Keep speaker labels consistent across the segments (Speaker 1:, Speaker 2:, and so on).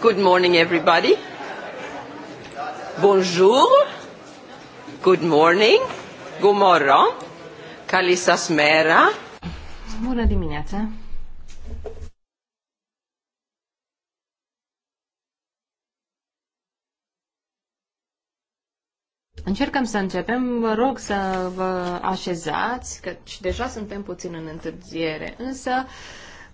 Speaker 1: Good morning, everybody. Bonjour. Good morning. Good morning. Kalisas mera. Bună dimineața.
Speaker 2: Încercăm să începem. Vă rog să vă așezați, căci deja suntem puțin în întârziere. Însă,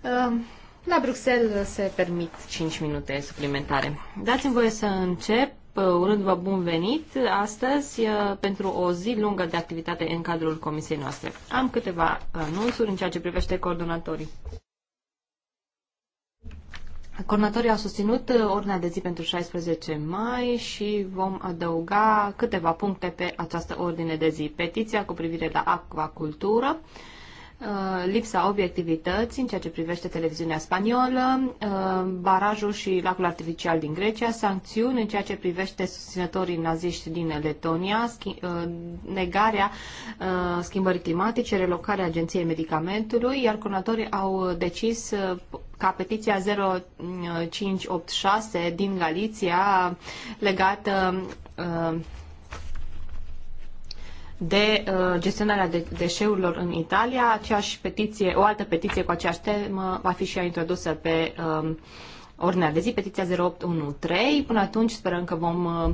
Speaker 2: uh, la Bruxelles se permit 5 minute suplimentare. Dați-mi voie să încep uh, urându-vă bun venit astăzi uh, pentru o zi lungă de activitate în cadrul comisiei noastre. Am câteva anunțuri în ceea ce privește coordonatorii. Coordonatorii au susținut uh, ordinea de zi pentru 16 mai și vom adăuga câteva puncte pe această ordine de zi. Petiția cu privire la acvacultură, uh, Uh, lipsa obiectivității în ceea ce privește televiziunea spaniolă, uh, barajul și lacul artificial din Grecia, sancțiuni în ceea ce privește susținătorii naziști din Letonia, uh, negarea schimbării climatice, relocarea Agenției Medicamentului, iar conatorii au decis ca petiția 0586 din Galiția legată de uh, gestionarea de deșeurilor în Italia. Aceeași petiție, o altă petiție cu aceeași temă va fi și ea introdusă pe uh, ordinea de zi, petiția 0813. Până atunci sperăm că vom uh,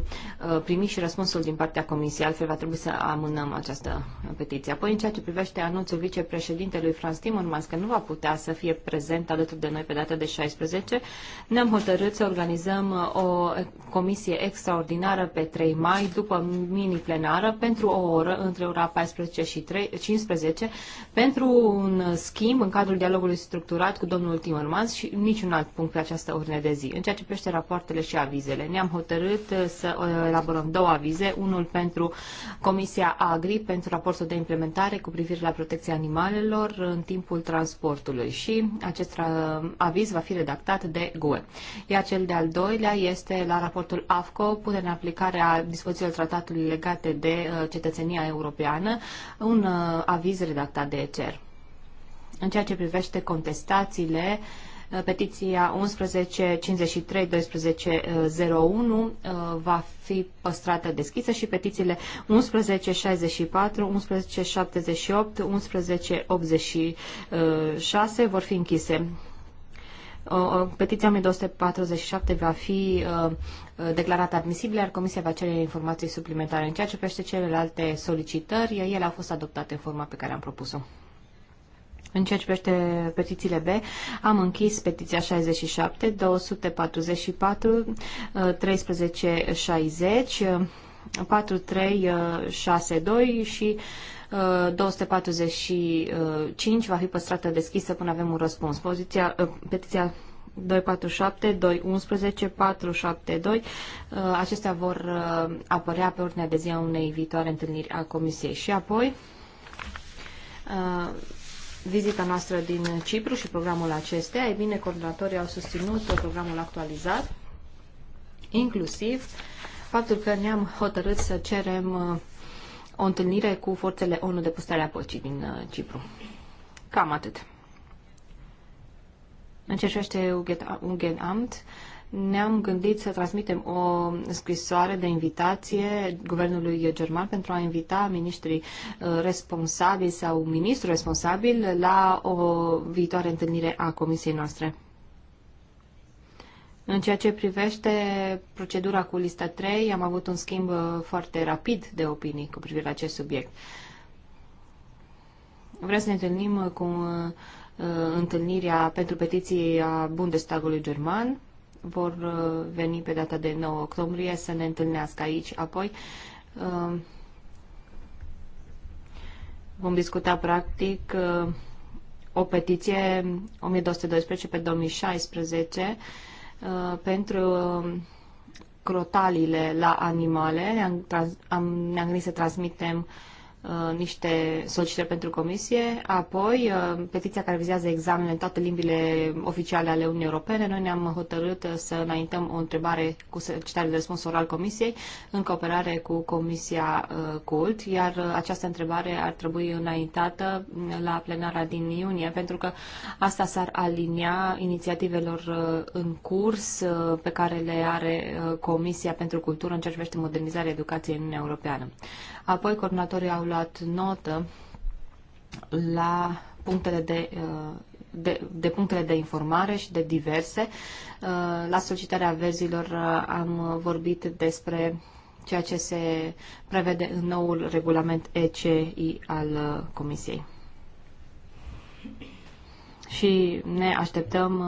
Speaker 2: uh, primi și răspunsul din partea comisiei, altfel va trebui să amânăm această petiție. Apoi, în ceea ce privește anunțul vicepreședintelui Franz Timmermans că nu va putea să fie prezent alături de noi pe data de 16, ne-am hotărât să organizăm uh, o comisie extraordinară pe 3 mai, după mini-plenară, pentru o oră, între ora 14 și 3, 15, pentru un schimb în cadrul dialogului structurat cu domnul Timmermans și niciun alt punct pe această ordine de zi. În ceea ce privește rapoartele și avizele, ne-am hotărât uh, să uh, elaborăm două avize, unul pentru Comisia Agri, pentru raportul de implementare cu privire la protecția animalelor în timpul transportului și acest uh, aviz va fi redactat de GUE. Iar cel de-al doilea este la raportul AFCO, punerea în aplicare a dispozițiilor tratatului legate de cetățenia europeană, un aviz redactat de ECER. În ceea ce privește contestațiile uh, Uh, petiția 1153 uh, uh, va fi păstrată deschisă și petițiile 1164, 1178, 1186 vor fi închise. Petiția 1247 va fi declarată admisibilă, iar Comisia va cere informații suplimentare. În ceea ce privește celelalte solicitări, ele au fost adoptate în forma pe care am propus-o. În ceea ce privește petițiile B, am închis petiția 67, 244, 1360, 4362 și 245 uh, uh, uh, va fi păstrată deschisă până avem un răspuns. Poziția, petiția 247, 211, 472. Acestea vor apărea pe ordinea de zi a unei viitoare întâlniri a Comisiei. Și apoi vizita noastră din Cipru și programul acesteia. Ei bine, coordonatorii au susținut programul actualizat, inclusiv faptul că ne-am hotărât să cerem uh, o întâlnire cu forțele ONU de pustare a păcii din uh, Cipru. Cam atât. Încerșește Ugen Amt ne-am gândit să transmitem o scrisoare de invitație guvernului german pentru a invita ministrii uh, responsabili sau ministrul responsabil la o viitoare întâlnire a comisiei noastre. În ceea ce privește procedura cu lista 3, am avut un schimb uh, foarte rapid de opinii cu privire la acest subiect. Vrem să ne întâlnim cu uh, întâlnirea pentru petiții a Bundestagului German, vor uh, veni pe data de 9 octombrie să ne întâlnească aici. Apoi uh, vom discuta practic uh, o petiție 1212 pe 2016 pentru crotalile la animale. Ne-am, ne-am gândit să transmitem uh, Uh, niște solicitări pentru comisie, apoi uh, petiția care vizează examenele în toate limbile oficiale ale Uniunii Europene. Noi ne-am hotărât uh, să înaintăm o întrebare cu solicitare de răspuns oral comisiei în cooperare cu Comisia CULT, iar această întrebare ar trebui înaintată la plenara din iunie, pentru că asta s-ar alinia inițiativelor în curs pe care le are Comisia pentru Cultură în ceea ce privește modernizarea educației în Uniunea Europeană. Apoi coordonatorii au luat notă la punctele de, uh, de, de punctele de informare și de diverse. Uh, la solicitarea verzilor uh, am vorbit despre ceea ce se prevede în noul regulament ECI al Comisiei. Și ne așteptăm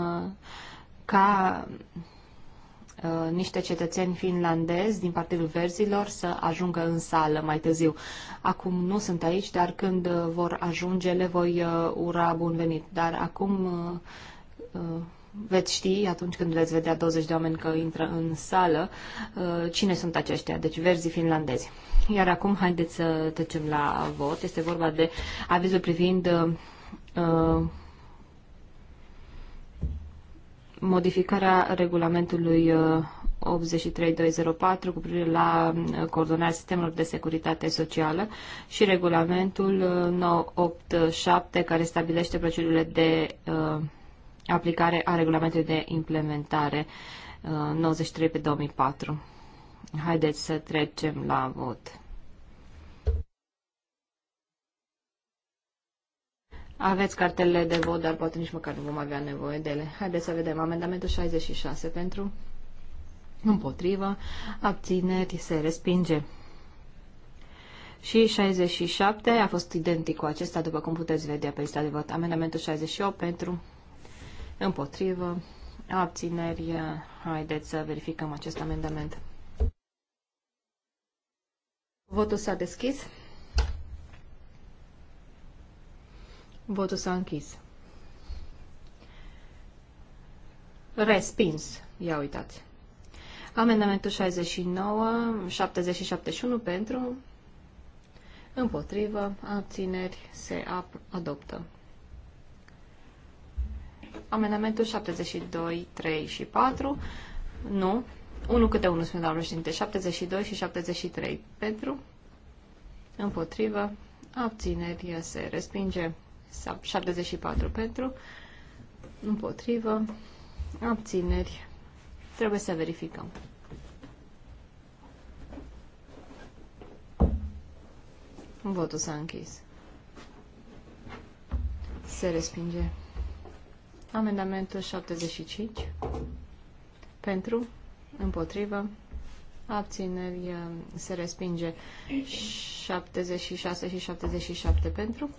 Speaker 2: ca Uh, niște cetățeni finlandezi din Partidul Verzilor să ajungă în sală mai târziu. Acum nu sunt aici, dar când uh, vor ajunge le voi uh, ura bun venit. Dar acum veți ști, atunci când veți vedea 20 de oameni că intră în sală, cine sunt aceștia, deci verzii finlandezi. Iar acum haideți să trecem la vot. Este vorba de avizul privind uh, modificarea regulamentului 83204 uh, cu privire la uh, coordonarea sistemelor de securitate socială și regulamentul 987 uh, care stabilește procedurile de aplicare a regulamentului de implementare 93 pe 2004. Haideți să trecem la vot. Aveți cartelele de vot, dar poate nici măcar nu vom avea nevoie de ele. Haideți să vedem. Amendamentul 66 pentru, împotrivă, abțineri, se respinge. Și 67 a fost identic cu acesta, după cum puteți vedea pe lista de vot. Amendamentul 68 pentru, împotrivă, abțineri. Haideți să verificăm acest amendament. Votul s-a deschis. Votul s-a închis. Respins. Ia uitați. Amendamentul 69, 70 și 71 pentru, împotrivă, abțineri, se adoptă. Amendamentul 72, 3 și 4, nu, 1 câte 1, spune doamna președinte, 72 și 73 pentru, împotrivă, abțineri, se respinge. 74 pentru, împotrivă, abțineri. Trebuie să verificăm. Votul s-a închis. Se respinge. Amendamentul 75 pentru, împotrivă, abțineri se respinge 76 și 77 pentru,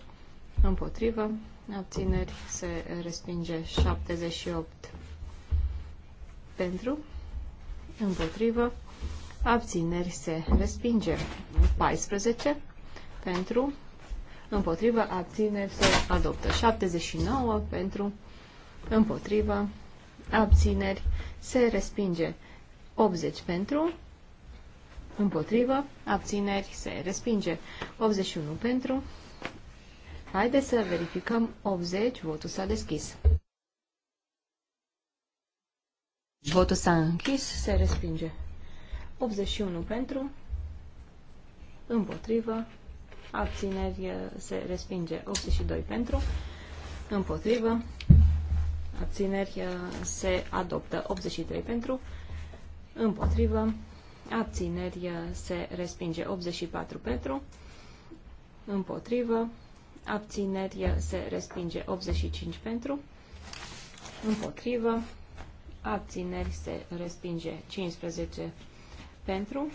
Speaker 2: împotrivă, abțineri se respinge 78 pentru, împotrivă, abțineri se respinge 14 pentru, împotrivă, abțineri se adoptă 79 pentru, împotrivă, abțineri se respinge 80 pentru, împotrivă, abțineri se respinge 81 pentru, Haideți să verificăm 80. Votul s-a deschis. Votul s-a închis. Se respinge. 81 pentru. Împotrivă. Abțineri eh, se respinge. 82 pentru. Împotrivă. Abțineri eh, se adoptă. 83 pentru. Împotrivă. Abțineri eh, se respinge. 84 pentru. Împotrivă abțineri se respinge 85 pentru, împotrivă, abțineri se respinge 15 pentru,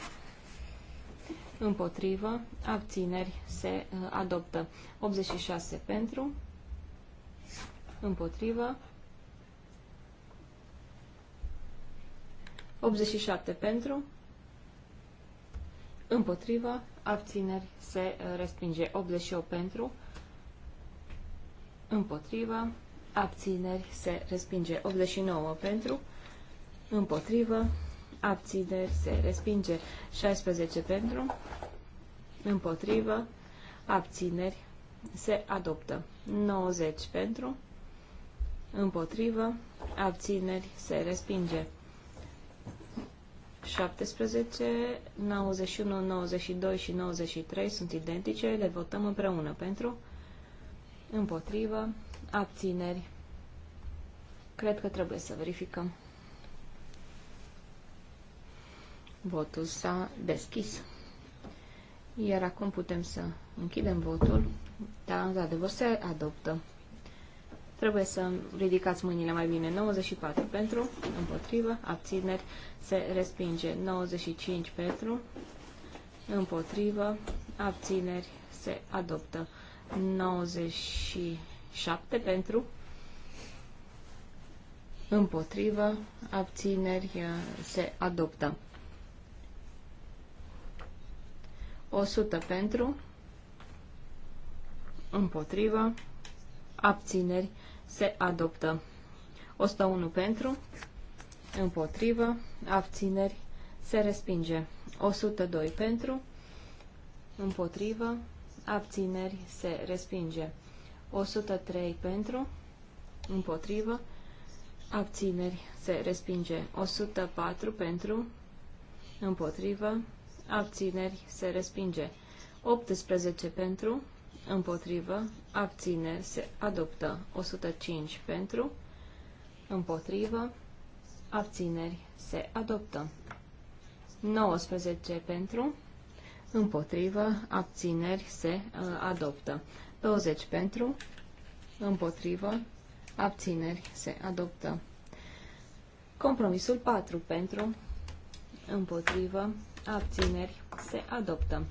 Speaker 2: împotrivă, abțineri se uh, adoptă 86 pentru, împotrivă, 87 pentru, împotrivă, abțineri se uh, respinge 88 pentru, împotrivă, abțineri se respinge. 89 pentru, împotrivă, abțineri se respinge. 16 pentru, împotrivă, abțineri se adoptă. 90 pentru, împotrivă, abțineri se respinge. 17, 91, 92 și 93 sunt identice, le votăm împreună pentru, Împotrivă. Abțineri. Cred că trebuie să verificăm. Votul s-a deschis. Iar acum putem să închidem votul. Da, într-adevăr se adoptă. Trebuie să ridicați mâinile mai bine. 94 pentru, împotrivă, abțineri, se respinge. 95 pentru, împotrivă, abțineri, se adoptă. 97 uh, pentru, împotrivă, abțineri, se adoptă. 100 pentru, împotrivă, abțineri, se adoptă. 101 pentru, împotrivă, abțineri, se respinge. 102 pentru, împotrivă, abțineri, se respinge. 103 pentru, împotrivă, abțineri, se respinge. 104 pentru, împotrivă, abțineri, se respinge. 18 pentru, împotrivă, abțineri, se adoptă. 105 pentru, împotrivă, abțineri, se adoptă. 19 pentru, împotrivă, abțineri, se uh, adoptă. 20 pentru, împotrivă, abțineri, se adoptă. Compromisul 4 pentru, împotrivă, abțineri, se adoptă.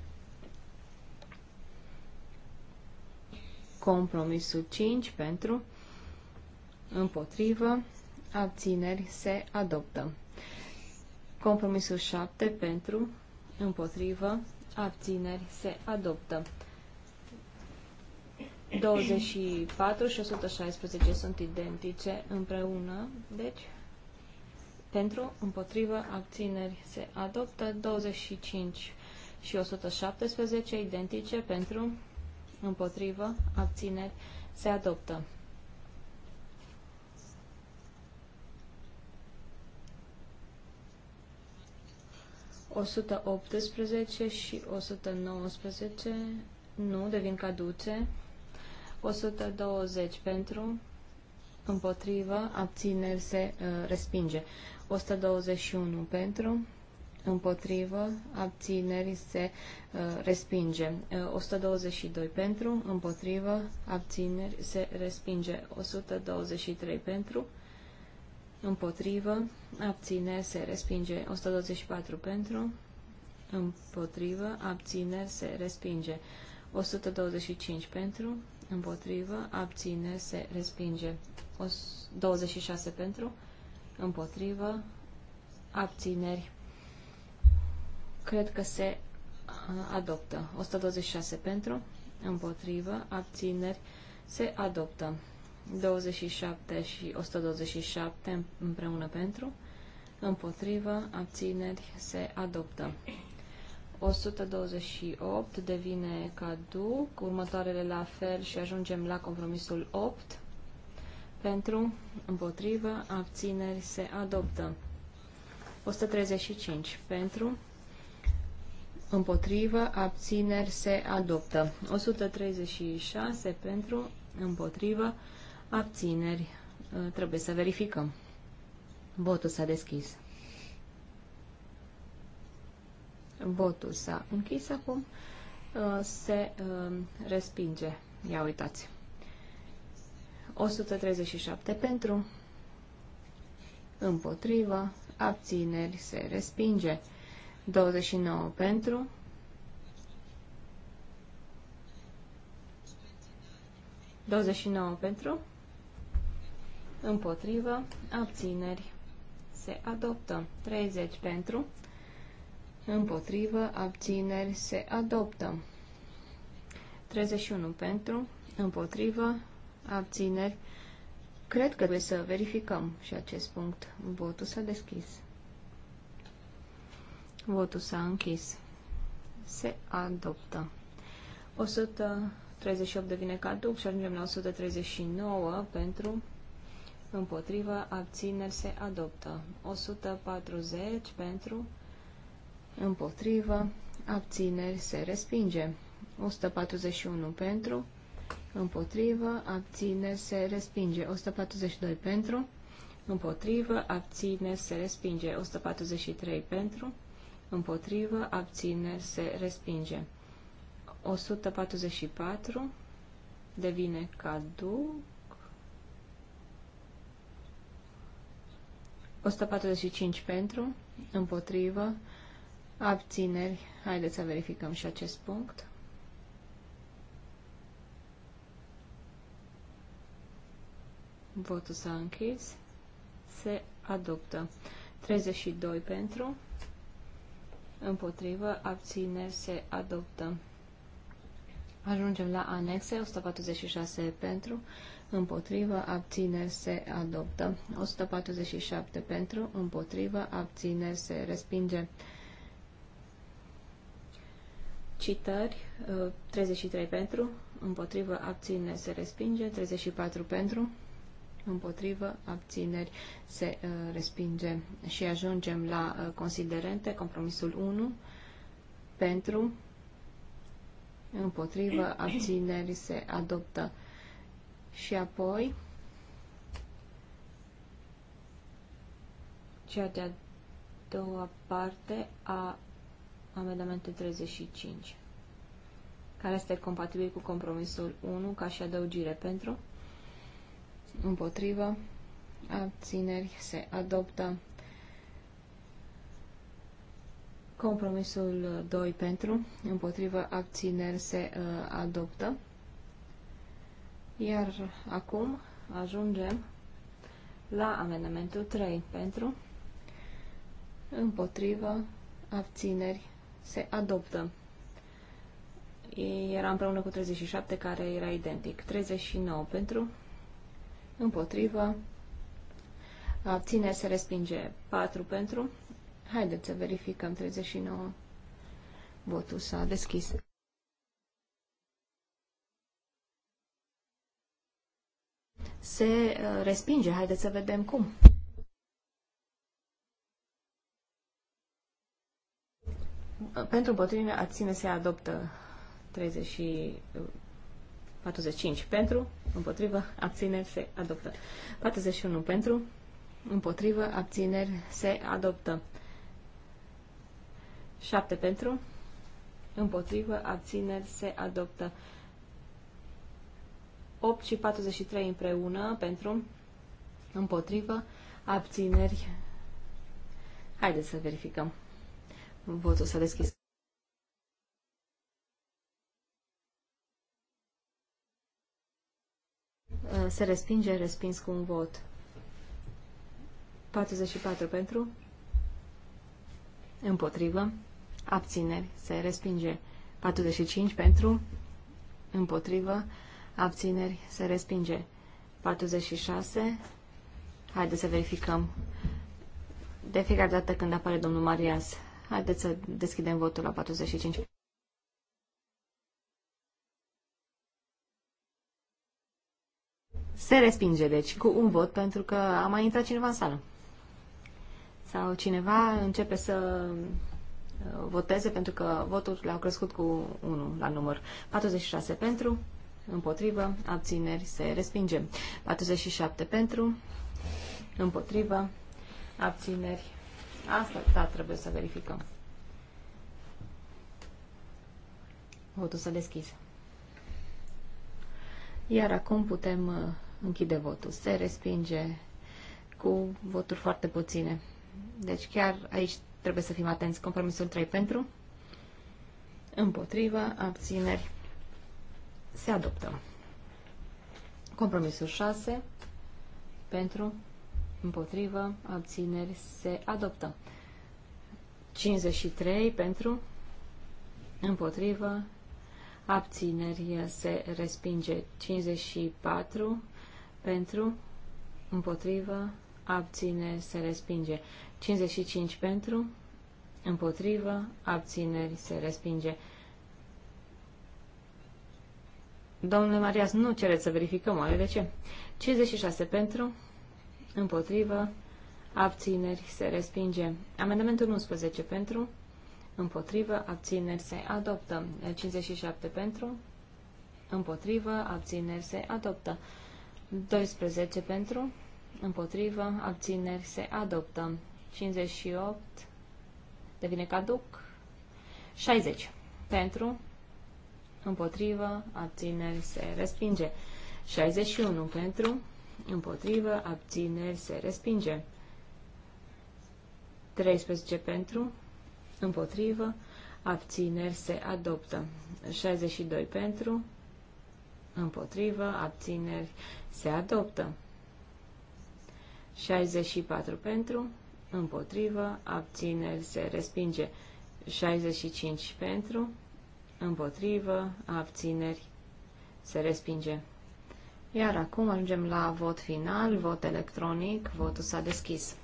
Speaker 2: Compromisul 5 pentru, împotrivă, abțineri, se adoptă. Compromisul 7 pentru, împotrivă, abțineri, se adoptă. 24 și 116 sunt identice împreună, deci pentru, împotrivă, abțineri se adoptă, 25 și 117 identice pentru, împotrivă, abțineri se adoptă. 118 și 119 nu devin caduce. 120 pentru, împotrivă, abțineri se uh, respinge. 121 pentru, împotrivă, abțineri se uh, respinge. Uh, 122 pentru, împotrivă, abțineri se respinge. 123 pentru, împotrivă, abțineri, se respinge. 124 pentru, împotrivă, abțineri, se respinge. 125 pentru, împotrivă, abțineri, se respinge. 26 pentru, împotrivă, abțineri. Cred că se adoptă. 126 pentru, împotrivă, abțineri, se adoptă. 27 și 127 împreună pentru, împotrivă, abțineri, se adoptă. 128 devine caduc, următoarele la fel și ajungem la compromisul 8. Pentru, împotrivă, abțineri, se adoptă. 135 pentru, Împotrivă, abțineri se adoptă. 136 pentru, împotrivă, abțineri, uh, trebuie să verificăm. Votul s-a deschis. Votul s-a închis acum. Uh, se uh, respinge. Ia uitați. 137 pentru, împotrivă, abțineri, se respinge. 29 pentru, douăzeci și nouă pentru, împotrivă, abțineri, se adoptă. 30 pentru, împotrivă, abțineri, se adoptă. 31 pentru, împotrivă, abțineri. Cred că trebuie să verificăm și acest punct. Votul s-a deschis. Votul s-a închis. Se adoptă. 138 devine caduc și ajungem la 139 pentru împotrivă, abțineri se adoptă. 140 pentru, împotrivă, abțineri se respinge. 141 pentru, împotrivă, abțineri se respinge. 142 pentru, împotrivă, abțineri se respinge. 143 pentru, împotrivă, abțineri se respinge. 144 devine cadu 145 pentru, împotrivă, abțineri. Haideți să verificăm și acest punct. Votul s-a închis. Se adoptă. 32 pentru, împotrivă, abțineri, se adoptă. Ajungem la anexe, 146 pentru, împotrivă, abțineri se adoptă. 147 pentru, împotrivă, abțineri se respinge. Citări, 33 uh, pentru, împotrivă, abțineri se respinge, 34 pentru, împotrivă, abțineri se uh, respinge. Și ajungem la uh, considerente, compromisul 1, pentru, împotrivă, abțineri se adoptă și apoi cea de-a doua parte a amendamentului 35, care este compatibil cu compromisul 1 ca și adăugire pentru, împotrivă, abțineri, se adoptă compromisul 2 pentru, împotrivă, abțineri, se uh, adoptă. Iar acum ajungem la amendamentul 3 pentru împotrivă abțineri se adoptă. Era împreună cu 37 care era identic. 39 pentru împotrivă abțineri se respinge 4 pentru. Haideți să verificăm 39. Votul s-a deschis. se uh, respinge. Haideți să vedem cum. Pentru împotrivire, abține, se adoptă 30 și 45 uh, pentru, împotrivă, abțineri, se adoptă. 41 pentru, împotrivă, abțineri, se adoptă. 7 pentru, împotrivă, abțineri, se adoptă. 8 și 43 împreună pentru împotrivă abțineri. Haideți să verificăm. Votul s-a deschis. Se respinge, respins cu un vot. 44 pentru, împotrivă, abțineri, se respinge. 45 pentru, împotrivă, abțineri, se respinge. 46. Haideți să verificăm. De fiecare dată când apare domnul Marias, haideți să deschidem votul la 45. Se respinge, deci, cu un vot, pentru că a mai intrat cineva în sală. Sau cineva începe să uh, voteze, pentru că voturile au crescut cu 1 la număr. 46 pentru, împotrivă, abțineri, se respinge. 47 pentru, împotrivă, abțineri. Asta da, trebuie să verificăm. Votul s-a deschis. Iar acum putem uh, închide votul. Se respinge cu voturi foarte puține. Deci chiar aici trebuie să fim atenți. Compromisul 3 pentru, împotrivă, abțineri se adoptă. Compromisul 6 pentru, împotrivă, abțineri se adoptă. 53 pentru, împotrivă, abțineri se respinge. 54 pentru, împotrivă, abțineri se respinge. 55 pentru, împotrivă, abțineri se respinge. Domnule Marias, nu cereți să verificăm, oare de ce? 56 pentru, împotrivă, abțineri, se respinge. Amendamentul 11 pentru, împotrivă, abțineri, se adoptă. 57 pentru, împotrivă, abțineri, se adoptă. 12 pentru, împotrivă, abțineri, se adoptă. 58 devine caduc. 60 pentru, împotrivă, abțineri, se respinge. 61 pentru, împotrivă, abțineri, se respinge. 13 pentru, împotrivă, abțineri, se adoptă. 62 pentru, împotrivă, abțineri, se adoptă. 64 pentru, împotrivă, abțineri, se respinge. 65 pentru, împotrivă, abțineri, se respinge. Iar acum ajungem la vot final, vot electronic, votul s-a deschis.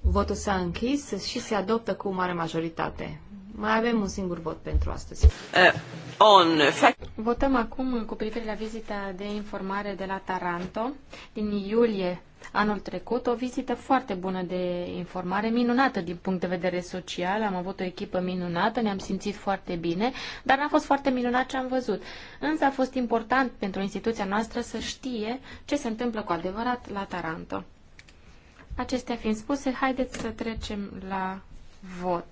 Speaker 2: Votul s-a închis și se adoptă cu mare majoritate. Mai avem un singur vot pentru astăzi.
Speaker 1: Uh, on.
Speaker 2: Votăm acum cu privire la vizita de informare de la
Speaker 3: Taranto din iulie anul trecut. O vizită foarte bună de informare, minunată din punct de vedere social. Am avut o echipă minunată, ne-am simțit foarte bine, dar n-a fost foarte minunat ce am văzut. Însă a fost important pentru instituția noastră să știe ce se întâmplă cu adevărat la Taranto. Acestea fiind spuse, haideți să trecem la vot.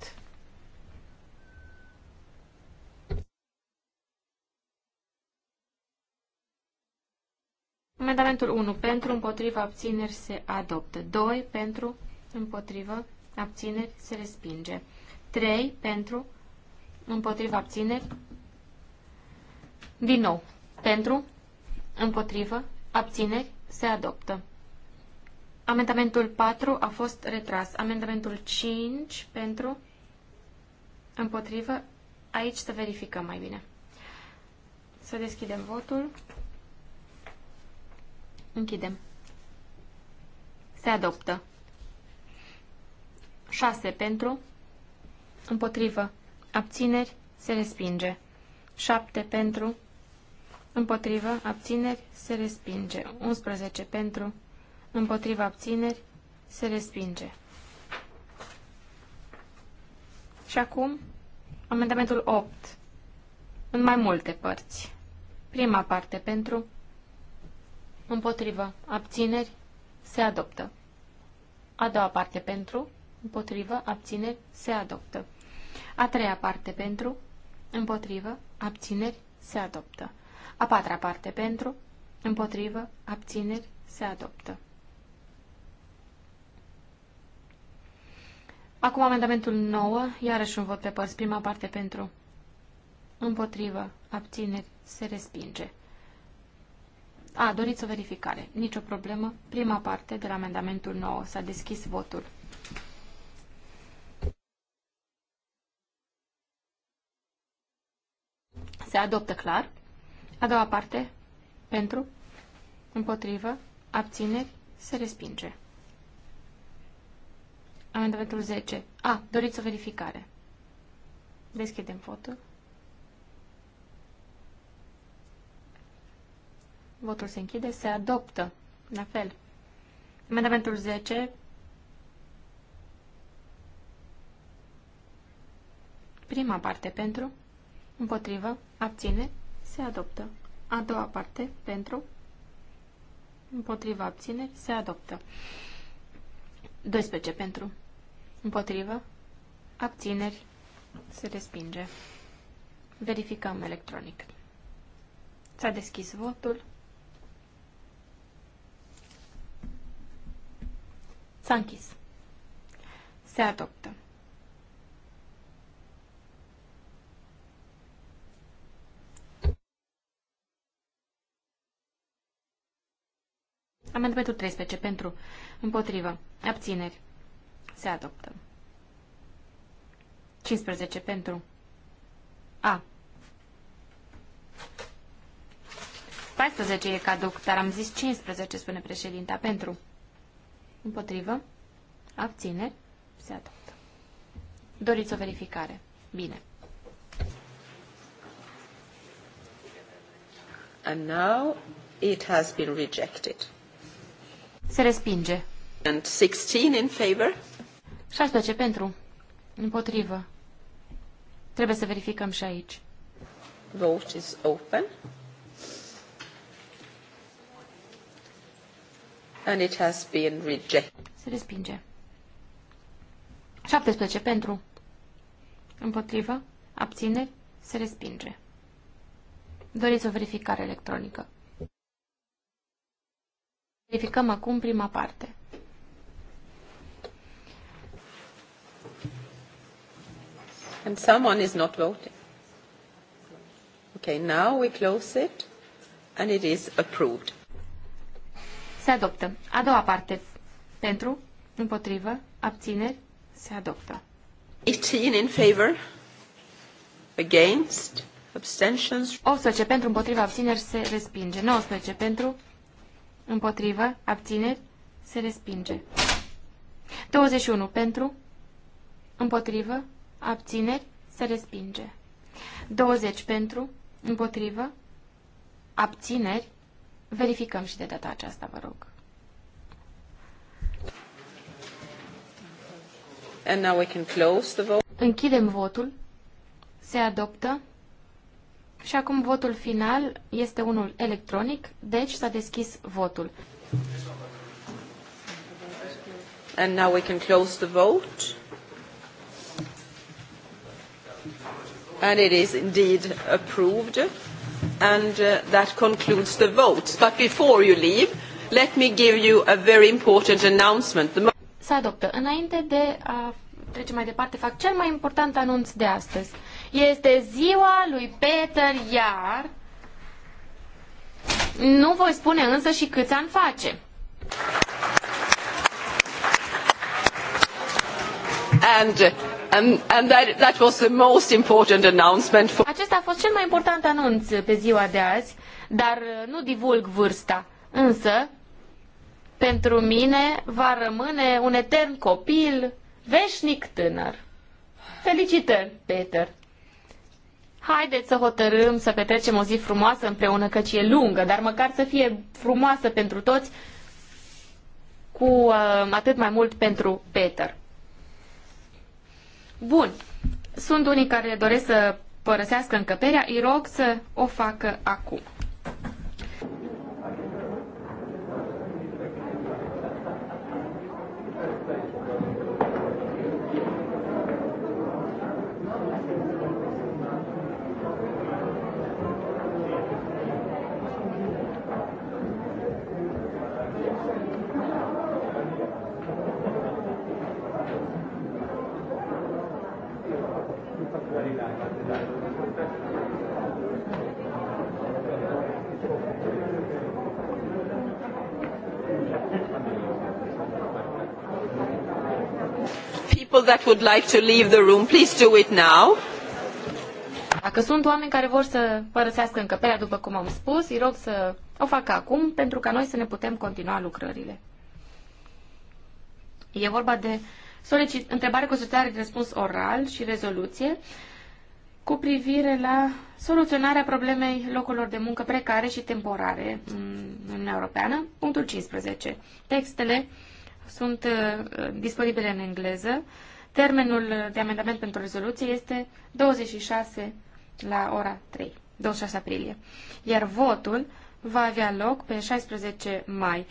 Speaker 3: Amendamentul 1 pentru, împotriva, abțineri se adoptă. 2 pentru, împotriva, abțineri se respinge. 3 pentru, împotriva, abțineri. Din nou, pentru, împotriva abțineri se adoptă. Amendamentul 4 a fost retras. Amendamentul 5 pentru, împotrivă, aici să verificăm mai bine. Să deschidem votul. Închidem. Se adoptă. 6 pentru. Împotrivă. Abțineri. Se respinge. 7 pentru. Împotrivă. Abțineri. Se respinge. 11 pentru. Împotrivă. Abțineri. Se respinge. Și acum, amendamentul 8. În mai multe părți. Prima parte pentru. Împotrivă. Abțineri. Se adoptă. A doua parte pentru. Împotrivă. Abțineri. Se adoptă. A treia parte pentru. Împotrivă. Abțineri. Se adoptă. A patra parte pentru. Împotrivă. Abțineri. Se adoptă. Acum amendamentul 9, iarăși un vot pe părți. Prima parte pentru. Împotrivă. Abțineri. Se respinge. A, doriți o verificare. Nicio problemă. Prima parte de la amendamentul 9. S-a deschis votul. Se adoptă clar. A doua parte. Pentru. Împotrivă. Abțineri. Se respinge. Amendamentul 10. A, doriți o verificare. Deschidem votul. Votul se închide. Se adoptă. La fel. Amendamentul 10. Prima parte pentru. Împotrivă. Abține. Se adoptă. A doua parte pentru. Împotrivă. Abține. Se adoptă. 12 pentru. Împotrivă. Abțineri. Se respinge. Verificăm electronic. S-a deschis votul. S-a închis. Se adoptă. Amendamentul 13. Pentru. Împotrivă. Abțineri. Se adoptă. 15. Pentru. A. 14 e caduc, dar am zis 15, spune președinta. Pentru. Împotrivă. Abține. Se adoptă. Doriți o verificare. Bine.
Speaker 1: And now it has been rejected. Se respinge. And 16 in favor.
Speaker 3: 16 pentru. Împotrivă. Trebuie să verificăm și aici.
Speaker 1: Vote is open. and it has been rejected. Se respinge.
Speaker 3: 17 pentru. Împotrivă. Abțineri. Se respinge. Doriți o verificare electronică. Verificăm acum prima parte.
Speaker 1: And someone is not voting. Okay, now we close it and it is approved.
Speaker 3: Se adoptă. A doua parte. Pentru, împotrivă, abțineri,
Speaker 1: se adoptă. 18 in favor, against, abstentions. 18 pentru, împotrivă, abțineri, se respinge. 19 pentru,
Speaker 3: împotrivă, abțineri, se respinge. 21 pentru, împotrivă, abțineri, se respinge. 20 pentru, împotrivă, abțineri, Verificăm și de data aceasta, vă rog.
Speaker 1: And now we can close the vote.
Speaker 3: Închidem votul. Se adoptă. Și acum votul final este unul electronic, deci s-a deschis
Speaker 1: votul. And now we can close the vote. And it is indeed approved and uh, that concludes the votes. But before you leave, let me give you a very important announcement. The... Se adoptă. Înainte de
Speaker 3: a trece mai departe, fac cel mai important anunț de astăzi. Este ziua lui Peter Iar. Nu voi spune însă și câți
Speaker 1: ani face. And uh, And, and that, that was the most important announcement for... Acesta
Speaker 3: a fost cel mai important anunț pe ziua de azi, dar uh, nu divulg vârsta. Însă, pentru mine va rămâne un etern copil, veșnic tânăr. Felicitări, Peter! Haideți să hotărâm să petrecem o zi frumoasă împreună, căci e lungă, dar măcar să fie frumoasă pentru toți, cu uh, atât mai mult pentru Peter. Bun. Sunt unii care doresc să părăsească încăperea, îi rog să o facă acum.
Speaker 1: that would like to leave the room, please do it now. Dacă sunt
Speaker 3: oameni care vor să părăsească încăperea, după cum am spus, îi rog să o facă acum pentru ca noi să ne putem continua lucrările. E vorba de solicit, întrebare cu solicitare de răspuns oral și rezoluție cu privire la soluționarea problemei locurilor de muncă precare și temporare în Uniunea Europeană. Punctul 15. Textele sunt uh, disponibile în engleză. Termenul de amendament pentru rezoluție este 26 la ora 3, 26 aprilie. Iar votul va avea loc pe 16 mai.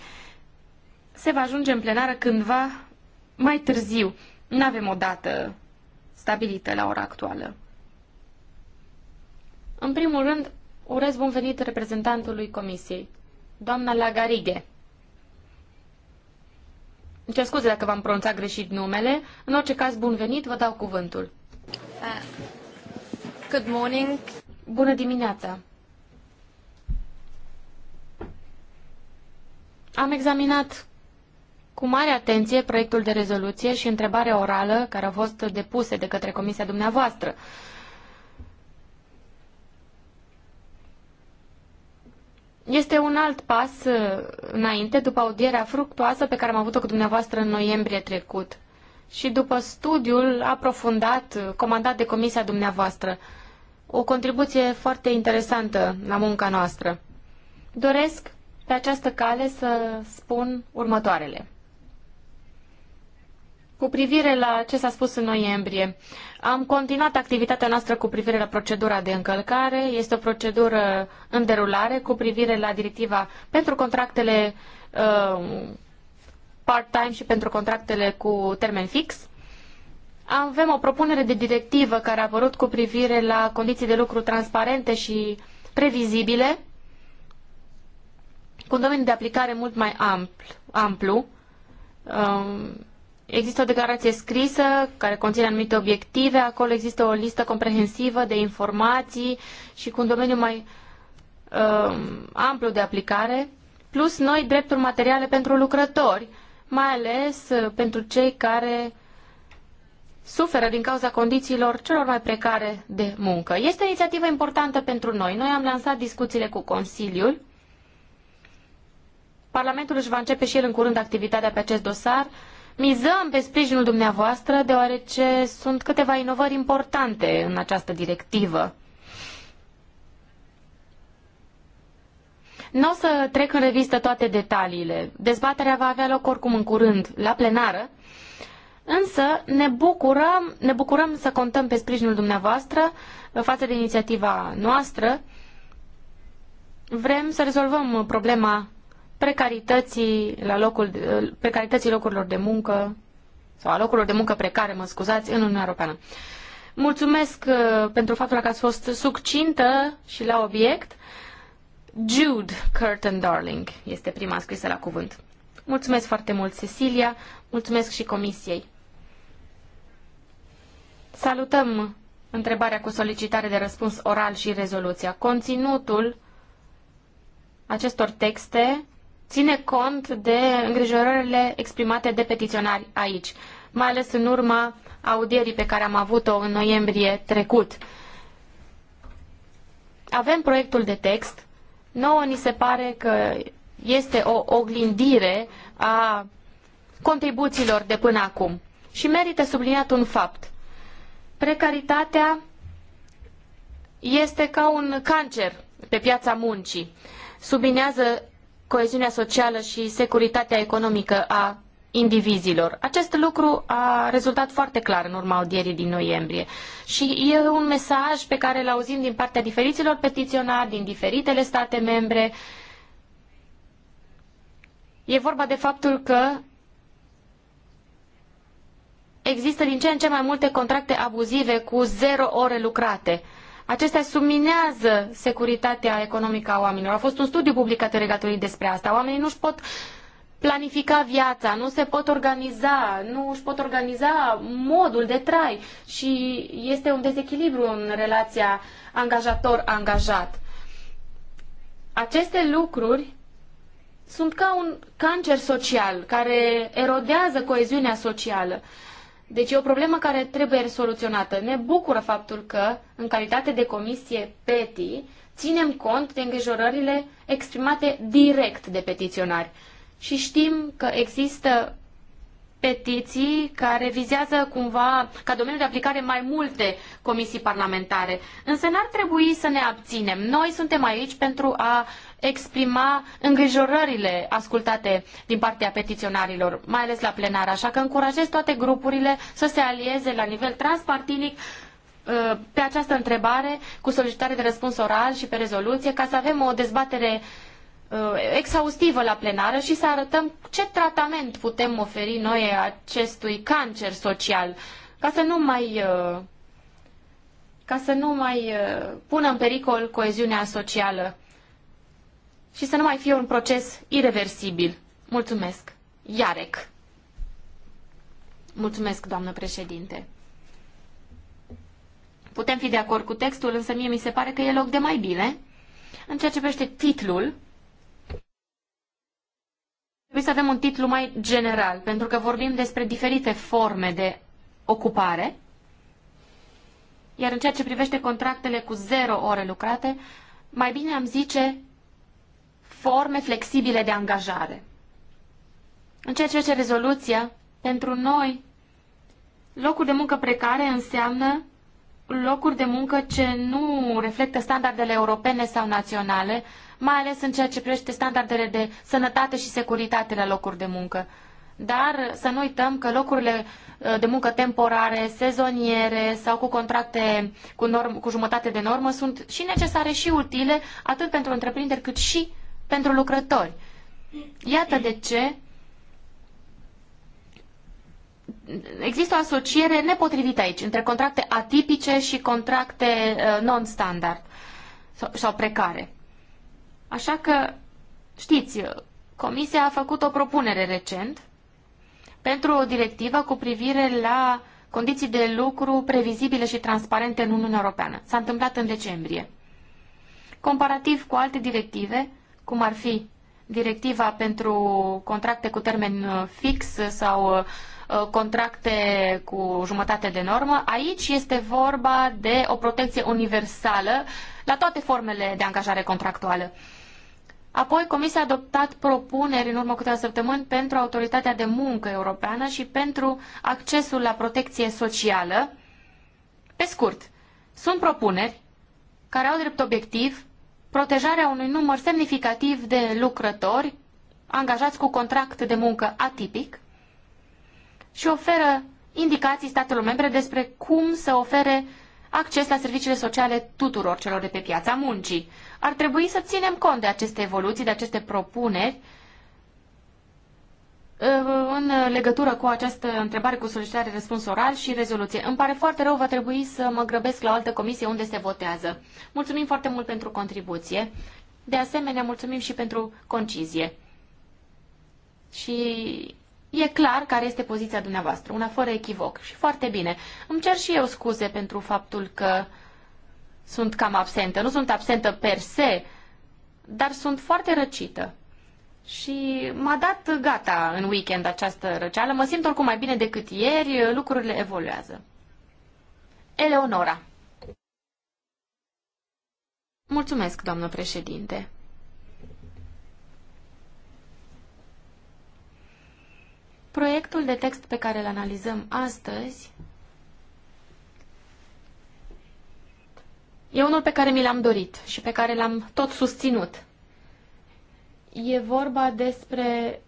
Speaker 3: Se va ajunge în plenară cândva mai târziu. Nu avem o dată stabilită la ora actuală. În primul rând, urez bun venit reprezentantului Comisiei, doamna Lagarighe. Cer scuze dacă v-am pronunțat greșit numele. În orice caz, bun venit, vă dau cuvântul. Uh, good morning. Bună dimineața. Am examinat cu mare atenție proiectul de rezoluție și întrebarea orală care a fost depuse de către comisia dumneavoastră. Uh, Este un alt pas uh, înainte, după audierea fructuoasă pe care am avut-o cu dumneavoastră în noiembrie trecut și după studiul aprofundat uh, comandat de comisia dumneavoastră. O contribuție foarte interesantă la munca noastră. Doresc pe această cale să spun următoarele. Cu privire la ce s-a spus în noiembrie, am continuat activitatea noastră cu privire la procedura de încălcare. Este o procedură în derulare cu privire la directiva pentru contractele uh, part-time și pentru contractele cu termen fix. Avem o propunere de directivă care a apărut cu privire la condiții de lucru transparente și previzibile, cu un domeniu de aplicare mult mai ampl, amplu. Um, Există o declarație scrisă care conține anumite obiective, acolo există o listă comprehensivă de informații și cu un domeniu mai uh, amplu de aplicare, plus noi drepturi materiale pentru lucrători, mai ales uh, pentru cei care suferă din cauza condițiilor celor mai precare de muncă. Este o inițiativă importantă pentru noi. Noi am lansat discuțiile cu Consiliul. Parlamentul își va începe și el în curând activitatea pe acest dosar. Mizăm pe sprijinul dumneavoastră deoarece sunt câteva inovări importante în această directivă. Nu o să trec în revistă toate detaliile. Dezbaterea va avea loc oricum în curând, la plenară. Însă ne bucurăm, ne bucurăm să contăm pe sprijinul dumneavoastră uh, față de inițiativa noastră. Vrem să rezolvăm problema precarității, la locul, precarității locurilor de muncă sau a locurilor de muncă precare, mă scuzați, în Uniunea Europeană. Mulțumesc uh, pentru faptul că ați fost succintă și la obiect. Jude Curtin Darling este prima scrisă la cuvânt. Mulțumesc foarte mult, Cecilia. Mulțumesc și comisiei. Salutăm întrebarea cu solicitare de răspuns oral și rezoluția. Conținutul acestor texte ține cont de îngrijorările exprimate de petiționari aici, mai ales în urma audierii pe care am avut-o în noiembrie trecut. Avem proiectul de text. Nouă ni se pare că este o oglindire a contribuțiilor de până acum. Și merită subliniat un fapt. Precaritatea este ca un cancer pe piața muncii. Sublinează coeziunea socială și securitatea economică a indivizilor. Acest lucru a rezultat foarte clar în urma audierii din noiembrie și e un mesaj pe care îl auzim din partea diferiților petiționari din diferitele state membre. E vorba de faptul că există din ce în ce mai multe contracte abuzive cu zero ore lucrate. Acestea subminează securitatea economică a oamenilor. A fost un studiu publicat în regatorii despre asta. Oamenii nu își pot planifica viața, nu se pot organiza, nu își pot organiza modul de trai și este un dezechilibru în relația angajator-angajat. Aceste lucruri sunt ca un cancer social care erodează coeziunea socială. Deci e o problemă care trebuie soluționată. Ne bucură faptul că, în calitate de comisie PETI, ținem cont de îngrijorările exprimate direct de petiționari. Și știm că există petiții care vizează cumva ca domeniu de aplicare mai multe comisii parlamentare. Însă n-ar trebui să ne abținem. Noi suntem aici pentru a exprima îngrijorările ascultate din partea petiționarilor, mai ales la plenar. Așa că încurajez toate grupurile să se alieze la nivel transpartinic uh, pe această întrebare cu solicitare de răspuns oral și pe rezoluție ca să avem o dezbatere uh, exhaustivă la plenară și să arătăm ce tratament putem oferi noi acestui cancer social ca să nu mai uh, ca să nu mai pună în pericol coeziunea socială și să nu mai fie un proces irreversibil. Mulțumesc. Iarec. Mulțumesc, doamnă președinte. Putem fi de acord cu textul, însă mie mi se pare că e loc de mai bine. În ceea ce privește titlul, trebuie să avem un titlu mai general, pentru că vorbim despre diferite forme de ocupare, iar în ceea ce privește contractele cu zero ore lucrate, mai bine am zice forme flexibile de angajare. În ceea ce rezoluția, pentru noi, locuri de muncă precare înseamnă locuri de muncă ce nu reflectă standardele europene sau naționale, mai ales în ceea ce privește standardele de sănătate și securitate la locuri de muncă. Dar să nu uităm că locurile uh, de muncă temporare, sezoniere sau cu contracte cu, norm, cu jumătate de normă sunt și necesare și utile atât pentru întreprinderi cât și pentru lucrători. Iată de ce există o asociere nepotrivită aici între contracte atipice și contracte uh, non-standard sau precare. Așa că, știți, Comisia a făcut o propunere recent pentru o directivă cu privire la condiții de lucru previzibile și transparente în Uniunea Europeană. S-a întâmplat în decembrie. Comparativ cu alte directive, cum ar fi directiva pentru contracte cu termen uh, fix sau uh, contracte cu jumătate de normă. Aici este vorba de o protecție universală la toate formele de angajare contractuală. Apoi, Comisia a adoptat propuneri în urmă câteva săptămâni pentru Autoritatea de Muncă Europeană și pentru accesul la protecție socială. Pe scurt, sunt propuneri care au drept obiectiv protejarea unui număr semnificativ de lucrători angajați cu contract de muncă atipic și oferă indicații statelor membre despre cum să ofere acces la serviciile sociale tuturor celor de pe piața muncii. Ar trebui să ținem cont de aceste evoluții, de aceste propuneri Uh, în legătură cu această întrebare cu solicitare răspuns oral și rezoluție. Îmi pare foarte rău, va trebui să mă grăbesc la o altă comisie unde se votează. Mulțumim foarte mult pentru contribuție. De asemenea, mulțumim și pentru concizie. Și e clar care este poziția dumneavoastră, una fără echivoc. Și foarte bine. Îmi cer și eu scuze pentru faptul că sunt cam absentă. Nu sunt absentă per se, dar sunt foarte răcită și m-a dat gata în weekend această răceală. Mă simt oricum mai bine decât ieri, lucrurile evoluează. Eleonora Mulțumesc, doamnă președinte. Proiectul de text pe care îl analizăm astăzi e unul pe care mi l-am dorit și pe care l-am tot susținut e vorba despre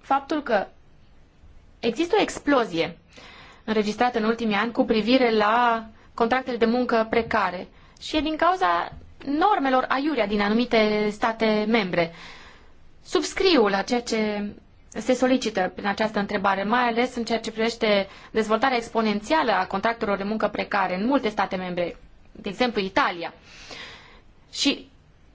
Speaker 3: faptul că există o explozie înregistrată în ultimii ani cu privire la contractele de muncă precare și e din cauza normelor aiurea din anumite state membre. Subscriu la ceea ce se solicită prin această întrebare, mai ales în ceea ce privește dezvoltarea exponențială a contractelor de muncă precare în multe state membre, de exemplu Italia. Și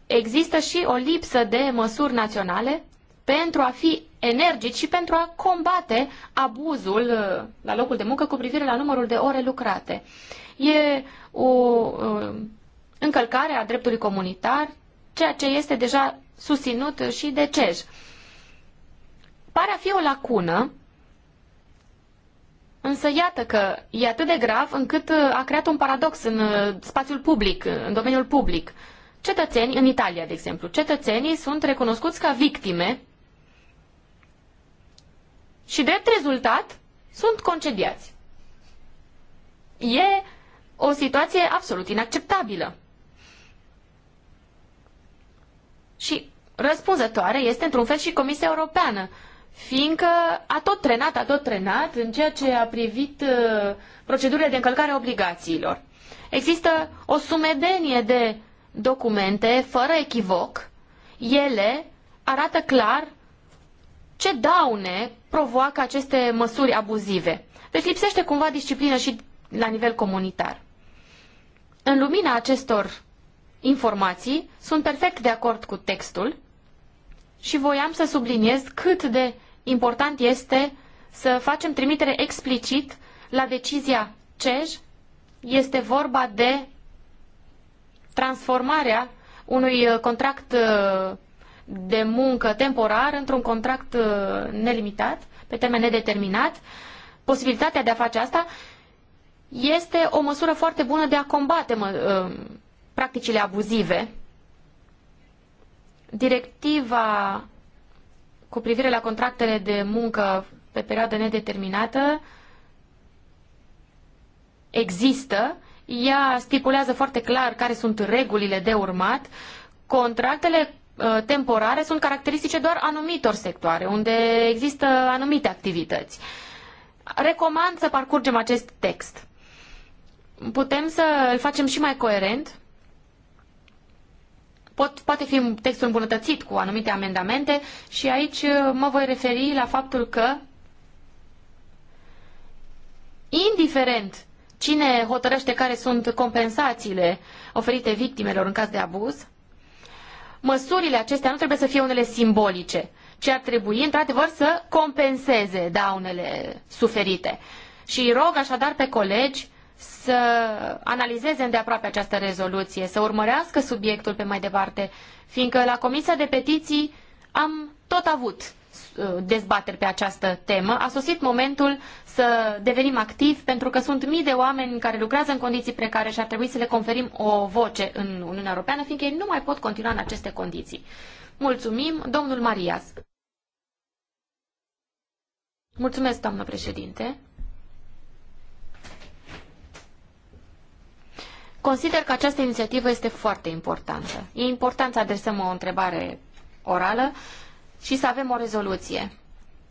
Speaker 3: există și o lipsă de măsuri naționale pentru a fi energici și pentru a combate abuzul uh, la locul de muncă cu privire la numărul de ore lucrate. E o uh, încălcare a dreptului comunitar, ceea ce este deja susținut și de CEJ. Pare a fi o lacună, însă iată că e atât de grav încât uh, a creat un paradox în spațiul public, în domeniul public cetățeni, în Italia, de exemplu, cetățenii sunt recunoscuți ca victime și, drept rezultat, sunt concediați. E o situație absolut inacceptabilă. Și răspunzătoare este, într-un fel, și Comisia Europeană, fiindcă a tot trenat, a tot trenat în ceea ce a privit uh, procedurile de încălcare obligațiilor. Există o sumedenie de documente, fără echivoc, ele arată clar ce daune provoacă aceste măsuri abuzive. Deci lipsește cumva disciplină și la nivel comunitar. În lumina acestor informații, sunt perfect de acord cu textul și voiam să subliniez cât de important este să facem trimitere explicit la decizia CEJ. Este vorba de transformarea unui uh, contract uh, de muncă temporar într-un contract uh, nelimitat, pe termen nedeterminat, posibilitatea de a face asta este o măsură foarte bună de a combate practicile abuzive. Directiva cu privire la contractele de muncă pe perioadă nedeterminată există ea stipulează foarte clar care sunt regulile de urmat. Contractele uh, temporare sunt caracteristice doar anumitor sectoare, unde există anumite activități. Recomand să parcurgem acest text. Putem să îl facem și mai coerent. Pot, poate fi textul îmbunătățit cu anumite amendamente și aici uh, mă voi referi la faptul că indiferent Cine hotărăște care sunt compensațiile oferite victimelor în caz de abuz? Măsurile acestea nu trebuie să fie unele simbolice, ci ar trebui, într-adevăr, să compenseze daunele suferite. Și rog așadar pe colegi să analizeze îndeaproape această rezoluție, să urmărească subiectul pe mai departe, fiindcă la Comisia de Petiții am tot avut Uh, dezbateri pe această temă. A sosit momentul să devenim activi pentru că sunt mii de oameni care lucrează în condiții precare și ar trebui să le conferim o voce în Uniunea Europeană, fiindcă ei nu mai pot continua în aceste condiții. Mulțumim, domnul Marias. Mulțumesc, doamnă președinte. Consider că această inițiativă este foarte importantă. E important să adresăm o întrebare orală și să avem o rezoluție.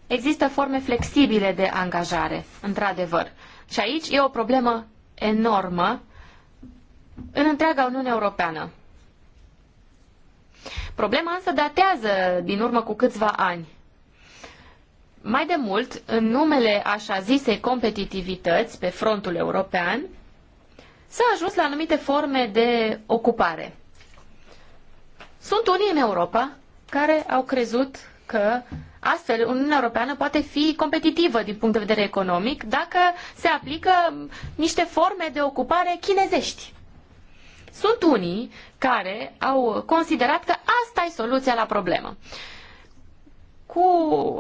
Speaker 3: Există forme flexibile de angajare, într-adevăr. Și aici e o problemă enormă în întreaga Uniune Europeană. Problema însă datează din urmă cu câțiva ani. Mai de mult, în numele așa zisei competitivități pe frontul european, s-a ajuns la anumite forme de ocupare. Sunt unii în Europa care au crezut că astfel Uniunea Europeană poate fi competitivă din punct de vedere economic dacă se aplică niște forme de ocupare chinezești. Sunt unii care au considerat că asta e soluția la problemă. Cu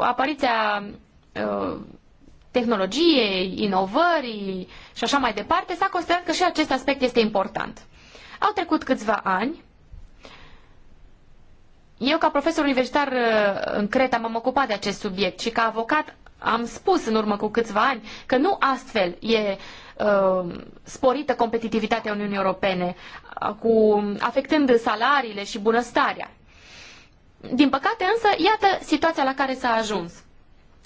Speaker 3: apariția uh, tehnologiei, inovării și așa mai departe, s-a considerat că și acest aspect este important. Au trecut câțiva ani eu, ca profesor universitar uh, în Creta, m-am ocupat de acest subiect și ca avocat am spus în urmă cu câțiva ani că nu astfel e uh, sporită competitivitatea Uniunii Europene, cu, afectând salariile și bunăstarea. Din păcate însă, iată situația la care s-a ajuns.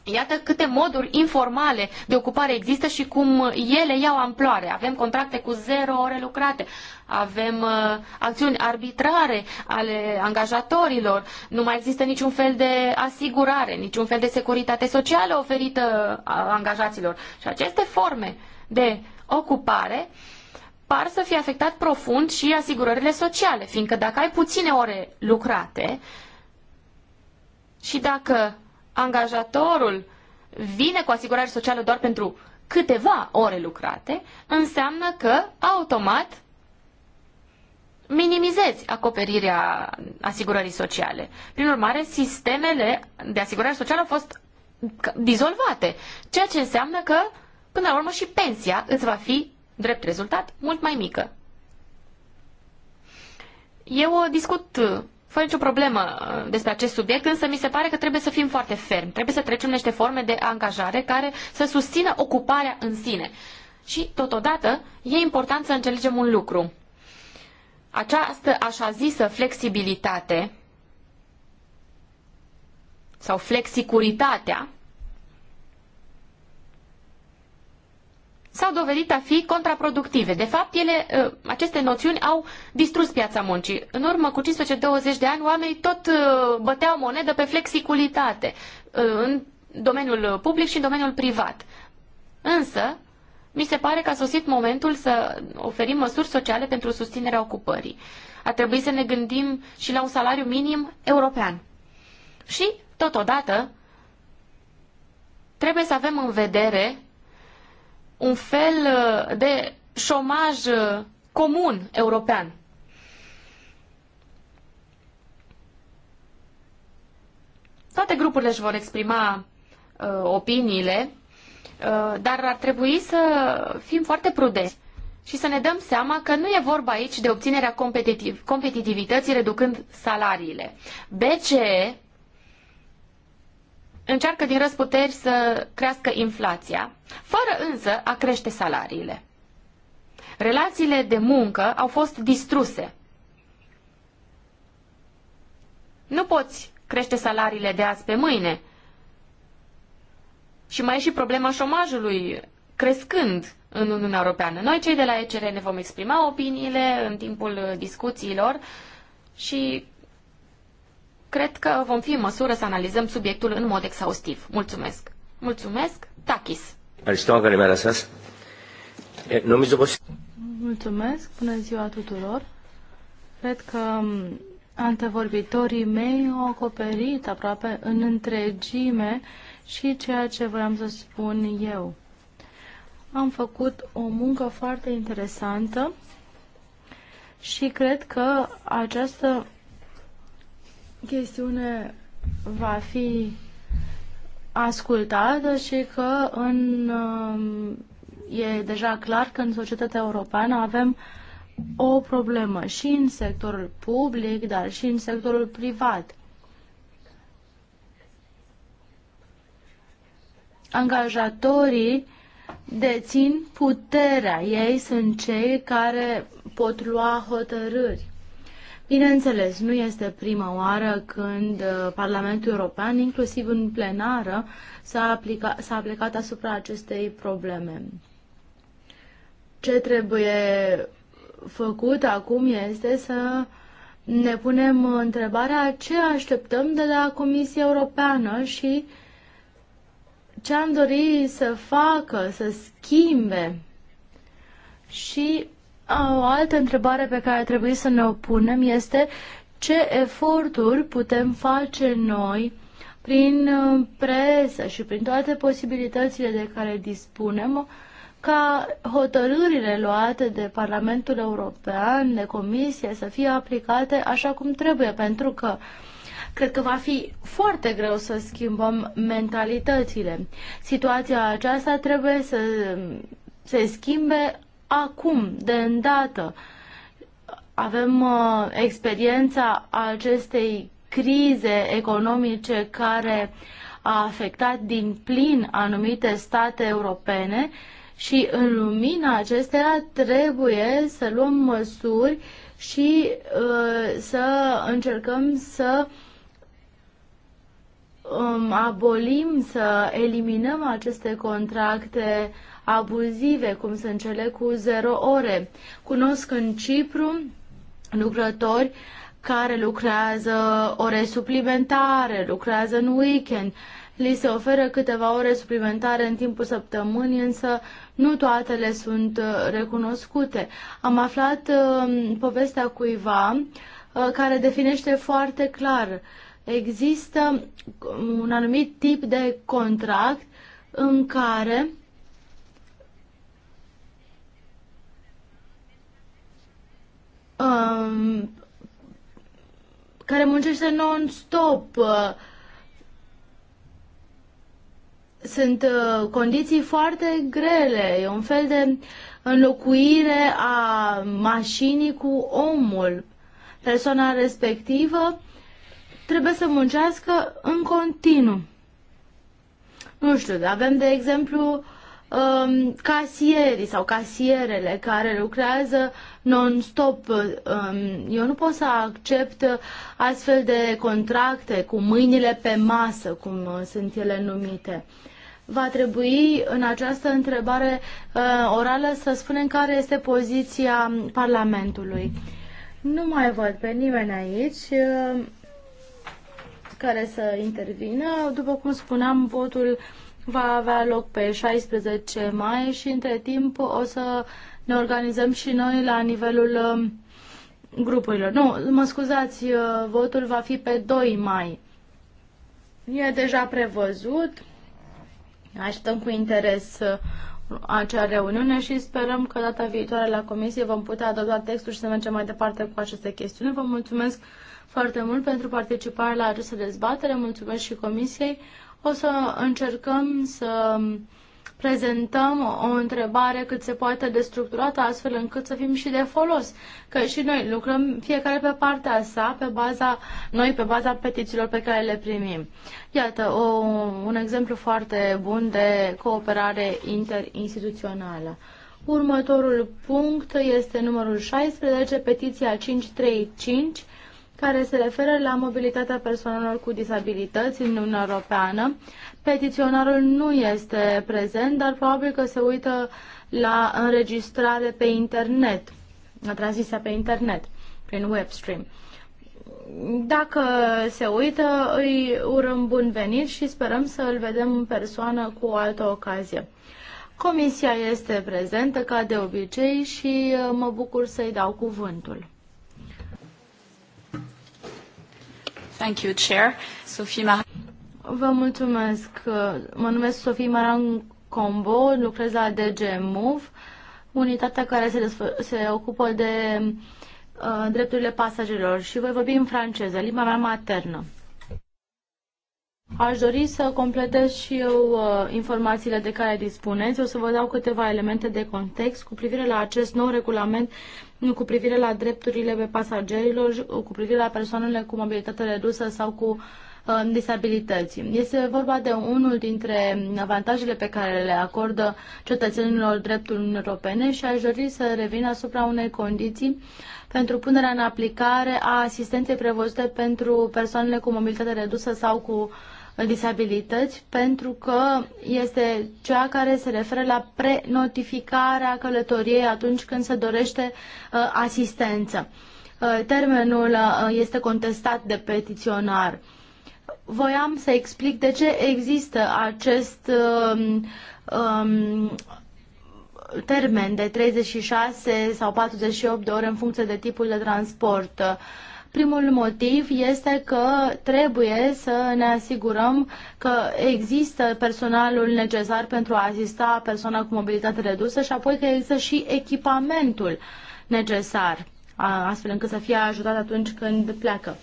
Speaker 3: Iată câte moduri informale de ocupare există și cum ele iau amploare. Avem contracte cu zero ore lucrate, avem uh, acțiuni arbitrare ale angajatorilor, nu mai există niciun fel de asigurare, niciun fel de securitate socială oferită uh, angajaților. Și aceste forme de ocupare par să fie afectat profund și asigurările sociale, fiindcă dacă ai puține ore lucrate și dacă angajatorul vine cu asigurare socială doar pentru câteva ore lucrate, înseamnă că automat minimizezi acoperirea asigurării sociale. Prin urmare, sistemele de asigurare socială au fost dizolvate, ceea ce înseamnă că, până la urmă, și pensia îți va fi, drept rezultat, mult mai mică. Eu discut fără nicio problemă uh, despre acest subiect, însă mi se pare că trebuie să fim foarte fermi. Trebuie să trecem niște forme de angajare care să susțină ocuparea în sine. Și, totodată, e important să înțelegem un lucru. Această așa zisă flexibilitate sau flexicuritatea s-au dovedit a fi contraproductive. De fapt, ele, ă, aceste noțiuni au distrus piața muncii. În urmă cu 15-20 de ani, oamenii tot ă, băteau monedă pe flexiculitate ă, în domeniul public și în domeniul privat. Însă, mi se pare că a sosit momentul să oferim măsuri sociale pentru susținerea ocupării. A trebuit să ne gândim și la un salariu minim european. Și, totodată, trebuie să avem în vedere un fel uh, de șomaj uh, comun european. Toate grupurile își vor exprima uh, opiniile, uh, dar ar trebui să fim foarte prudenți și să ne dăm seama că nu e vorba aici de obținerea competitiv, competitivității reducând salariile. BCE încearcă din răsputeri să crească inflația, fără însă a crește salariile. Relațiile de muncă au fost distruse. Nu poți crește salariile de azi pe mâine. Și mai e și problema șomajului crescând în Uniunea Europeană. Noi, cei de la ECR, ne vom exprima opiniile în timpul discuțiilor și cred că vom fi în măsură să analizăm subiectul în mod exhaustiv. Mulțumesc. Mulțumesc, Takis.
Speaker 4: Mulțumesc, bună ziua tuturor. Cred că um, antevorbitorii mei au acoperit aproape în întregime și ceea ce vreau să spun eu. Am făcut o muncă foarte interesantă și cred că această chestiune va fi ascultată și că în, um, e deja clar că în societatea europeană avem o problemă și în sectorul public, dar și în sectorul privat. Angajatorii dețin puterea, ei sunt cei care pot lua hotărâri. Bineînțeles, nu este prima oară când uh, Parlamentul European, inclusiv în plenară, s-a, aplica, s-a aplicat asupra acestei probleme. Ce trebuie făcut acum este să ne punem întrebarea ce așteptăm de la Comisia Europeană și ce am dorit să facă, să schimbe. Și o altă întrebare pe care trebuie să ne o punem este ce eforturi putem face noi prin uh, presă și prin toate posibilitățile de care dispunem ca hotărârile luate de Parlamentul European, de Comisie, să fie aplicate așa cum trebuie, pentru că cred că va fi foarte greu să schimbăm mentalitățile. Situația aceasta trebuie să se schimbe acum, de îndată. Avem uh, experiența acestei crize economice care a afectat din plin anumite state europene și în lumina acestea trebuie să luăm măsuri și uh, să încercăm să um, abolim, să eliminăm aceste contracte abuzive, cum sunt cele cu zero ore. Cunosc în Cipru lucrători care lucrează ore suplimentare, lucrează în weekend, li se oferă câteva ore suplimentare în timpul săptămânii, însă nu toate le sunt uh, recunoscute. Am aflat uh, povestea cuiva uh, care definește foarte clar. Există un anumit tip de contract în care um, care muncește non-stop. Uh, sunt uh, condiții foarte grele, e un fel de înlocuire a mașinii cu omul. Persoana respectivă trebuie să muncească în continuu. Nu știu, avem de exemplu uh, um, casierii sau casierele care lucrează non-stop. Um, eu nu pot să accept astfel de contracte cu mâinile pe masă, cum sunt ele numite. Va trebui în această întrebare uh, orală să spunem care este poziția Parlamentului. Nu mai văd pe nimeni aici uh, care să intervină. După cum spuneam, votul uh, va avea loc pe 16 mai și între timp o să ne organizăm și noi la nivelul um, grupurilor. Nu, mă scuzați, uh, votul va fi pe 2 mai. E deja prevăzut. Așteptăm cu interes uh, acea reuniune și sperăm că data viitoare la comisie vom putea adopta textul și să mergem mai departe cu aceste chestiuni. Vă mulțumesc foarte mult pentru participare la această dezbatere, mulțumesc și comisiei o să încercăm să prezentăm o întrebare cât se poate de structurată, astfel încât să fim și de folos. Că și noi lucrăm fiecare pe partea sa, pe baza, noi pe baza petițiilor pe care le primim. Iată, o, un exemplu foarte bun de cooperare interinstituțională. Următorul punct este numărul 16, petiția 535 care se referă la mobilitatea persoanelor cu disabilități în Uniunea Europeană. Petiționarul nu este prezent, dar probabil că se uită la înregistrare pe internet, la tranziția pe internet, prin webstream. Dacă se uită, îi urăm bun venit și sperăm să îl vedem în persoană cu o altă ocazie. Comisia este prezentă, ca de obicei, și uh, mă bucur să-i dau cuvântul. Thank you, Chair. Sophie Mar- Vă mulțumesc. Mă numesc Sofie Maran Combo, lucrez la DG Move, unitatea care se, se ocupă de uh, drepturile pasagerilor și voi vorbi în franceză, limba mea maternă. Aș dori să completez și eu uh, informațiile de care dispuneți. O să vă dau câteva elemente de context cu privire la acest nou regulament cu privire la drepturile pasagerilor, cu privire la persoanele cu mobilitate redusă sau cu uh, disabilități. Este vorba de unul dintre avantajele pe care le acordă cetățenilor dreptul Uniunii Europene și aș dori să revin asupra unei condiții pentru punerea în aplicare a asistenței prevăzute pentru persoanele cu mobilitate redusă sau cu uh, disabilități pentru că este cea care se referă la prenotificarea călătoriei atunci când se dorește uh, asistență. Uh, termenul uh, este contestat de petiționar. Voiam să explic de ce există acest um, um, termen de 36 sau 48 de ore în funcție de tipul de transport. Uh, Primul motiv este că trebuie să ne asigurăm că există personalul necesar pentru a asista persoana cu mobilitate redusă și apoi că există și echipamentul necesar astfel încât să fie ajutat atunci când pleacă,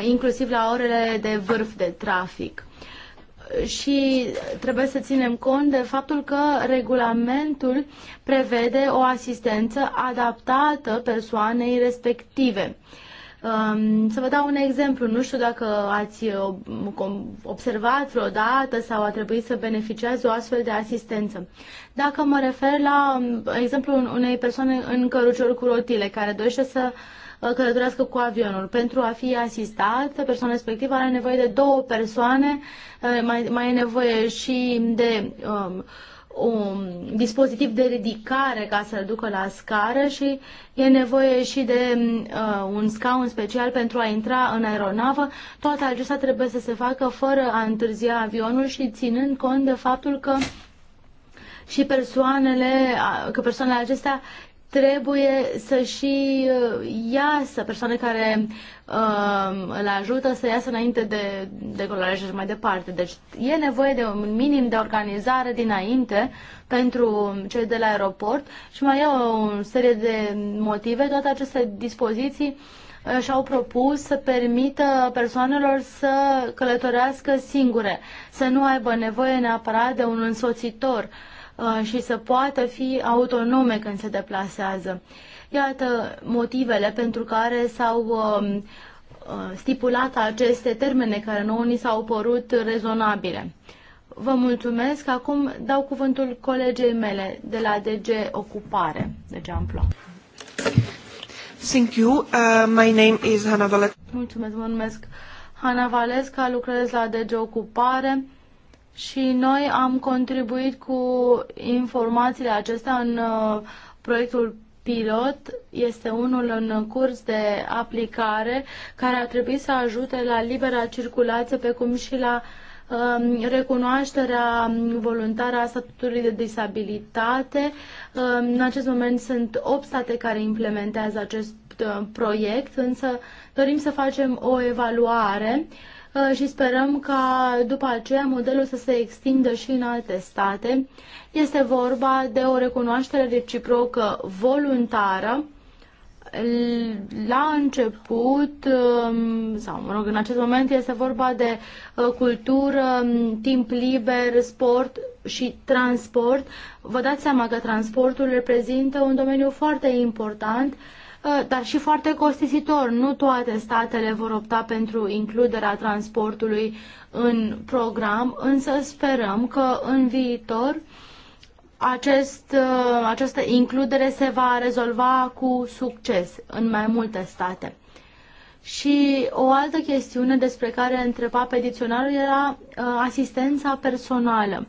Speaker 4: inclusiv la orele de vârf de trafic. Și trebuie să ținem cont de faptul că regulamentul prevede o asistență adaptată persoanei respective. Uh, Um, să vă dau un exemplu, nu știu dacă ați uh, observat vreodată sau a trebuit să beneficiați o astfel de asistență. Dacă mă refer la um, exemplu unei persoane în cărucior cu rotile care dorește să uh, călătorească cu avionul. Pentru a fi asistat, persoana respectivă are nevoie de două persoane, uh, mai, mai e nevoie și de um, un dispozitiv de ridicare ca să-l ducă la scară și e nevoie și de uh, un scaun special pentru a intra în aeronavă. Toate acestea trebuie să se facă fără a întârzia avionul și ținând cont de faptul că și persoanele, că persoanele acestea trebuie să și uh, iasă persoane care uh, îl ajută să iasă înainte de decolare și mai departe. Deci e nevoie de un minim de organizare dinainte pentru cei de la aeroport și mai e o serie de motive. Toate aceste dispoziții uh, și-au propus să permită persoanelor să călătorească singure, să nu aibă nevoie neapărat de un însoțitor. Uh, Uh, și să poată fi autonome când se deplasează. Iată motivele pentru care s-au um, uh, stipulat aceste termene care nouă ni s-au părut rezonabile. Vă mulțumesc. Acum dau cuvântul colegei mele de la DG Ocupare, de exemplu.
Speaker 1: Thank you. Uh, my name is Hanna Valesca.
Speaker 4: Mulțumesc, mă numesc Hanna Valesca, lucrez la DG Ocupare și noi am contribuit cu informațiile acestea în uh, proiectul pilot. Este unul în curs de aplicare care a trebuit să ajute la libera circulație, pe cum și la um, recunoașterea voluntară a statutului de disabilitate. Um, în acest moment sunt 8 state care implementează acest uh, proiect, însă dorim să facem o evaluare uh, Uh, și sperăm ca după aceea modelul să se extindă și în alte state. Este vorba de o recunoaștere reciprocă voluntară. La început, um, sau mă rog, în acest moment este vorba de uh, cultură, um, timp liber, sport și transport. Vă dați seama că transportul reprezintă un domeniu foarte important Uh, dar și foarte costisitor. Nu toate statele vor opta pentru includerea transportului în program, însă sperăm că în viitor acest, uh, această includere se va rezolva cu succes în mai multe state. Și o altă chestiune despre care întreba petiționarul era uh, asistența personală.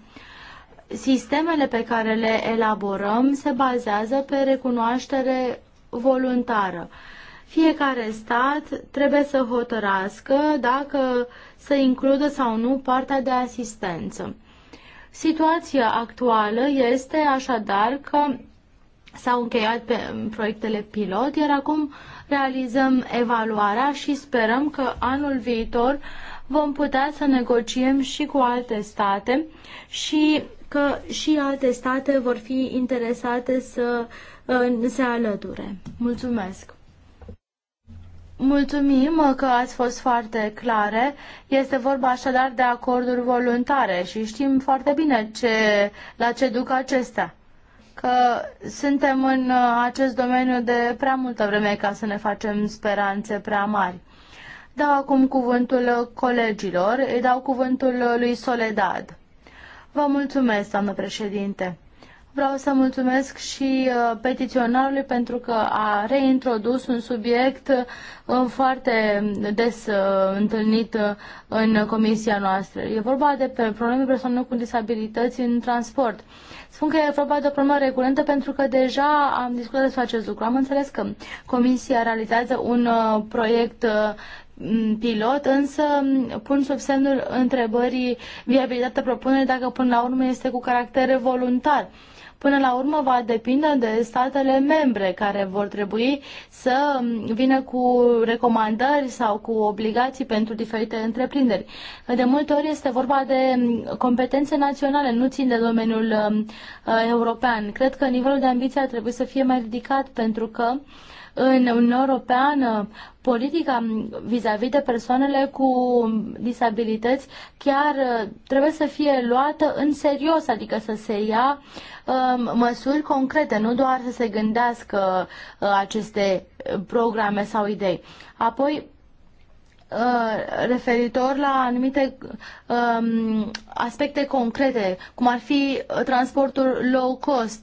Speaker 4: Sistemele pe care le elaborăm se bazează pe recunoaștere voluntară. Fiecare stat trebuie să hotărască dacă să includă sau nu partea de asistență. Situația actuală este așadar că s-au încheiat pe proiectele pilot, iar acum realizăm evaluarea și sperăm că anul viitor vom putea să negociem și cu alte state și că și alte state vor fi interesate să se alăture. Mulțumesc! Mulțumim că ați fost foarte clare. Este vorba așadar de acorduri voluntare și știm foarte bine ce, la ce duc acestea. Că suntem în acest domeniu de prea multă vreme ca să ne facem speranțe prea mari. Dau acum cuvântul colegilor, îi dau cuvântul lui Soledad. Vă mulțumesc, doamnă președinte. Vreau să mulțumesc și uh, petiționarului pentru că a reintrodus un subiect uh, foarte des uh, întâlnit în comisia noastră. E vorba de probleme persoanelor cu disabilități în transport. Spun că e vorba de o problemă recurentă pentru că deja am discutat despre acest lucru. Am înțeles că comisia realizează un proiect pilot, însă pun sub semnul întrebării viabilitatea propunerii dacă până la urmă este cu caracter voluntar până la urmă va depinde de statele membre care vor trebui să vină cu recomandări sau cu obligații pentru diferite întreprinderi. De multe ori este vorba de competențe naționale, nu țin de domeniul uh, european. Cred că nivelul de ambiție ar trebui să fie mai ridicat pentru că uh, în Uniunea Europeană politica vis-a-vis -vis de persoanele cu disabilități chiar uh, trebuie să fie luată în serios, adică să se ia um, măsuri concrete, nu doar să se gândească uh, aceste programe sau idei. Apoi, uh, referitor la anumite um, aspecte concrete, cum ar fi transportul low cost.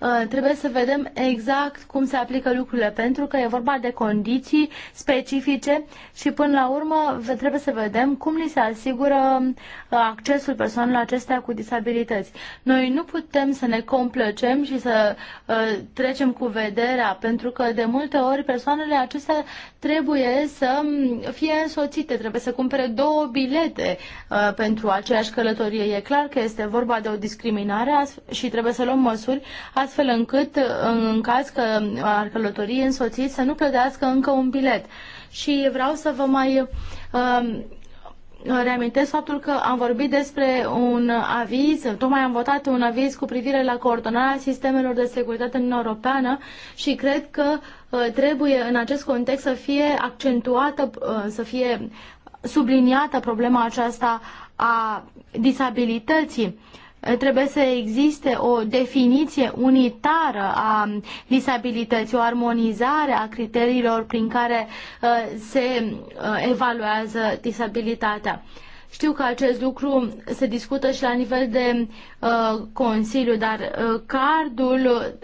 Speaker 4: Uh, trebuie să vedem exact cum se aplică lucrurile, pentru că e vorba de condiții specifice și până la urmă trebuie să vedem cum li se asigură uh, accesul persoanelor acestea cu disabilități. Noi nu putem să ne complăcem și să uh, trecem cu vederea, pentru că de multe ori persoanele acestea trebuie să fie însoțite, trebuie să cumpere două bilete uh, pentru aceeași călătorie. E clar că este vorba de o discriminare și trebuie să luăm măsuri astfel încât, în caz că ar călătorie însoțit, să nu plătească încă un bilet. Și vreau să vă mai uh, reamintesc faptul că am vorbit despre un aviz, tocmai am votat un aviz cu privire la coordonarea sistemelor de securitate în europeană și cred că uh, trebuie în acest context să fie accentuată, uh, să fie subliniată problema aceasta a disabilității Trebuie să existe o definiție unitară a disabilității, o armonizare a criteriilor prin care uh, se uh, evaluează disabilitatea. Știu că acest lucru se discută și la nivel de uh, Consiliu, dar uh, cardul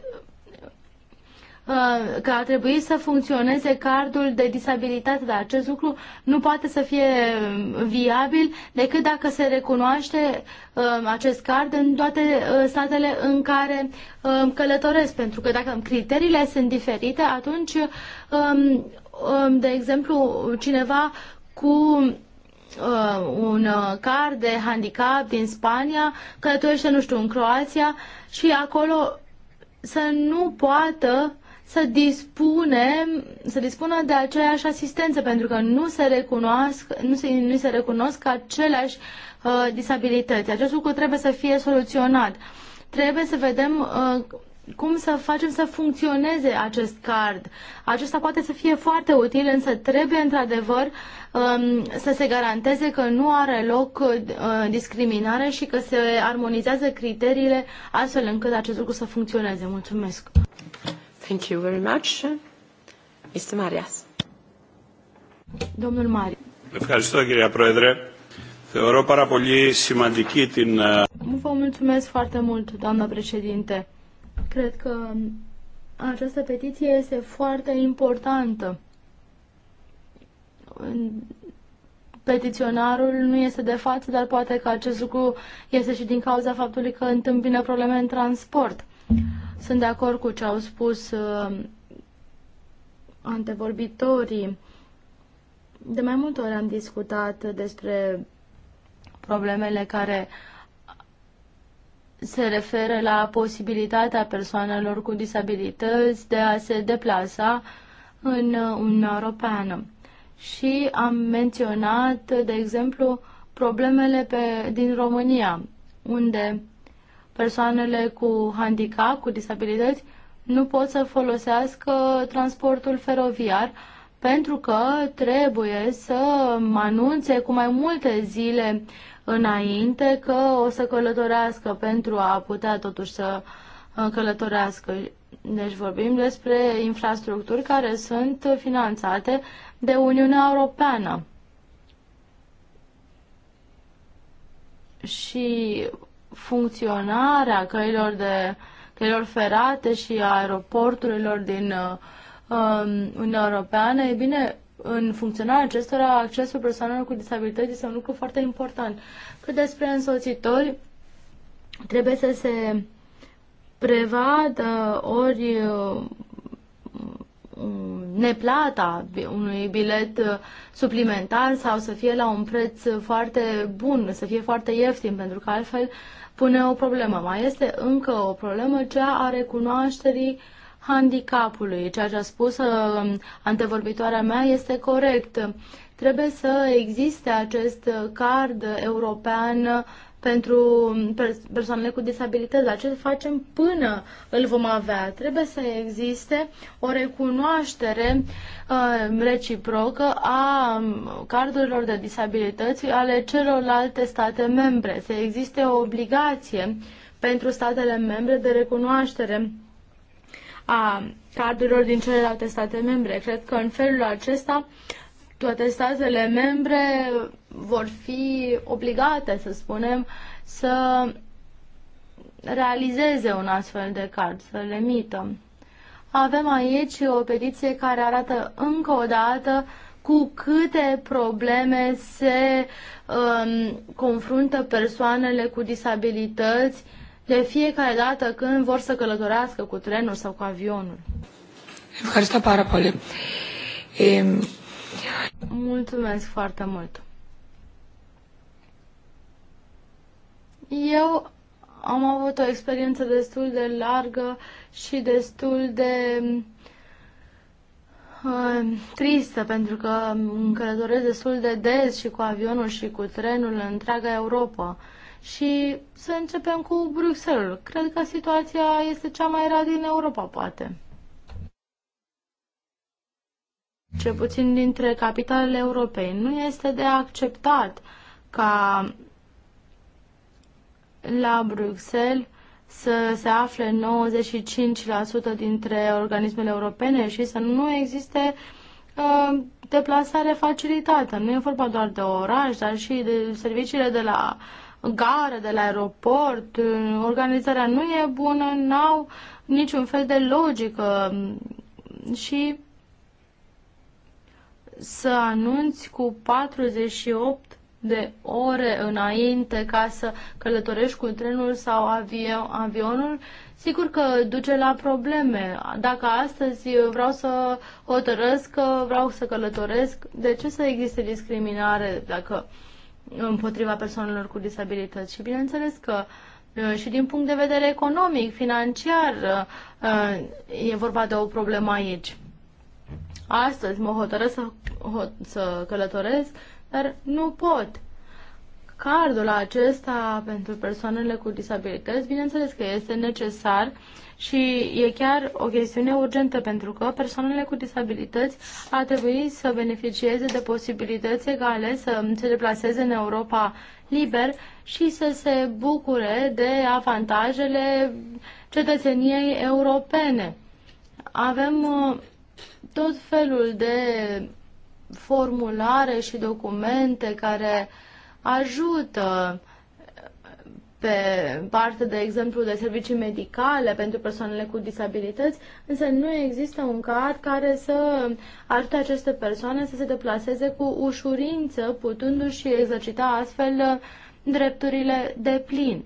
Speaker 4: Uh, că ar trebui să funcționeze cardul de disabilitate, dar acest lucru nu poate să fie viabil decât dacă se recunoaște uh, acest card în toate uh, statele în care călătoresc, pentru că dacă criteriile sunt diferite, atunci, um, um, de exemplu, cineva cu un card de handicap din Spania, călătorește, nu știu, în Croația și acolo să nu poată să, dispune, să dispună de aceeași asistență, pentru că nu se, recunosc, nu se, nu se recunosc aceleași uh, disabilități. Acest lucru trebuie să fie soluționat. Trebuie să vedem uh, cum să facem să funcționeze acest card. Acesta poate să fie foarte util, însă trebuie într-adevăr um, să se garanteze că nu are loc uh, discriminare și că se armonizează criteriile astfel încât acest lucru să funcționeze. Mulțumesc! Thank you very much. Mr. Marias. Domnul Marias.
Speaker 1: Ευχαριστώ κυρία Πρόεδρε. Θεωρώ πάρα πολύ σημαντική την...
Speaker 4: Vă mulțumesc foarte mult, doamna președinte. Cred că această petiție este foarte importantă. Petiționarul nu este de față, dar poate că acest lucru este și din cauza faptului că întâmpină probleme în transport. Sunt de acord cu ce au spus uh, antevorbitorii. De mai multe ori am discutat despre problemele care se referă la posibilitatea persoanelor cu disabilități de a se deplasa în Uniunea Europeană. Și am menționat, de exemplu, problemele pe, din România, unde persoanele cu handicap, cu disabilități, nu pot să folosească transportul feroviar pentru că trebuie să anunțe cu mai multe zile înainte că o să călătorească pentru a putea totuși să uh, călătorească. Deci vorbim despre infrastructuri care sunt finanțate de Uniunea Europeană. Și funcționarea căilor, de, căilor ferate și a aeroporturilor din uh, um, Uniunea Europeană, e bine, în funcționarea acestora, accesul persoanelor cu disabilități este un lucru foarte important. Cât despre însoțitori, trebuie să se prevadă ori uh, um, neplata unui bilet suplimentar sau să fie la un preț foarte bun, să fie foarte ieftin, pentru că altfel uh, pune o problemă. Mai este încă o problemă, cea a recunoașterii handicapului. Ceea ce a spus uh, antevorbitoarea mea este corect. Trebuie să existe acest card european pentru persoanele cu disabilități, dar ce facem până îl vom avea? Trebuie să existe o recunoaștere uh, reciprocă a cardurilor de disabilități ale celorlalte state membre, să existe o obligație pentru statele membre de recunoaștere a cardurilor din celelalte state membre. Cred că în felul acesta toate statele membre vor fi obligate, să spunem, să realizeze un astfel de card, să le emită. Avem aici o petiție care arată încă o dată cu câte probleme se um, confruntă persoanele cu disabilități de fiecare dată când vor să călătorească cu trenul sau cu avionul.
Speaker 1: Care este πολύ.
Speaker 4: Mulțumesc foarte mult. Eu am avut o experiență destul de largă și destul de uh, tristă pentru că călătoresc destul de des și cu avionul și cu trenul în întreaga Europa. Și să începem cu Bruxelles. Cred că situația este cea mai rea din Europa, poate cel puțin dintre capitalele europei. Nu este de acceptat ca la Bruxelles să se afle 95% dintre organismele europene și să nu existe uh, deplasare facilitată. Nu e vorba doar de oraș, dar și de serviciile de la gară, de la aeroport. Uh, organizarea nu e bună, n-au niciun fel de logică mm, și să anunți cu 48 de ore înainte ca să călătorești cu trenul sau avionul, sigur că duce la probleme. Dacă astăzi vreau să hotărăsc că vreau să călătoresc, de ce să existe discriminare dacă împotriva persoanelor cu disabilități? Și bineînțeles că uh, și din punct de vedere economic, financiar, uh, uh, e vorba de o problemă aici astăzi mă hotărăsc să, să călătoresc, dar nu pot. Cardul acesta pentru persoanele cu disabilități, bineînțeles că este necesar și e chiar o chestiune urgentă pentru că persoanele cu disabilități ar trebui să beneficieze de posibilități egale să se deplaseze în Europa liber și să se bucure de avantajele cetățeniei europene. Avem uh, tot felul de formulare și documente care ajută pe parte, de exemplu, de servicii medicale pentru persoanele cu disabilități, însă nu există un card care să ajute aceste persoane să se deplaseze cu ușurință, putându-și exercita astfel drepturile de plin.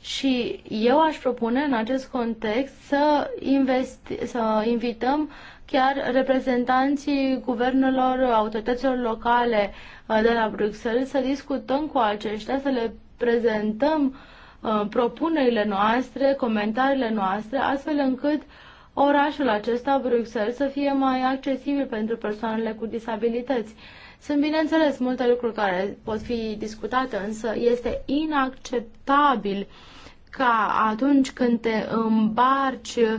Speaker 4: Și eu aș propune în acest context să, investi, să invităm uh, chiar reprezentanții guvernelor, autorităților locale uh, de la Bruxelles, să discutăm cu aceștia, să le prezentăm uh, propunerile noastre, comentariile noastre, astfel încât orașul acesta, Bruxelles, să fie mai accesibil pentru persoanele cu disabilități. Sunt, bineînțeles, multe lucruri care pot fi discutate, însă este inacceptabil ca atunci când te îmbarci uh,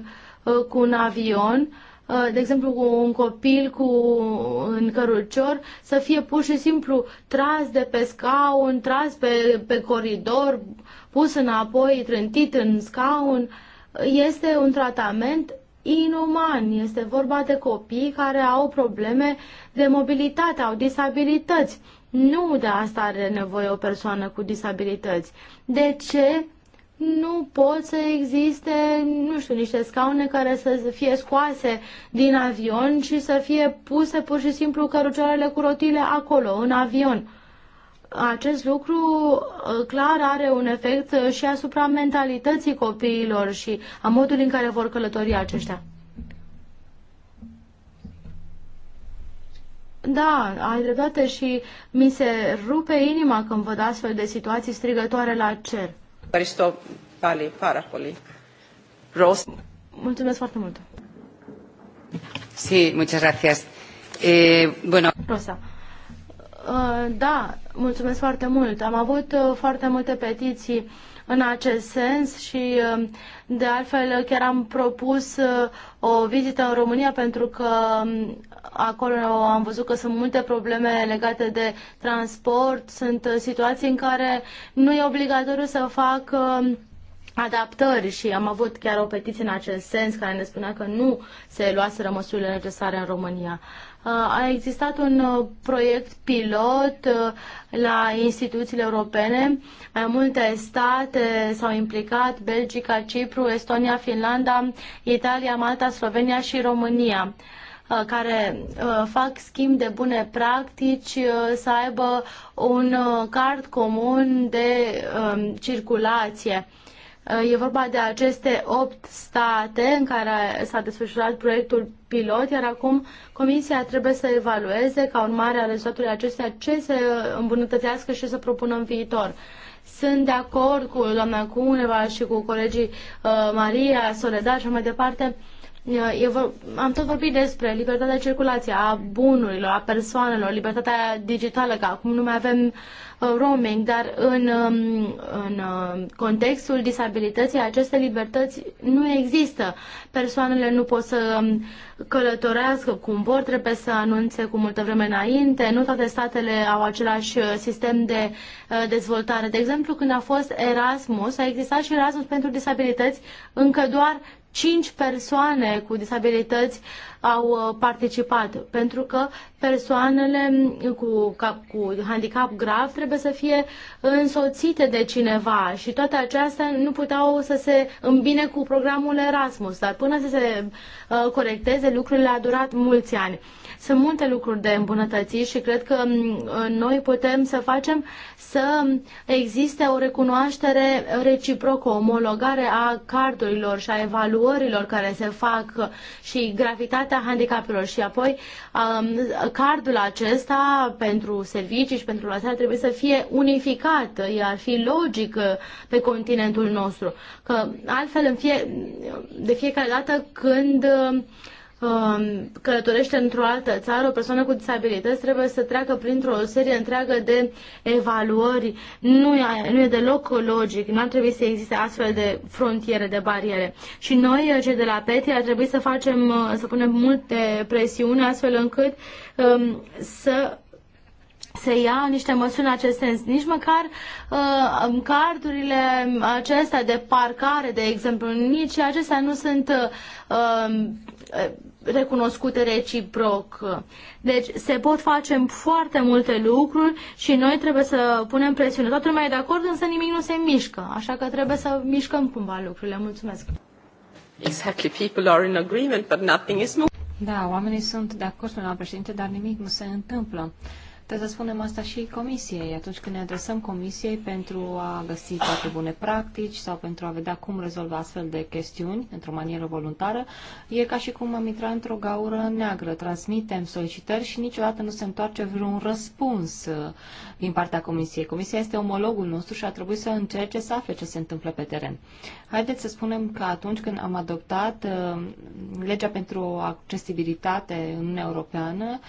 Speaker 4: cu un avion Uh, de exemplu, un copil cu un cărucior să fie pur și simplu tras de pe scaun, tras pe, pe coridor, pus înapoi, trântit în scaun, este un tratament inuman. Este vorba de copii care au probleme de mobilitate, au disabilități. Nu de asta are nevoie o persoană cu disabilități. De ce nu pot să existe, nu știu, niște scaune care să fie scoase din avion și să fie puse pur și simplu cărucioarele cu rotile acolo, în avion. Acest lucru uh, clar are un efect uh, și asupra mentalității copiilor și a modului în care vor călători aceștia. Da, ai dreptate și mi se rupe inima când văd astfel de situații strigătoare la cer. Ευχαριστώ πάλι πάρα πολύ. Mulțumesc foarte mult.
Speaker 1: Sí, muchas gracias. Eh,
Speaker 4: bueno. Rosa. Eh, da, mulțumesc foarte mult. Am avut eh, foarte multe petiții în acest sens și um, de altfel chiar am propus uh, o vizită în România pentru că um, acolo am văzut că sunt multe probleme legate de transport, sunt uh, situații în care nu e obligatoriu să fac um, adaptări și am avut chiar o petiție în acest sens care ne spunea că nu se luaseră măsurile necesare în România. A existat un uh, proiect pilot uh, la instituțiile europene. Mai multe state s-au implicat, Belgica, Cipru, Estonia, Finlanda, Italia, Malta, Slovenia și România uh, care fac schimb de bune practici să aibă un card comun de um, circulație Uh, e vorba de aceste opt state în care s-a desfășurat proiectul pilot, iar acum Comisia trebuie să evalueze ca urmare a rezultatului acestea ce să îmbunătățească și să propună în viitor. Sunt de acord cu doamna Cuneva și cu colegii uh, Maria, Soledad și mai departe eu am tot vorbit despre libertatea de circulație a bunurilor, a persoanelor, libertatea digitală, că acum nu mai avem uh, roaming, dar în, um, în um, contextul disabilității aceste libertăți nu există. Persoanele nu pot să um, călătorească cum vor, trebuie să anunțe cu multă vreme înainte, nu toate statele au același uh, sistem de uh, dezvoltare. De exemplu, când a fost Erasmus, a existat și Erasmus pentru disabilități, încă doar cinci persoane cu disabilități au uh, participat, pentru că persoanele cu, cu handicap grav trebuie să fie însoțite de cineva și toate acestea nu puteau să se îmbine cu programul Erasmus, dar până să se uh, corecteze lucrurile a durat mulți ani. Sunt multe lucruri de îmbunătățit și cred că mm, uh, noi putem să facem să existe o recunoaștere reciprocă, omologare a cardurilor și a evaluărilor care se fac și gravitatea mobilitatea handicapelor și apoi um, cardul acesta pentru servicii și pentru lăsare trebuie să fie unificat, ar fi logic uh, pe continentul nostru, că altfel în fie, de fiecare dată când uh, Um, călătorește într-o altă țară, o persoană cu disabilități trebuie să treacă printr-o serie întreagă de evaluări. Nu e, nu e deloc logic, nu ar trebui să existe astfel de frontiere, de bariere. Și noi, cei de la PETI, ar trebui să facem, uh, să punem multe presiuni astfel încât um, să se ia niște măsuri în acest sens. Nici măcar uh, cardurile acestea de parcare, de exemplu, nici acestea nu sunt uh, Eh, recunoscute reciproc. Deci se pot face foarte multe lucruri și noi trebuie să punem presiune. Toată lumea e de acord, însă nimic nu se mișcă, așa că trebuie să mișcăm cumva lucrurile. Mulțumesc!
Speaker 1: Exactly, people are in agreement, but nothing is moving.
Speaker 4: Da, oamenii sunt de acord, doamna președinte, dar nimic
Speaker 2: nu se întâmplă. Uh, Trebuie să spunem asta și comisiei atunci când ne adresăm comisiei pentru a găsi toate bune practici sau pentru a vedea cum rezolva astfel de chestiuni într-o manieră voluntară. E ca și cum am intrat într-o gaură neagră. Transmitem solicitări și niciodată nu se întoarce vreun răspuns uh, din partea comisiei. Comisia este omologul nostru și a trebuit să încerce să afle ce se întâmplă pe teren. Haideți să spunem că atunci când am adoptat uh, legea pentru accesibilitate în Uniunea Europeană,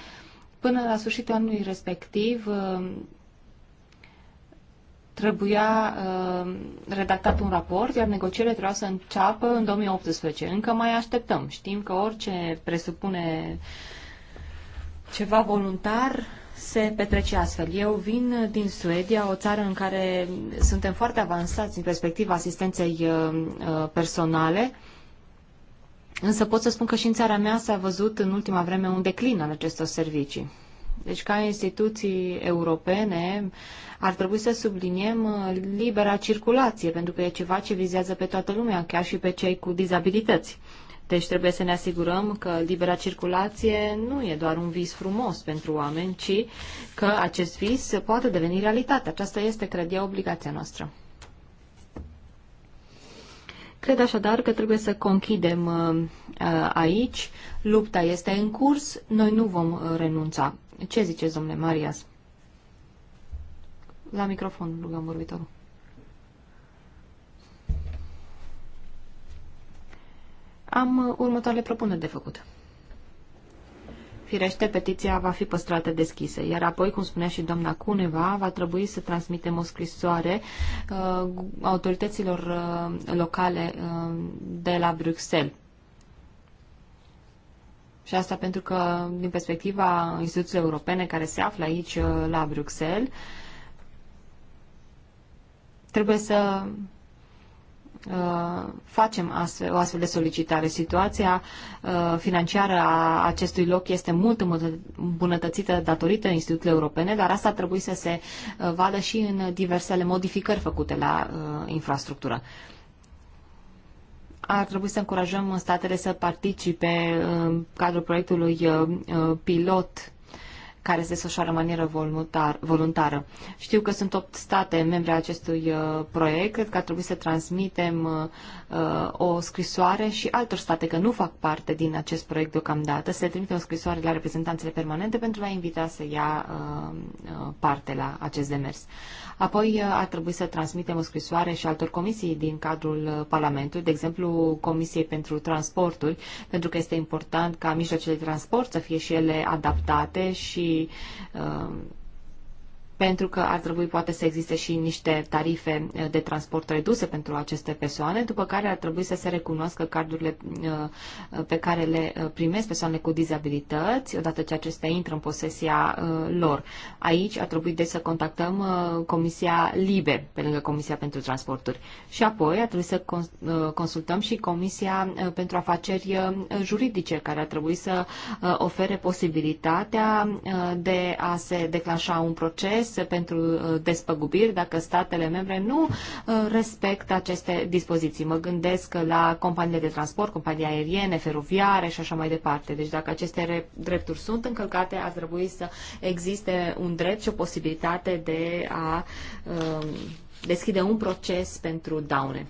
Speaker 2: Până la sfârșitul anului respectiv uh, trebuia uh, redactat un raport, iar negocierile trebuia să înceapă în 2018. Încă mai așteptăm. Știm că orice presupune ceva voluntar se petrece astfel. Eu vin din Suedia, o țară în care suntem foarte avansați în perspectiva asistenței uh, personale Însă pot să spun că și în țara mea s-a văzut în ultima vreme un declin al acestor servicii. Deci, ca instituții europene, ar trebui să subliniem uh, libera circulație, pentru că e ceva ce vizează pe toată lumea, chiar și pe cei cu dizabilități. Deci trebuie să ne asigurăm că libera circulație nu e doar un vis frumos pentru oameni, ci că acest vis poate deveni realitate. Aceasta este, cred eu, obligația noastră. Cred așadar că trebuie să conchidem uh, uh, aici. Lupta este în curs, noi nu vom uh, renunța. Ce ziceți, domnule Marias? La microfon rugăm vorbitorul. Am următoarele propuneri de făcut. Firește, petiția va fi păstrată deschisă, iar apoi, cum spunea și doamna Cuneva, va trebui să transmitem o scrisoare uh, autorităților uh, locale uh, de la Bruxelles. Și asta pentru că, din perspectiva instituțiilor europene care se află aici uh, la Bruxelles, trebuie să Uh, facem astfel, o astfel de solicitare. Situația uh, financiară a acestui loc este mult îmbunătățită datorită instituțiilor europene, dar asta trebuie să se uh, vadă și în diversele modificări făcute la infrastructură ar trebui să încurajăm statele să participe în cadrul proiectului pilot care se desfășoară în manieră voluntar, voluntară. Știu că sunt 8 state membre a acestui uh, proiect, cred că ar trebui să transmitem uh, uh, o scrisoare și altor state că nu fac parte din acest proiect deocamdată, să le trimitem o scrisoare la reprezentanțele permanente pentru a invita să ia parte la acest demers. Apoi uh, a trebuit să transmitem o scrisoare și altor comisii din cadrul uh, Parlamentului, de exemplu Comisiei pentru transportul, pentru că este important ca mijloacele de transport să fie și ele adaptate și uh, pentru că ar trebui poate să existe și niște tarife eh, de transport reduse pentru aceste persoane, după care ar trebui să se recunoască cardurile eh, pe care le eh, primesc persoanele cu dizabilități, odată ce acestea intră în posesia lor. Aici ar trebui deci să contactăm Comisia LIBE, pe lângă Comisia pentru Transporturi. Și apoi ar trebui să consultăm și Comisia pentru Afaceri Juridice, care ar trebui să ofere posibilitatea de a se declanșa un proces proces pentru uh, despăgubiri dacă statele membre nu uh, respectă aceste dispoziții. Mă gândesc la companiile de transport, companii aeriene, feroviare și așa mai departe. Deci dacă aceste drepturi sunt încălcate, ar trebui să existe un drept și o posibilitate de a um, deschide un proces pentru daune.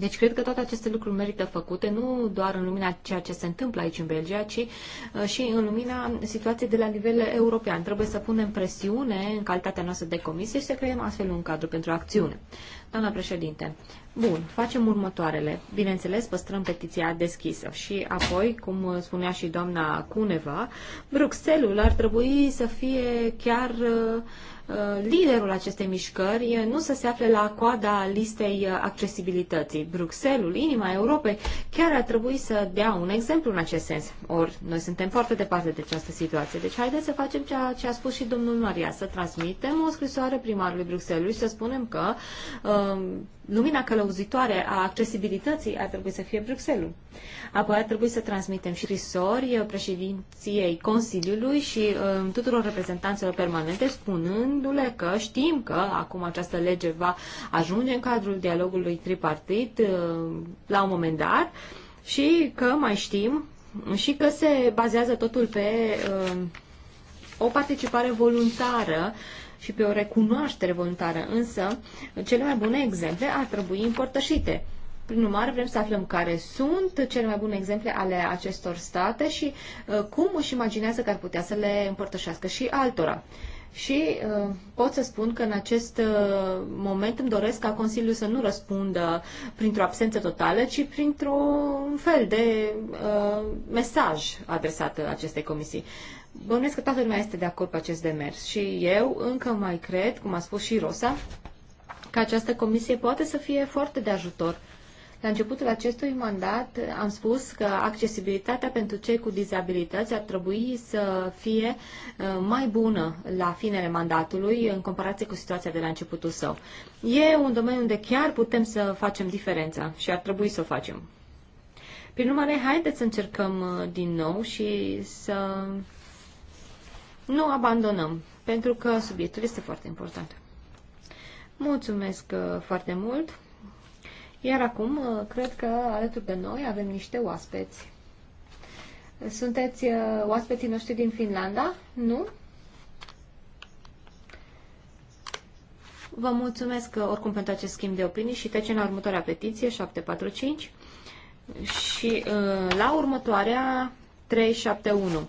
Speaker 2: Deci cred că toate aceste lucruri merită făcute, nu doar în lumina ceea ce se întâmplă aici în Belgia, ci uh, și în lumina situației de la nivel european. Trebuie să punem presiune în calitatea noastră de comisie și să creăm astfel un cadru pentru acțiune. Doamna președinte, bun, facem următoarele. Bineînțeles, păstrăm petiția deschisă și apoi, cum spunea și doamna Cuneva, Bruxelles ar trebui să fie chiar uh, Uh, liderul acestei mișcări uh, nu să se afle la coada listei uh, accesibilității. Bruxelles, inima Europei, chiar ar trebui să dea un exemplu în acest sens. Ori noi suntem foarte departe de această situație. Deci haideți să facem ceea ce a spus și domnul Maria, să transmitem o scrisoare primarului Bruxelles și să spunem că um, lumina călăuzitoare a accesibilității ar trebui să fie Bruxelles. Apoi ar trebui să transmitem și scrisori președinției Consiliului și um, tuturor reprezentanților permanente spunând spunându-le că știm că acum această lege va ajunge în cadrul dialogului tripartit uh, la un moment dat și că mai știm și că se bazează totul pe uh, o participare voluntară și pe o recunoaștere voluntară, însă cele mai bune exemple ar trebui împărtășite. Prin urmare, vrem să aflăm care sunt cele mai bune exemple ale acestor state și uh, cum își imaginează că ar putea să le împărtășească și altora. Și uh, pot să spun că în acest uh, moment îmi doresc ca Consiliul să nu răspundă printr-o absență totală, ci printr-un fel de uh, mesaj adresat acestei comisii. Bănuiesc că toată lumea este de acord pe acest demers și eu încă mai cred, cum a spus și Rosa, că această comisie poate să fie foarte de ajutor la începutul acestui mandat am spus că accesibilitatea pentru cei cu dizabilități ar trebui să fie uh, mai bună la finele mandatului în comparație cu situația de la începutul său. E un domeniu unde chiar putem să facem diferența și ar trebui să o facem. Prin urmare, haideți să încercăm uh, din nou și să nu abandonăm, pentru că subiectul este foarte important. Mulțumesc uh, foarte mult! Iar acum, uh, cred că alături de noi avem niște oaspeți. Sunteți uh, oaspeții noștri din Finlanda, nu? Vă mulțumesc uh, oricum pentru acest schimb de opinii și trecem la următoarea petiție, 745, și la următoarea, 371.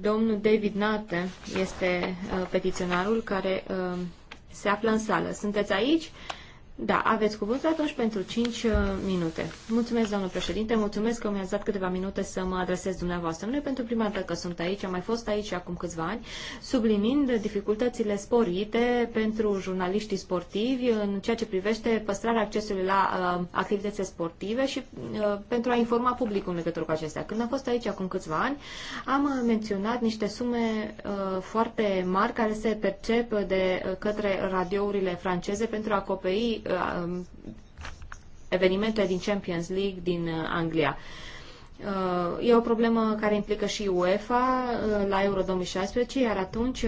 Speaker 2: Domnul David Nate este petiționarul care se află în sală. Sunteți aici? Da, aveți cuvântul atunci pentru 5 uh, minute. Mulțumesc, domnul președinte, mulțumesc că mi-ați dat câteva minute să mă adresez dumneavoastră. Nu e pentru prima dată că sunt aici, am mai fost aici acum câțiva ani, Sublimind dificultățile sporite pentru jurnaliștii sportivi în ceea ce privește păstrarea accesului la uh, activități sportive și uh, pentru a informa publicul în legătură cu acestea. Când am fost aici acum câțiva ani, am menționat niște sume uh, foarte mari care se percep de uh, către radiourile franceze pentru a acoperi Uh, evenimente din Champions League din uh, Anglia. Uh, e o problemă care implică și UEFA la Euro 2016, iar atunci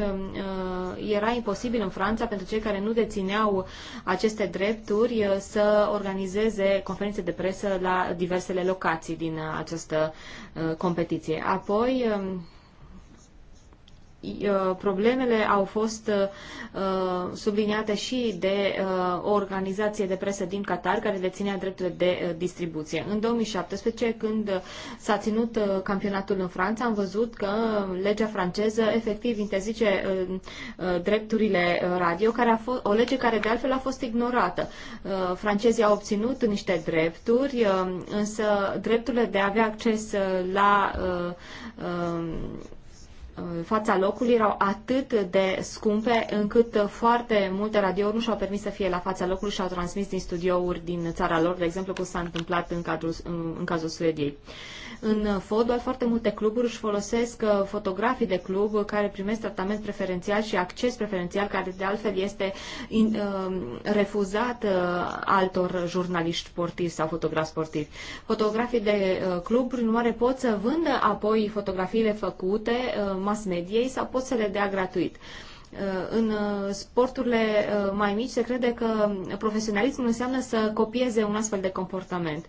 Speaker 2: era imposibil în Franța pentru cei care nu dețineau aceste drepturi să organizeze conferințe de presă la diversele locații din această competiție. Apoi, um, Uh, problemele au fost uh, uh, subliniate și de o organizație de presă din Qatar care deținea drepturile de distribuție. În 2017, când s-a ținut campionatul în Franța, am văzut că legea franceză efectiv interzice drepturile radio, care a fost, o lege care de altfel a fost ignorată. Francezii au obținut niște drepturi, însă drepturile de a avea acces la fața locului erau atât de scumpe încât foarte multe radiouri nu și-au permis să fie la fața locului și au transmis din studiouri din țara lor, de exemplu, cum s-a întâmplat în, cadrul, în, în cazul Suediei. Uh, în fotbal foarte multe cluburi își folosesc uh, fotografii de club care primesc tratament preferențial și acces preferențial, care de altfel este in, uh, refuzat uh, altor jurnaliști sportivi sau fotografi sportivi. Fotografii de club, prin urmare, pot să vândă apoi fotografiile făcute mass mediei sau pot să le dea gratuit. În sporturile mai mici se crede că profesionalismul înseamnă să copieze un astfel de comportament.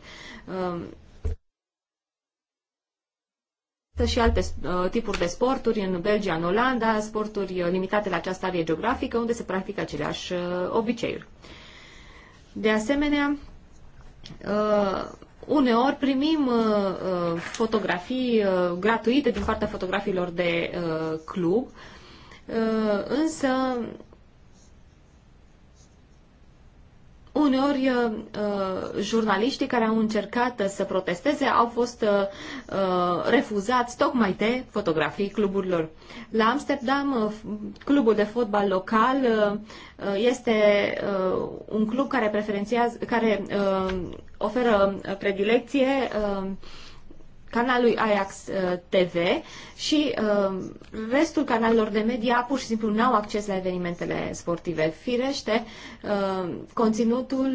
Speaker 2: Există și alte uh, tipuri de sporturi în Belgia, în Olanda, sporturi uh, limitate la această arie geografică, unde se practică aceleași uh, obiceiuri. De asemenea, uneori primim fotografii gratuite din partea fotografiilor de club, însă Uneori, uh, uh, jurnaliștii care au încercat uh, să protesteze au fost refuzați tocmai de fotografii cluburilor. La Amsterdam, clubul de fotbal local este un club care, preferențiază, care oferă predilecție canalului Ajax uh, TV și uh, restul canalelor de media pur și simplu n-au acces la evenimentele sportive. Firește, uh, conținutul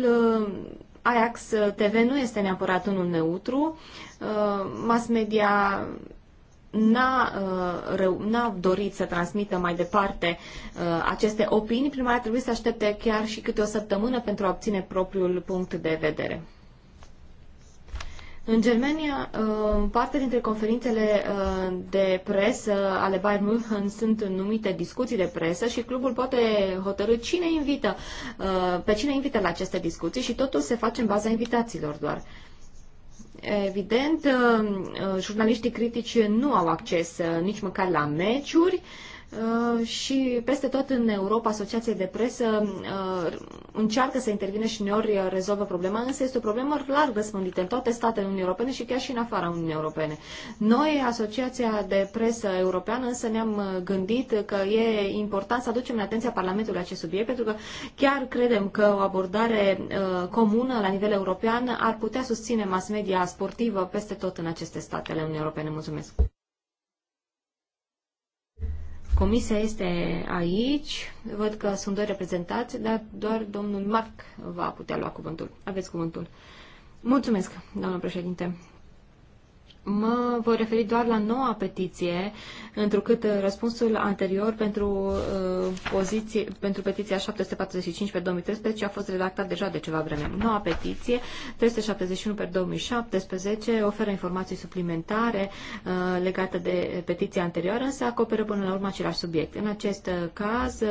Speaker 2: Ajax TV nu este neapărat unul neutru. Mass media n-a, n-a dorit să transmită mai departe aceste opinii, prima urmare trebuie să aștepte chiar și câte o săptămână pentru a obține propriul punct de vedere. În Germania, uh, parte dintre conferințele uh, de presă ale Bayern München sunt numite discuții de presă și clubul poate hotărâ cine invită, uh, pe cine invită la aceste discuții și totul se face în baza invitațiilor doar. Evident, jurnaliștii critici nu au acces nici măcar la meciuri, Uh, și peste tot în Europa, asociația de presă uh, încearcă să intervine și neori rezolvă problema, însă este o problemă larg răspândită în toate statele Uniunii Europene și chiar și în afara Uniunii Europene. Noi, Asociația de Presă Europeană, însă ne-am gândit că e important să aducem în atenția Parlamentului acest subiect, pentru că chiar credem că o abordare uh, comună la nivel european ar putea susține mass media sportivă peste tot în aceste statele Uniunii Europene. Mulțumesc! Comisia este aici, văd că sunt doi reprezentați, dar doar domnul Marc va putea lua cuvântul. Aveți cuvântul. Mulțumesc, doamnă președinte. Mă voi referi doar la noua petiție, întrucât uh, răspunsul anterior pentru, uh, poziție, pentru petiția 745 pe 2013 a fost redactat deja de ceva vreme. Noua petiție, 371 pe 2017, oferă informații suplimentare uh, legate de petiția anterioară, însă acoperă până la urmă același subiect. În acest caz,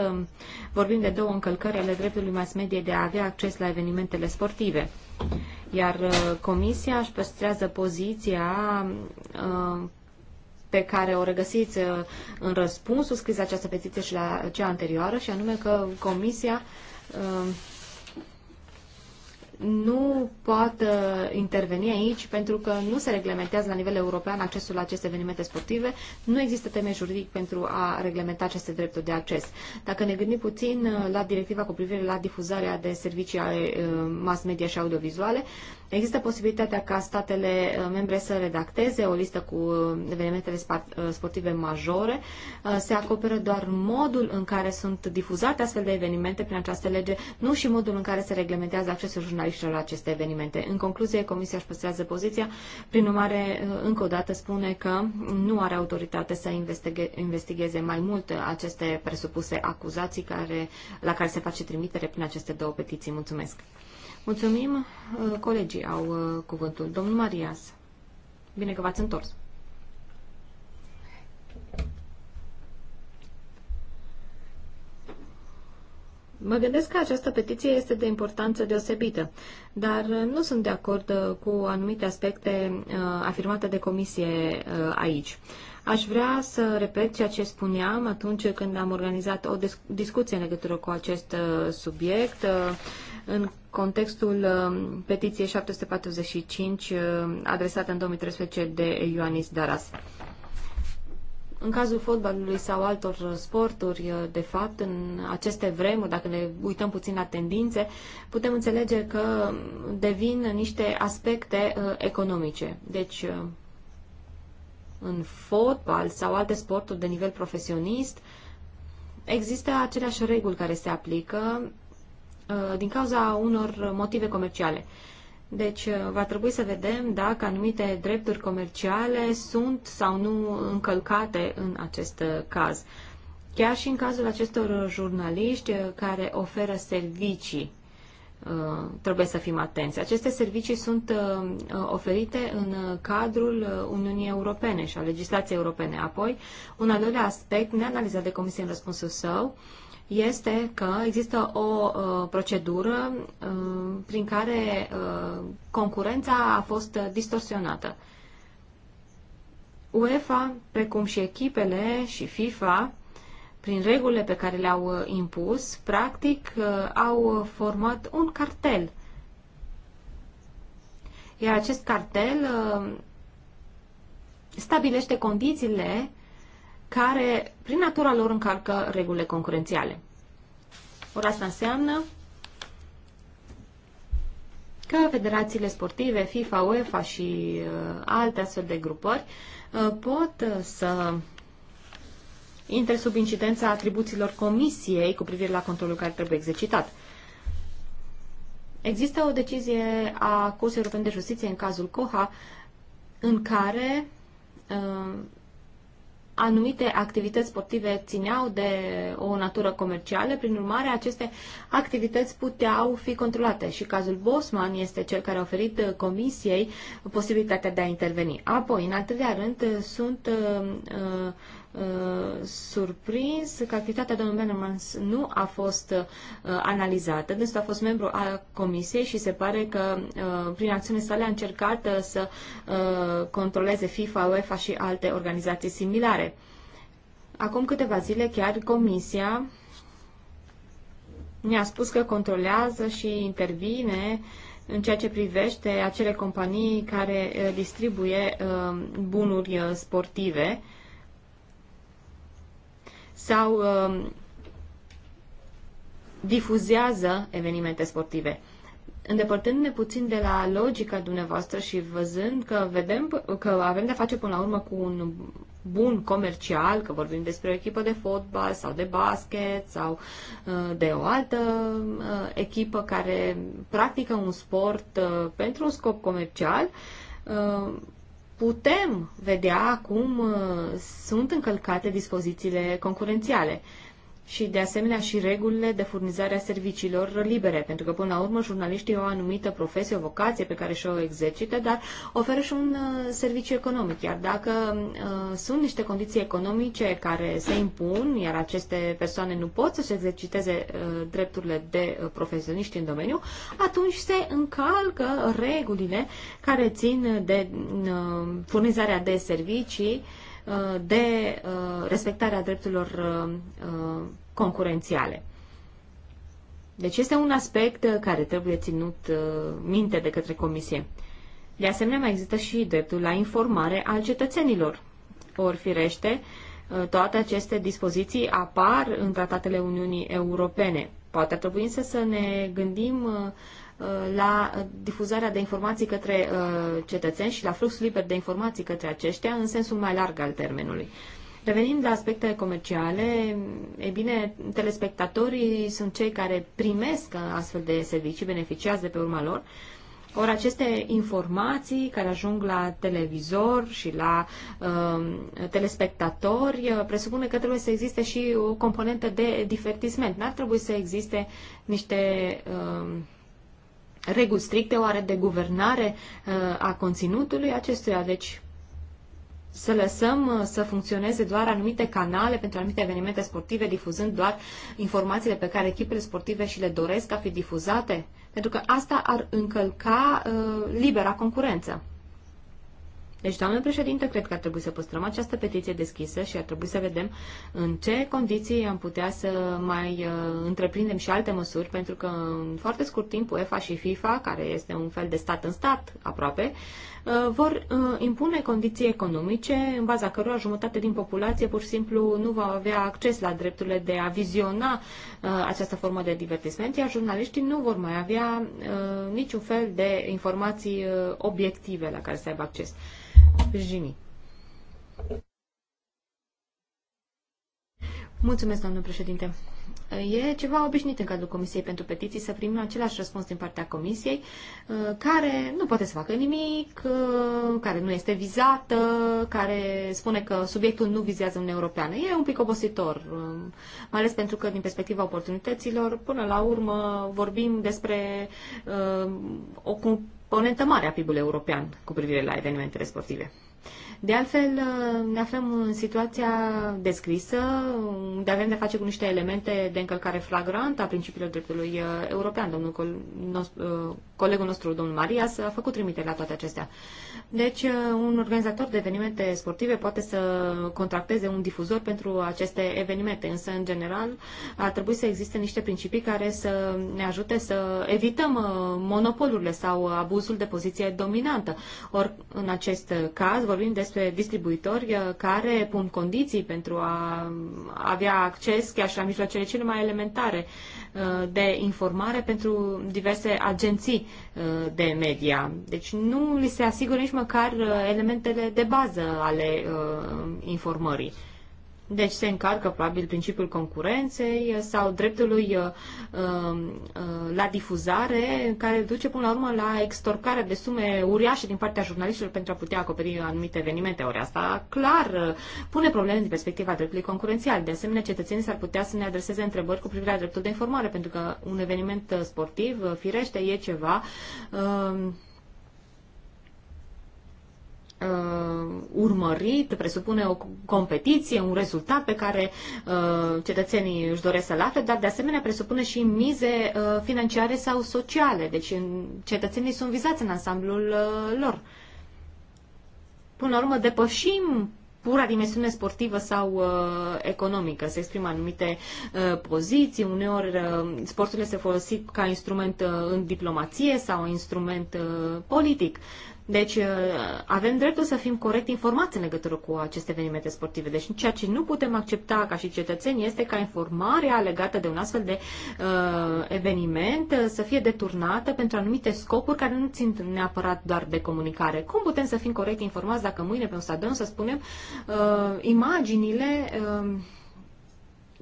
Speaker 2: vorbim de două încălcări ale dreptului mass media de a avea acces la evenimentele sportive. Iar uh, Comisia își păstrează poziția uh, pe care o regăsiți uh, în răspunsul scris această petiție și la cea anterioară, și anume că Comisia nu pot interveni aici pentru că nu se reglementează la nivel european accesul la aceste evenimente sportive, nu există teme juridic pentru a reglementa aceste drepturi de acces. Dacă ne gândim puțin uh, la directiva cu privire la difuzarea de servicii uh, mass media și audiovizuale, Există posibilitatea ca statele uh, membre să redacteze o listă cu evenimentele sportive majore. Se acoperă doar modul în care sunt difuzate astfel de evenimente prin această lege, nu și modul în care se reglementează accesul jurnalistic aici la aceste evenimente. În concluzie, Comisia își păstrează poziția, prin urmare, încă o dată spune că nu are autoritate să investigheze mai mult aceste presupuse acuzații care, la care se face trimitere prin aceste două petiții. Mulțumesc! Mulțumim! Colegii au uh, cuvântul. Domnul Marias, bine că v-ați întors! Mă gândesc că această petiție este de importanță deosebită, dar uh, nu sunt de acord uh, cu anumite aspecte uh, afirmate de comisie aici. Aș vrea să repet ceea ce spuneam atunci când am organizat o discuție în legătură cu acest subiect în contextul petiției 745 adresată în 2013 de Ioanis Daras. În cazul fotbalului sau altor uh, sporturi, uh, de fapt, în aceste vremuri, dacă ne uităm puțin la tendințe, putem înțelege că um, devin niște aspecte uh, economice. Deci, în fotbal sau alte sporturi de nivel profesionist, există aceleași reguli care se aplică din cauza unor motive comerciale. Deci uh, va trebui să vedem dacă anumite drepturi comerciale sunt sau nu încălcate în acest uh, caz. Chiar și în cazul acestor jurnaliști uh, care oferă servicii, trebuie să fim atenți. Aceste servicii sunt oferite în cadrul Uniunii Europene și a legislației europene. Apoi, un al doilea aspect neanalizat de Comisie în răspunsul său este că există o uh, procedură uh, prin care uh, concurența a fost distorsionată. UEFA, precum și echipele și FIFA, prin regulile pe care le-au uh, impus, practic uh, au format un cartel. Iar acest cartel uh, stabilește condițiile care, prin natura lor, încalcă regulile concurențiale. Ori asta înseamnă că federațiile sportive, FIFA, UEFA și uh, alte astfel de grupări uh, pot uh, să intre sub incidența atribuțiilor comisiei cu privire la controlul care trebuie exercitat. Există o decizie a Curții Europene de Justiție în cazul COHA în care anumite activități sportive țineau de o natură comercială, prin urmare aceste activități puteau fi controlate și cazul Bosman este cel care a oferit comisiei posibilitatea de a interveni. Apoi, în al treilea rând, sunt uh, uh Uh, surprins că activitatea domnului Bennermans nu a fost uh, analizată. Dânsul a fost membru al comisiei și se pare că uh, prin acțiune sale a încercat să controleze FIFA, UEFA și alte organizații similare. Acum câteva zile chiar comisia ne-a spus că controlează și intervine în ceea ce privește acele companii care distribuie bunuri sportive sau uh, difuzează evenimente sportive. Îndepărtându-ne puțin de la logica dumneavoastră și văzând că vedem că avem de-a face până la urmă cu un bun comercial, că vorbim despre o echipă de fotbal sau de basket sau uh, de o altă uh, echipă care practică un sport uh, pentru un scop comercial, putem vedea cum uh, sunt încălcate dispozițiile concurențiale și de asemenea și regulile de furnizare a serviciilor libere, pentru că până la urmă jurnaliștii au o anumită profesie, o vocație pe care și-o exercită, dar oferă și un uh, serviciu economic. Iar dacă uh, sunt niște condiții economice care se impun, iar aceste persoane nu pot să-și exerciteze uh, drepturile de uh, profesioniști în domeniu, atunci se încalcă regulile care țin de uh, furnizarea de servicii uh, Uh, de uh, respectarea drepturilor uh, concurențiale. Deci este un aspect care trebuie ținut minte de către Comisie. De asemenea, mai există și dreptul la informare al cetățenilor. Ori firește, toate aceste dispoziții apar în tratatele Uniunii Europene. Poate ar trebui însă să ne gândim uh, uh, la difuzarea de informații către uh, cetățeni și la fluxul liber de informații către aceștia în sensul mai larg al termenului. Revenind la aspectele comerciale, e bine, telespectatorii sunt cei care primesc astfel de servicii, beneficiază de pe urma lor, uh, ori aceste informații care ajung la televizor și la um, uh, telespectatori presupune că trebuie să existe și o componentă de divertisment. N-ar trebui să existe niște uh, reguli stricte, oare de guvernare uh, a conținutului acestuia. Deci să lăsăm uh, să funcționeze doar anumite canale pentru anumite evenimente sportive, difuzând doar informațiile pe care echipele sportive și le doresc a fi difuzate? pentru că asta ar încălca uh, libera concurență. Deci, doamnă președinte, cred că ar trebui să păstrăm această petiție deschisă și ar trebui să vedem în ce condiții am putea să mai uh, întreprindem și alte măsuri, pentru că în foarte scurt timp UEFA și FIFA, care este un fel de stat în stat aproape, Uh, vor uh, impune condiții economice în baza cărora jumătate din populație pur și simplu nu va avea acces la drepturile de a viziona uh, această formă de divertisment, iar jurnaliștii nu vor mai avea niciun fel de informații obiective la care să aibă acces. Virginie. Mulțumesc, doamnă președinte. E ceva obișnuit în cadrul Comisiei pentru Petiții să primim același răspuns din partea Comisiei, uh, care nu poate să facă nimic, uh, care nu este vizată, care spune că subiectul nu vizează Uniunea Europeană. E un pic obositor, um, mai ales pentru că, din perspectiva oportunităților, până la urmă vorbim despre uh, o componentă mare a PIB-ului european cu privire la evenimentele sportive. De altfel, uh, ne aflăm în situația descrisă, unde avem de face cu niște elemente de încălcare flagrantă a principiilor dreptului uh, european. Domnul col- nos- uh, colegul nostru, domnul Marias, a făcut trimitere la toate acestea. Deci, un organizator de evenimente sportive poate să contracteze un difuzor pentru aceste evenimente, însă, în general, ar trebui să existe niște principii care să ne ajute să evităm monopolurile sau abuzul de poziție dominantă. Ori, în acest caz, vorbim despre niște distribuitori uh, care pun condiții pentru a avea acces chiar și la mijloacele cele mai elementare uh, de informare pentru diverse agenții uh, de media. Deci nu li se asigură nici măcar elementele de bază ale informării. Deci se încarcă probabil principiul concurenței sau dreptului uh, um, uh, la difuzare, care duce până la urmă la extorcarea de sume uriașe din partea jurnaliștilor pentru a putea acoperi anumite evenimente. Ori asta clar uh, pune probleme din perspectiva dreptului concurențial. De asemenea, cetățenii s-ar putea să ne adreseze întrebări cu privire la dreptul de informare, pentru că un eveniment sportiv, firește, e ceva um, uh, urmărit, presupune o competiție, un rezultat pe care uh, cetățenii își doresc să-l afle, dar de asemenea presupune și mize uh, financiare sau sociale. Deci cetățenii sunt vizați în ansamblul uh, lor. Până la urmă depășim pura dimensiune sportivă sau uh, economică. Se exprimă anumite uh, poziții, uneori uh, sportul este folosit ca instrument uh, în diplomație sau instrument uh, politic. Deci uh, avem dreptul să fim corect informați în legătură cu aceste evenimente sportive. Deci ceea ce nu putem accepta ca și cetățeni este ca informarea legată de un astfel de uh, eveniment uh, să fie deturnată pentru anumite scopuri care nu țin neapărat doar de comunicare. Cum putem să fim corect informați dacă mâine pe un stadion să spunem uh, imaginile uh,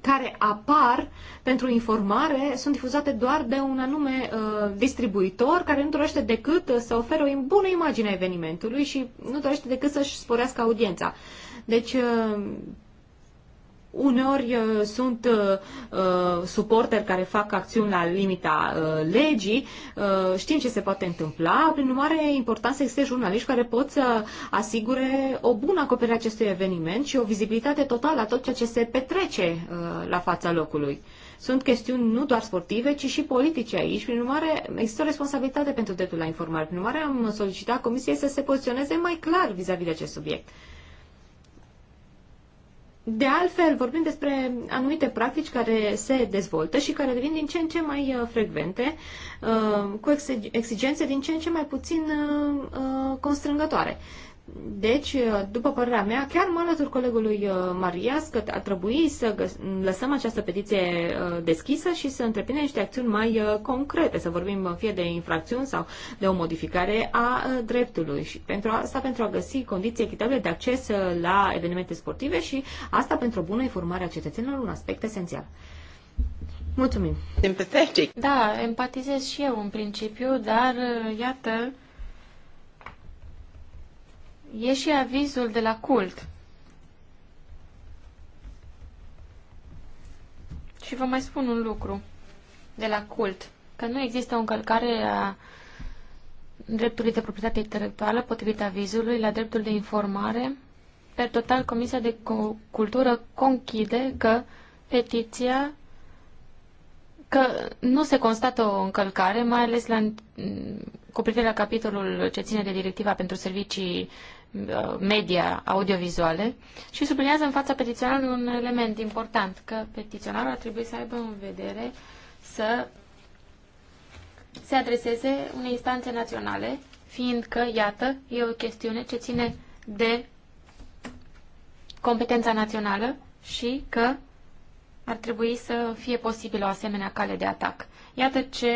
Speaker 2: care apar pentru informare sunt difuzate doar de un anume uh, distribuitor care nu dorește decât uh, să ofere o bună imagine a evenimentului și nu dorește decât să-și sporească audiența. Deci, uh, Uneori uh, sunt uh, uh, suporteri care fac acțiuni la limita legii, știm ce se poate întâmpla, prin urmare e important să existe jurnaliști care pot să asigure o bună acoperire acestui eveniment și o vizibilitate totală a tot ceea ce se petrece la fața locului. Sunt chestiuni nu doar sportive, ci și politice aici. Prin urmare, există o responsabilitate pentru dreptul la informare. Prin urmare, am solicitat Comisiei să se poziționeze mai clar vis-a-vis -vis de acest subiect. De altfel, vorbim despre anumite practici care se dezvoltă și care devin din ce în ce mai uh, frecvente, uh, cu exigențe din ce în ce mai puțin uh, constrângătoare. Deci, uh, după părerea mea, chiar mă alătur colegului uh, Marias că ar trebui să lăsăm această petiție uh, deschisă și să întreprindem niște acțiuni mai concrete, să vorbim fie de infracțiuni sau de o modificare a dreptului. Și pentru asta, pentru a găsi condiții echitabile de acces la evenimente sportive și asta pentru o bună informare a cetățenilor, un aspect esențial. Mulțumim. Empathetic. Da, empatizez și eu în principiu, dar iată
Speaker 3: E și avizul de la cult. Și vă mai spun un lucru de la cult, că nu există o încălcare a dreptului de proprietate intelectuală potrivit avizului la dreptul de informare. Per total, Comisia de Cultură conchide că petiția că nu se constată o încălcare, mai ales la, cu privire la capitolul ce ține de directiva pentru servicii Uh, media audiovizuale și sublinează în fața petiționarului un element important, că petiționarul ar trebui să aibă în vedere să se adreseze unei instanțe naționale, fiindcă, iată, e o chestiune ce ține de competența națională și că ar trebui să fie posibilă o asemenea cale de atac. Iată ce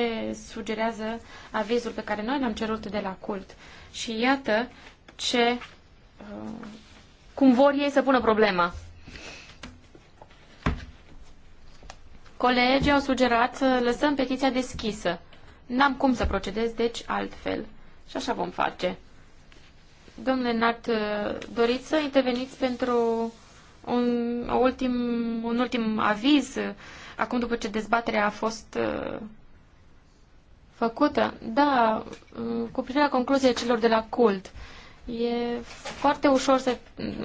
Speaker 3: sugerează avizul pe care noi l-am cerut de la cult. Și iată ce, cum vor ei să pună problema. Colegii au sugerat să lăsăm petiția deschisă. N-am cum să procedez, deci altfel. Și așa vom face. Domnule Nat, doriți să interveniți pentru un ultim, un ultim aviz, acum după ce dezbaterea a fost uh, făcută? Da, uh, cu privire la concluziile celor de la cult. E foarte ușor să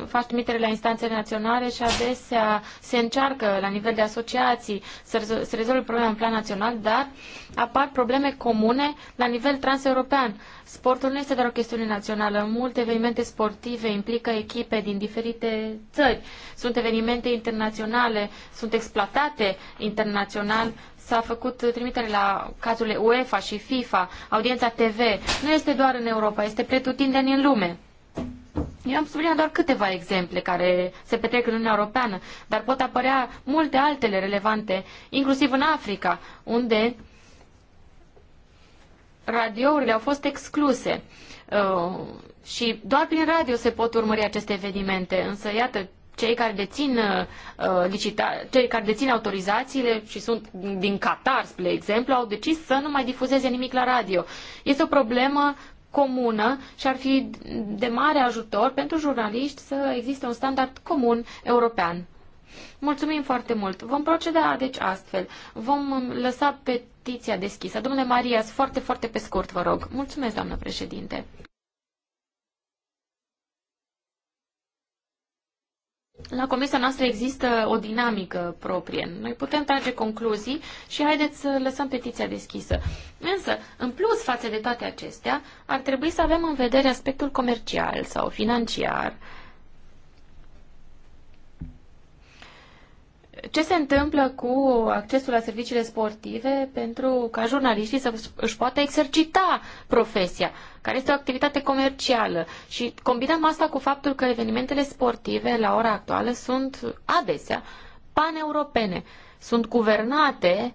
Speaker 3: faci trimitere la instanțe naționale și adesea se încearcă la nivel de asociații să rezolve problema în plan național, dar apar probleme comune la nivel transeuropean. Sportul nu este doar o chestiune națională. Multe evenimente sportive implică echipe din diferite țări. Sunt evenimente internaționale, sunt exploatate internațional s-a făcut trimitere la cazurile UEFA și FIFA, audiența TV. Nu este doar în Europa, este pretutindeni în lume. Eu am subliniat doar câteva exemple care se petrec în Uniunea Europeană, dar pot apărea multe altele relevante, inclusiv în Africa, unde radiourile au fost excluse. Uh, și doar prin radio se pot urmări aceste evenimente, însă iată cei care dețin, uh, uh, licita- cei care dețin autorizațiile și sunt din Qatar, spre exemplu, au decis să nu mai difuzeze nimic la radio. Este o problemă comună și ar fi de mare ajutor pentru jurnaliști să existe un standard comun european. Mulțumim foarte mult. Vom proceda, deci, astfel. Vom um, lăsa petiția deschisă. Domnule Marias, foarte, foarte pe scurt, vă rog. Mulțumesc, doamnă președinte. la comisia noastră există o dinamică proprie. Noi putem trage concluzii și haideți să lăsăm petiția deschisă. Însă, în plus față de toate acestea, ar trebui să avem în vedere aspectul comercial sau financiar, uh, ce se întâmplă cu accesul la serviciile sportive pentru ca jurnaliștii să își poată exercita profesia, care este o activitate comercială. Și combinăm asta cu faptul că evenimentele sportive la ora actuală sunt adesea paneuropene. Sunt guvernate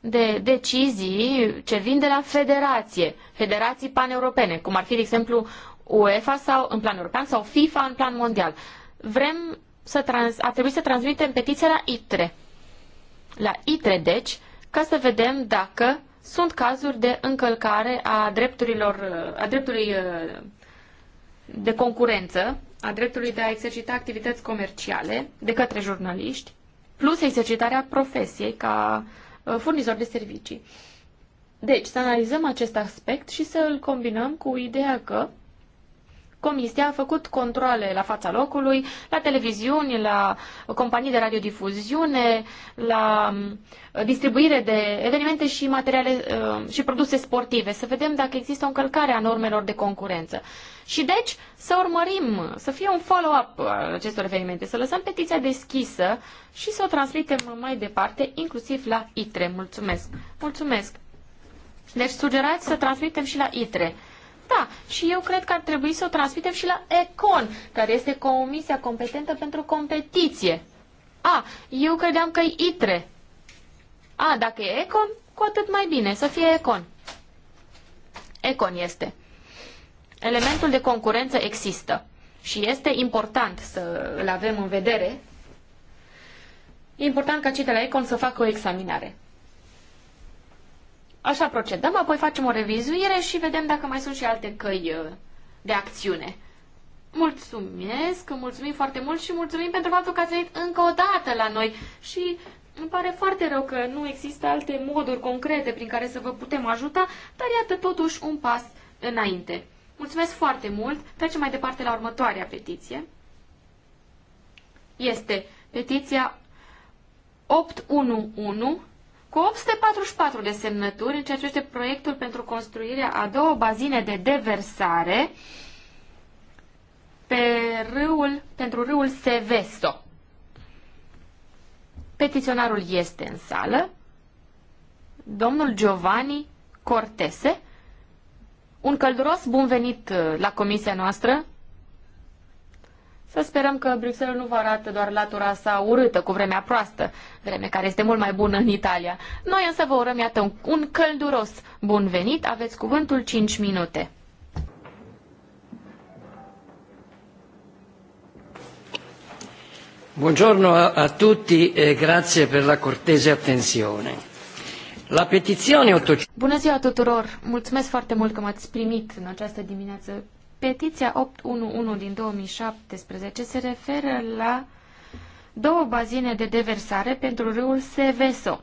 Speaker 3: de decizii ce vin de la federație, federații paneuropene, cum ar fi, de exemplu, UEFA sau în plan european sau FIFA în plan mondial. Vrem să trans, a trebuit să transmitem petiția la ITRE. La ITRE, deci, ca să vedem dacă sunt cazuri de încălcare a drepturilor, a dreptului uh, de concurență, a dreptului de a exercita activități comerciale de către jurnaliști, plus exercitarea profesiei ca uh, furnizor de servicii. Deci, să analizăm acest aspect și să îl combinăm cu ideea că Comisia a făcut controle la fața locului, la televiziuni, la companii de radiodifuziune, la mm, distribuire de evenimente și materiale uh, și produse sportive, să vedem dacă există o încălcare a normelor de concurență. Și deci să urmărim, să fie un follow-up al acestor evenimente, să lăsăm petiția deschisă și să o transmitem mai departe, inclusiv la ITRE. Mulțumesc! Mulțumesc! Deci sugerați să transmitem și la ITRE da, și eu cred că ar trebui să o transmitem și la ECON, care este comisia competentă pentru competiție. A, eu credeam că e ITRE. A, dacă e ECON, cu atât mai bine, să fie ECON. ECON este. Elementul de concurență există și este important să îl avem în vedere. E important ca cei de la ECON să facă o examinare. Așa procedăm, apoi facem o revizuire și vedem dacă mai sunt și alte căi uh, de acțiune. Mulțumesc, mulțumim foarte mult și mulțumim pentru faptul că ați venit încă o dată la noi și îmi pare foarte rău că nu există alte moduri concrete prin care să vă putem ajuta, dar iată totuși un pas înainte. Mulțumesc foarte mult. Trecem mai departe la următoarea petiție. Este petiția 811 cu 844 de semnături în ceea ce este proiectul pentru construirea a două bazine de deversare pe râul, pentru râul Seveso. Petiționarul este în sală, domnul Giovanni Cortese. Un călduros bun venit uh, la comisia noastră, să sperăm că Bruxelles nu va arată doar latura sa urâtă cu vremea proastă, vreme care este mult mai bună în Italia. Noi însă vă urăm, iată, un, un călduros bun venit. Aveți cuvântul 5 minute.
Speaker 1: Buongiorno a, a tutti e grazie per la cortese attenzione.
Speaker 2: La petizione 800...
Speaker 3: Bună ziua tuturor! Mulțumesc foarte mult că m-ați primit în această dimineață Petiția 811 din 2017 se referă la două bazine de deversare pentru râul Seveso.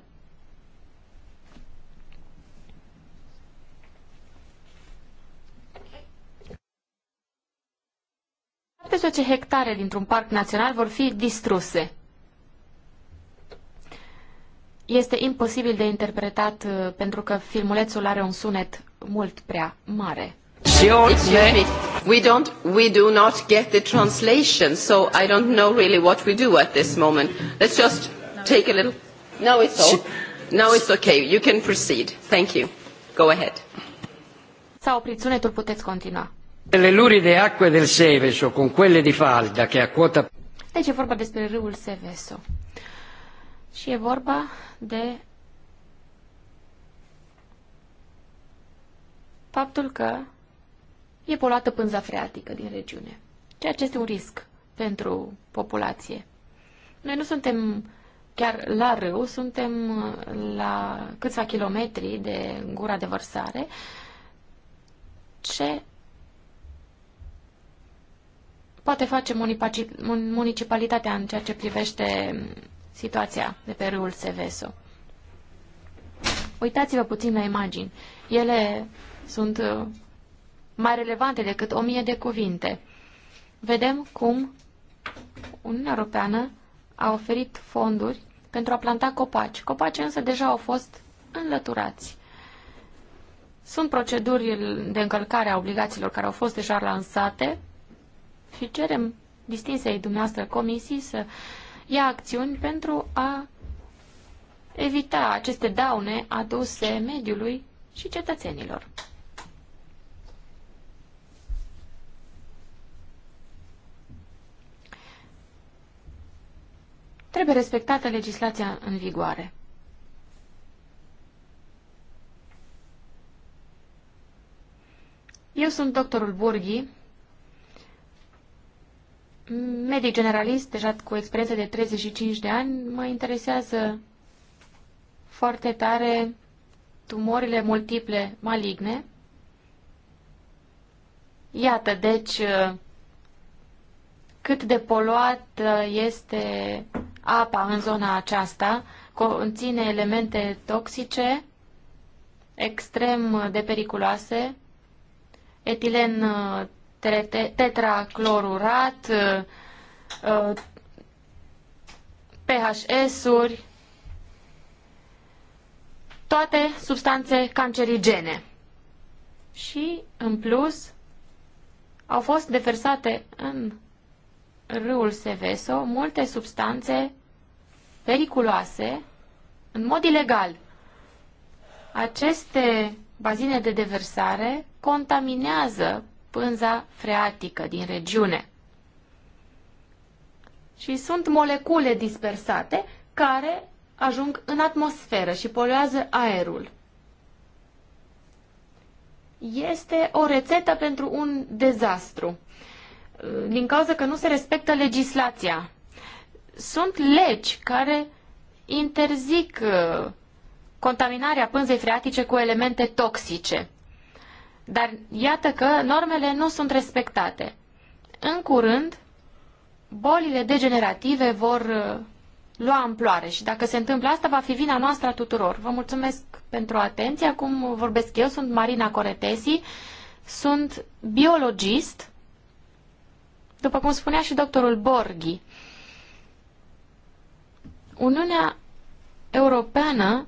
Speaker 3: ce hectare dintr-un parc național vor fi distruse. Este imposibil de interpretat uh, pentru că filmulețul are un sunet mult prea mare.
Speaker 1: We don't, we do not get the translation, so I don't know really what we do at this moment. Let's just take a little. Now it's all. Now it's okay. You can proceed. Thank you. Go ahead. S-a oprit sunetul, puteți continua.
Speaker 2: Le luri de acque del Seveso con quelle di Falda che a quota
Speaker 1: Deci e vorba
Speaker 3: despre râul Seveso. Și e vorba de faptul că e poluată pânza freatică din regiune, ceea ce este un risc pentru populație. Noi nu suntem chiar la râu, suntem la câțiva kilometri de gura de vărsare, ce poate face municipalitatea în ceea ce privește situația de pe râul Seveso. Uitați-vă puțin la imagini. Ele sunt uh, mai relevante decât o mie de cuvinte. Vedem cum Uniunea Europeană a oferit fonduri pentru a planta copaci. Copaci însă deja au fost înlăturați. Sunt proceduri de încălcare a obligațiilor care au fost deja lansate și cerem distinsei dumneavoastră comisii să ia acțiuni pentru a evita aceste daune aduse mediului și cetățenilor. trebuie respectată legislația în vigoare. Eu sunt doctorul Burghi, medic generalist, deja cu experiență de 35 de ani. Mă interesează foarte tare tumorile multiple maligne. Iată, deci, cât de poluat este apa în zona aceasta conține elemente toxice extrem de periculoase, etilen uh, tetraclorurat, uh, uh, PHS-uri, toate substanțe cancerigene. Și, în plus, au fost deversate în râul Seveso multe substanțe periculoase în mod ilegal. Aceste bazine de deversare contaminează pânza freatică din regiune. Și sunt molecule dispersate care ajung în atmosferă și poluează aerul. Este o rețetă pentru un dezastru din cauza că nu se respectă legislația. Sunt legi care interzic uh, contaminarea pânzei freatice cu elemente toxice. Dar iată că normele nu sunt respectate. În curând, bolile degenerative vor uh, lua amploare și dacă se întâmplă asta, va fi vina noastră a tuturor. Vă mulțumesc pentru atenție. Acum vorbesc eu, sunt Marina Coretesi, sunt biologist după cum spunea și doctorul Borghi, Uniunea Europeană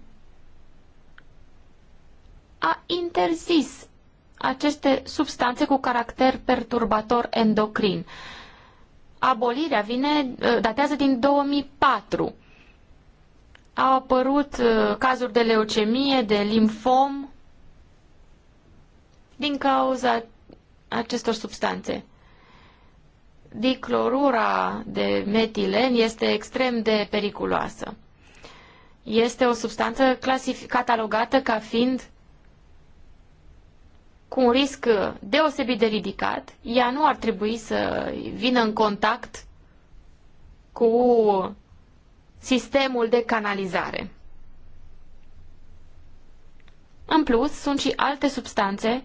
Speaker 3: a interzis aceste substanțe cu caracter perturbator endocrin. Abolirea vine, ă, datează din 2004. Au apărut ă, cazuri de leucemie, de limfom, din cauza acestor substanțe diclorura de metilen este extrem de periculoasă. Este o substanță catalogată ca fiind cu un risc deosebit de ridicat. Ea nu ar trebui să vină în contact cu sistemul de canalizare. În plus, sunt și alte substanțe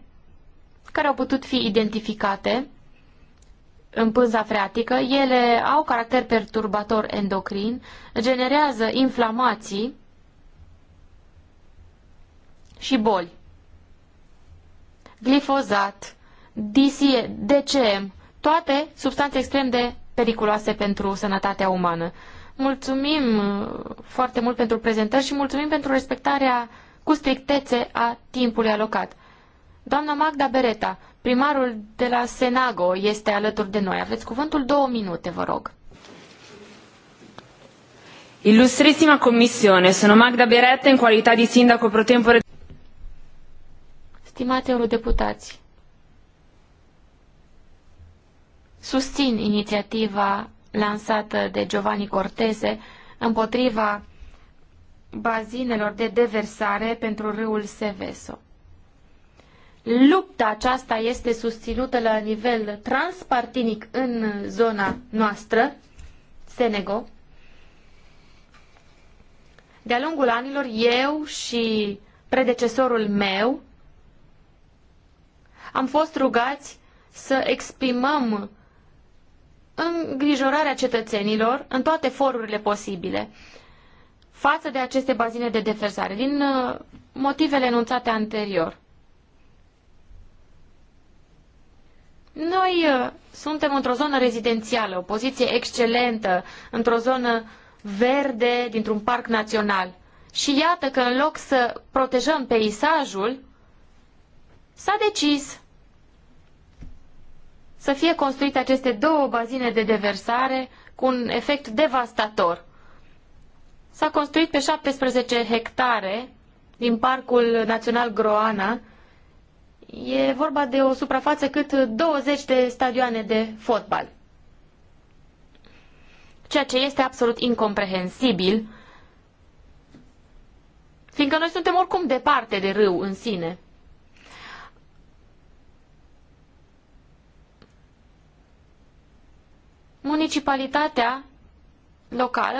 Speaker 3: care au putut fi identificate în pânza freatică, ele au caracter perturbator endocrin, generează inflamații și boli. Glifozat, DCE, DCM, toate substanțe extrem de periculoase pentru sănătatea umană. Mulțumim uh, foarte mult pentru prezentări și mulțumim pentru respectarea cu strictețe a timpului alocat. Doamna Magda Bereta, Primarul de la Senago este alături de noi. Aveți cuvântul două minute, vă rog.
Speaker 2: Illustrissima Commissione, sono Magda Beretta in qualità di sindaco pro tempore.
Speaker 3: Stimați eurodeputați, susțin inițiativa lansată de Giovanni Cortese împotriva bazinelor de deversare pentru râul Seveso. Lupta aceasta este susținută la nivel transpartinic în zona noastră, Senego. De-a lungul anilor, eu și predecesorul meu am fost rugați să exprimăm îngrijorarea cetățenilor în toate forurile posibile față de aceste bazine de defersare, din uh, motivele enunțate anterior. Noi uh, suntem într-o zonă rezidențială, o poziție excelentă, într-o zonă verde, dintr-un parc național. Și iată că în loc să protejăm peisajul, s-a decis să fie construite aceste două bazine de deversare cu un efect devastator. S-a construit pe 17 hectare din Parcul Național Groana E vorba de o suprafață cât 20 de stadioane de fotbal. Ceea ce este absolut incomprehensibil, fiindcă noi suntem oricum departe de râu în sine. Municipalitatea locală,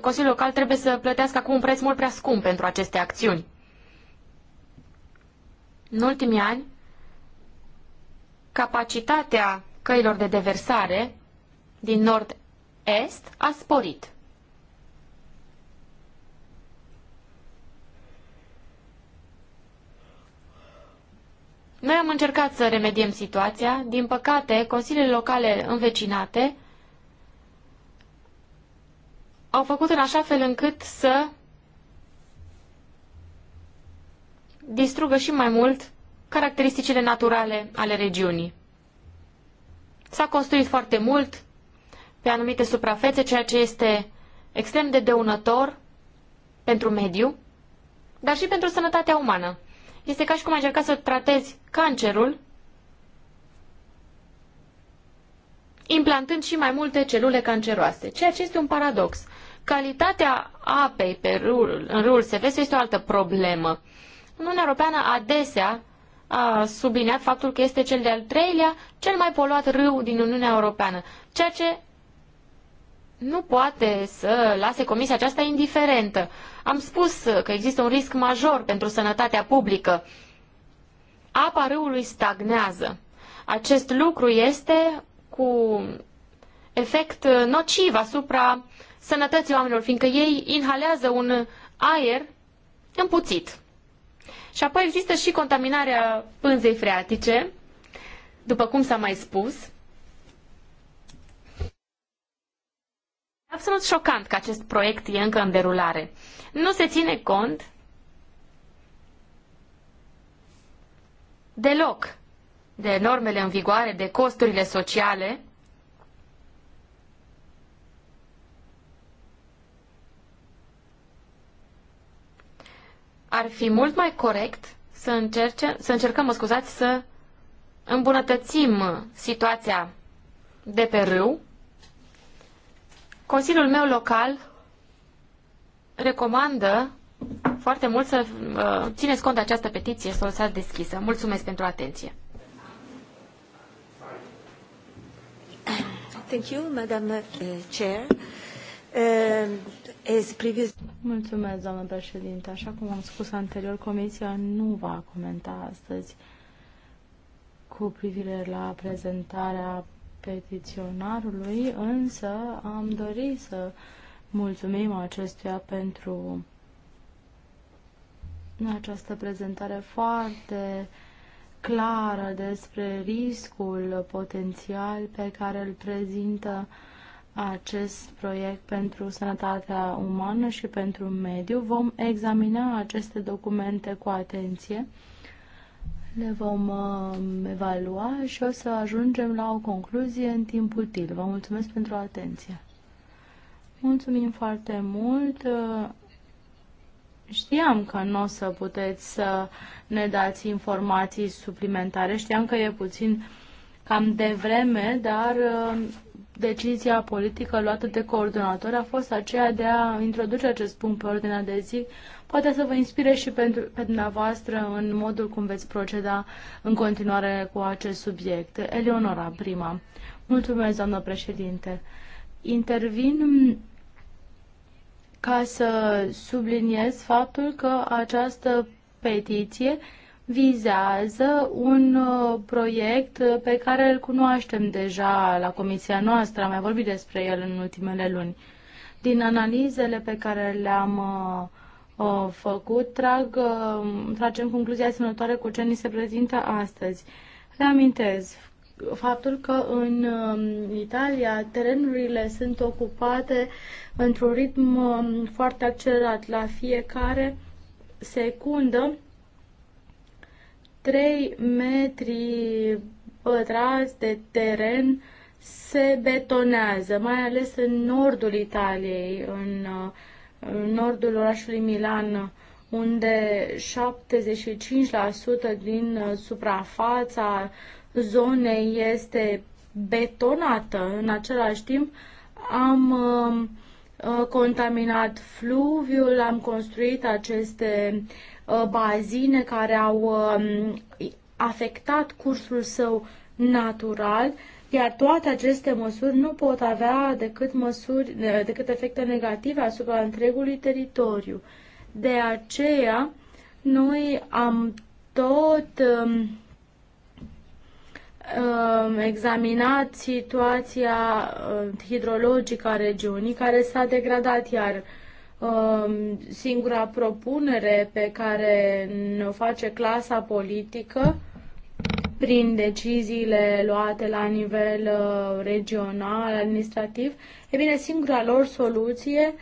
Speaker 3: Consiliul Local trebuie să plătească acum un preț mult prea scump pentru aceste acțiuni. În ultimii ani, capacitatea căilor de deversare din nord-est a sporit. Noi am încercat să remediem situația. Din păcate, consiliile locale învecinate au făcut în așa fel încât să distrugă și mai mult caracteristicile naturale ale regiunii. S-a construit foarte mult pe anumite suprafețe, ceea ce este extrem de dăunător pentru mediu, dar și pentru sănătatea umană. Este ca și cum ai încerca să tratezi cancerul implantând și mai multe celule canceroase, ceea ce este un paradox. Calitatea apei pe râul, în râul Seveso este o altă problemă. Uniunea Europeană adesea a subliniat faptul că este cel de-al treilea cel mai poluat râu din Uniunea Europeană, ceea ce nu poate să lase comisia aceasta indiferentă. Am spus că există un risc major pentru sănătatea publică. Apa râului stagnează. Acest lucru este cu efect nociv asupra sănătății oamenilor, fiindcă ei inhalează un aer împuțit. Și apoi există și contaminarea pânzei freatice, după cum s-a mai spus. Absolut șocant că acest proiect e încă în derulare. Nu se ține cont deloc de normele în vigoare, de costurile sociale ar fi mult mai corect să, încerce, să încercăm, mă scuzați, să îmbunătățim situația de pe râu. Consiliul meu local recomandă foarte mult să uh, țineți cont de această petiție, să o lăsați deschisă. Mulțumesc pentru atenție.
Speaker 4: Thank you, Madam uh, Chair. Uh, Mulțumesc, doamnă președinte. Așa cum am spus anterior, Comisia nu va comenta astăzi cu privire la prezentarea petiționarului, însă am dorit să mulțumim acestuia pentru această prezentare foarte clară despre riscul potențial pe care îl prezintă uh, acest proiect pentru sănătatea umană și pentru mediu. Vom examina aceste documente cu atenție, le vom um, evalua și o să ajungem la o concluzie în timp util. Vă mulțumesc pentru atenție. Mulțumim foarte mult. Știam că nu o să puteți să ne dați informații suplimentare. Știam că e puțin cam devreme, dar uh, decizia politică luată de coordonator a fost aceea de a introduce acest punct pe ordinea de zi, poate să vă inspire și pentru, pe dumneavoastră în modul cum veți proceda în continuare cu acest subiect. Eleonora, prima. Mulțumesc, doamnă președinte. Intervin ca să subliniez faptul că această petiție vizează un uh, proiect pe care îl cunoaștem deja la comisia noastră, am mai vorbit despre el în ultimele luni. Din analizele pe care le-am uh, uh, făcut, trag, tragem concluzia asemănătoare cu ce ni se prezintă astăzi. Reamintez faptul că în um, Italia terenurile sunt ocupate într-un ritm um, foarte accelerat. La fiecare secundă 3 metri pătrați de teren se betonează, mai ales în nordul Italiei, în, în nordul orașului Milan, unde 75% din suprafața zonei este betonată. În același timp am uh, contaminat fluviul, am construit aceste Uh, bazine care au um, afectat cursul său natural, iar toate aceste măsuri nu pot avea decât, măsuri, uh, decât efecte negative asupra întregului teritoriu. De aceea, noi am tot um, um, examinat situația uh, hidrologică a regiunii care s-a degradat, iar Um, singura propunere pe care ne-o face clasa politică prin deciziile luate la nivel uh, regional, administrativ, e bine, singura lor soluție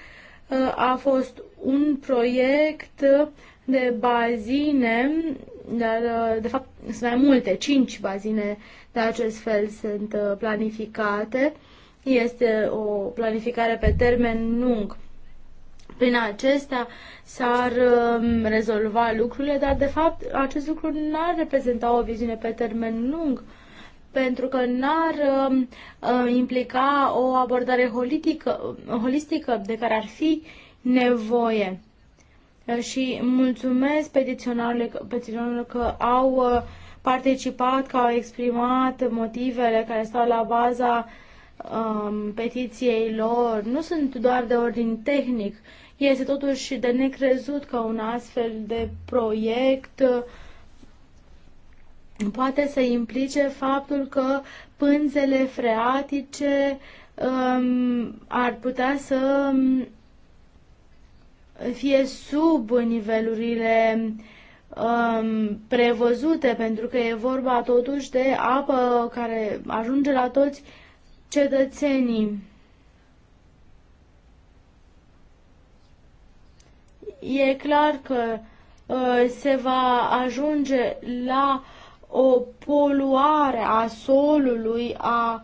Speaker 4: uh, a fost un proiect de bazine, dar uh, de fapt sunt mai multe, cinci bazine de acest fel sunt planificate. Este o planificare pe termen lung prin acesta s-ar um, rezolva lucrurile, dar de fapt acest lucru n-ar reprezenta o viziune pe termen lung pentru că n-ar um, uh, implica o abordare holistică, holistică de care ar fi nevoie. Și mulțumesc petiționarilor că au uh, participat, că au exprimat motivele care stau la baza um, petiției lor. Nu sunt doar de ordin tehnic, este totuși de necrezut că un astfel de proiect uh, poate să implice faptul că pânzele freatice um, ar putea să um, fie sub nivelurile um, prevăzute, pentru că e vorba totuși de apă care ajunge la toți cetățenii. e clar că uh, se va ajunge la o poluare a solului, a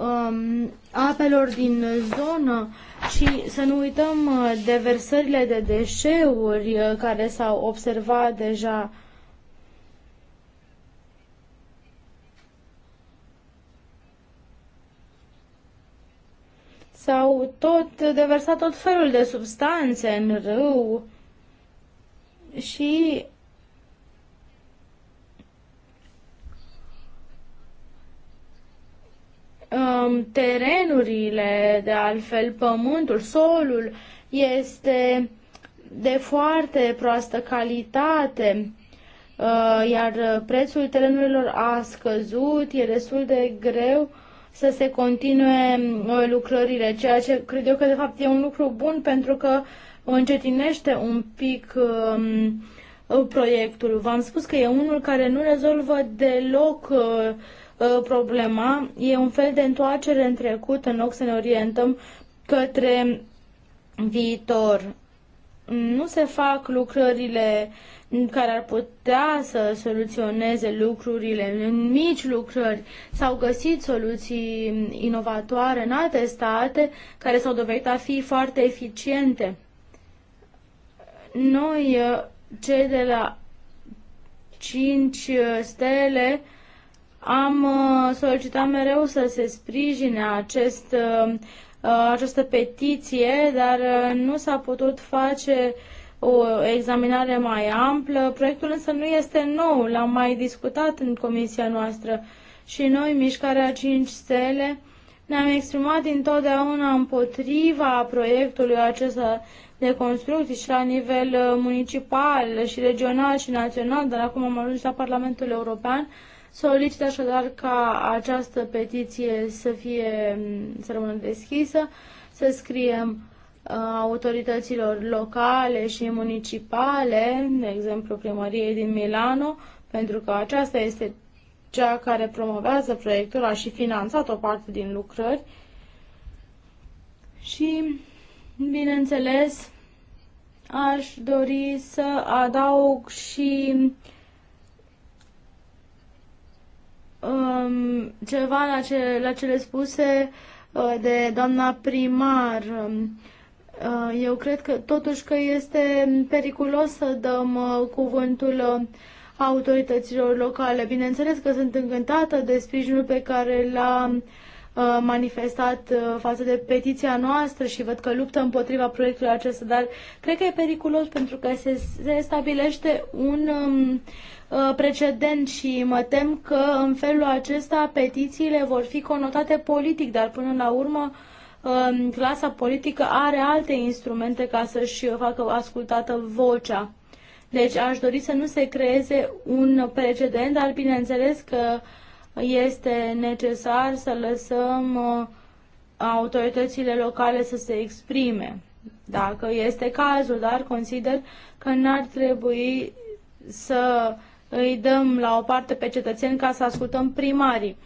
Speaker 4: um, apelor din zonă și să nu uităm uh, deversările de deșeuri uh, care s-au observat deja s-au tot deversat tot felul de substanțe în râu și um, terenurile, de altfel pământul, solul este de foarte proastă calitate, uh, iar prețul terenurilor a scăzut, e destul de greu să se continue mm, lucrările, ceea ce cred eu că de fapt e un lucru bun pentru că încetinește un pic um, proiectul. V-am spus că e unul care nu rezolvă deloc uh, uh, problema, e un fel de întoarcere în trecut în loc să ne orientăm către viitor nu se fac lucrările care ar putea să soluționeze lucrurile în mici lucrări. S-au găsit soluții inovatoare în alte state care s-au dovedit a fi foarte eficiente. Noi, uh, cei de la 5 uh, stele, am uh, solicitat mereu să se sprijine acest Uh, această petiție, dar uh, nu s-a putut face o examinare mai amplă. Proiectul însă nu este nou, l-am mai discutat în comisia noastră și noi, Mișcarea 5 Stele, ne-am exprimat întotdeauna împotriva proiectului acesta de construcții și la nivel uh, municipal și regional și național, dar acum am ajuns la Parlamentul European Solicit așadar ca această petiție să fie, să rămână deschisă, să scriem uh, autorităților locale și municipale, de exemplu primăriei din Milano, pentru că aceasta este cea care promovează proiectul, a și finanțat o parte din lucrări. Și, bineînțeles, aș dori să adaug și uh, um, ceva la, ce, la cele spuse uh, de doamna primar. Um, uh, eu cred că totuși că este periculos să dăm uh, cuvântul uh, autorităților locale. Bineînțeles că sunt încântată de sprijinul pe care l-a uh, manifestat uh, față de petiția noastră și văd că luptă împotriva proiectului acesta, dar cred că e periculos pentru că se, se stabilește un um, Uh, precedent și mă tem că în felul acesta petițiile vor fi conotate politic, dar până la urmă um, clasa politică are alte instrumente ca să-și facă ascultată vocea. Deci aș dori să nu se creeze un precedent, dar bineînțeles că este necesar să lăsăm uh, autoritățile locale să se exprime, dacă este cazul, dar consider că n-ar trebui să îi dăm la o parte pe cetățeni ca să ascultăm primarii.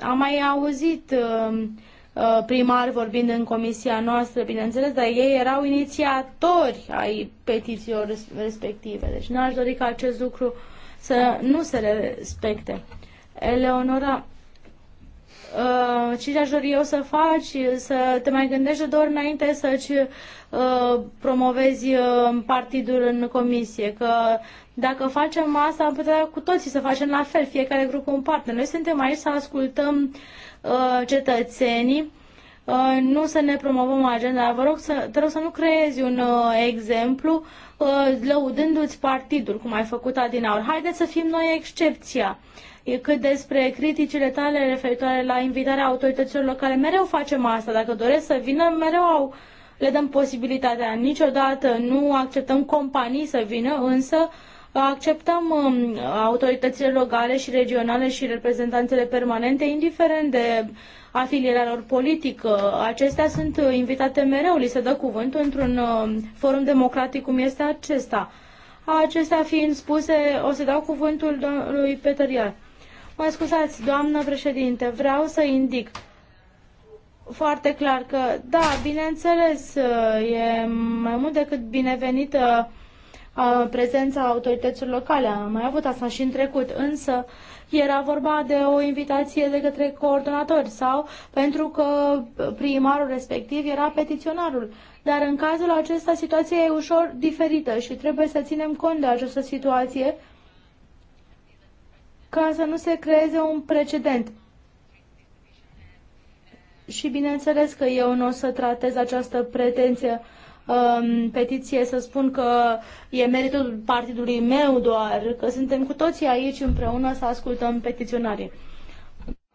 Speaker 4: Am mai auzit um, uh, primari vorbind în comisia noastră, bineînțeles, dar ei erau inițiatori ai petițiilor respective. Deci n-aș dori ca acest lucru să nu se respecte. Eleonora, Uh, ce aș dori eu să faci, să te mai gândești de ori înainte să-ți uh, promovezi uh, partidul în comisie, că dacă facem asta, am putea cu toții să facem la fel, fiecare grup un partener. Noi suntem aici să ascultăm uh, cetățenii, uh, nu să ne promovăm agenda. Vă rog să, te rog să nu creezi un uh, exemplu uh, lăudându-ți partidul, cum ai făcut Adinaur. Haideți să fim noi excepția. Uh, cât despre criticile tale referitoare la invitarea autorităților locale. Mereu facem asta. Dacă doresc să vină, mereu au, le dăm posibilitatea. Niciodată nu acceptăm companii să vină, însă acceptăm um, autoritățile locale și regionale și reprezentanțele permanente, indiferent de afilierea lor politică. Acestea sunt invitate mereu, li se dă cuvântul într-un um, forum democratic cum este acesta. Acestea fiind spuse, o să dau cuvântul lui Peter Iar. Mă scuzați, doamnă președinte, vreau să indic foarte clar că, da, bineînțeles, e mai mult decât binevenită uh, prezența autorităților locale. Am mai avut asta și în trecut, însă era vorba de o invitație de către coordonatori sau pentru că primarul respectiv era petiționarul. Dar în cazul acesta situația e ușor diferită și trebuie să ținem cont de această situație ca să nu se creeze un precedent. Și bineînțeles că eu nu o să tratez această pretenție um, petiție să spun că e meritul partidului meu doar, că suntem cu toții aici împreună să ascultăm petiționarii.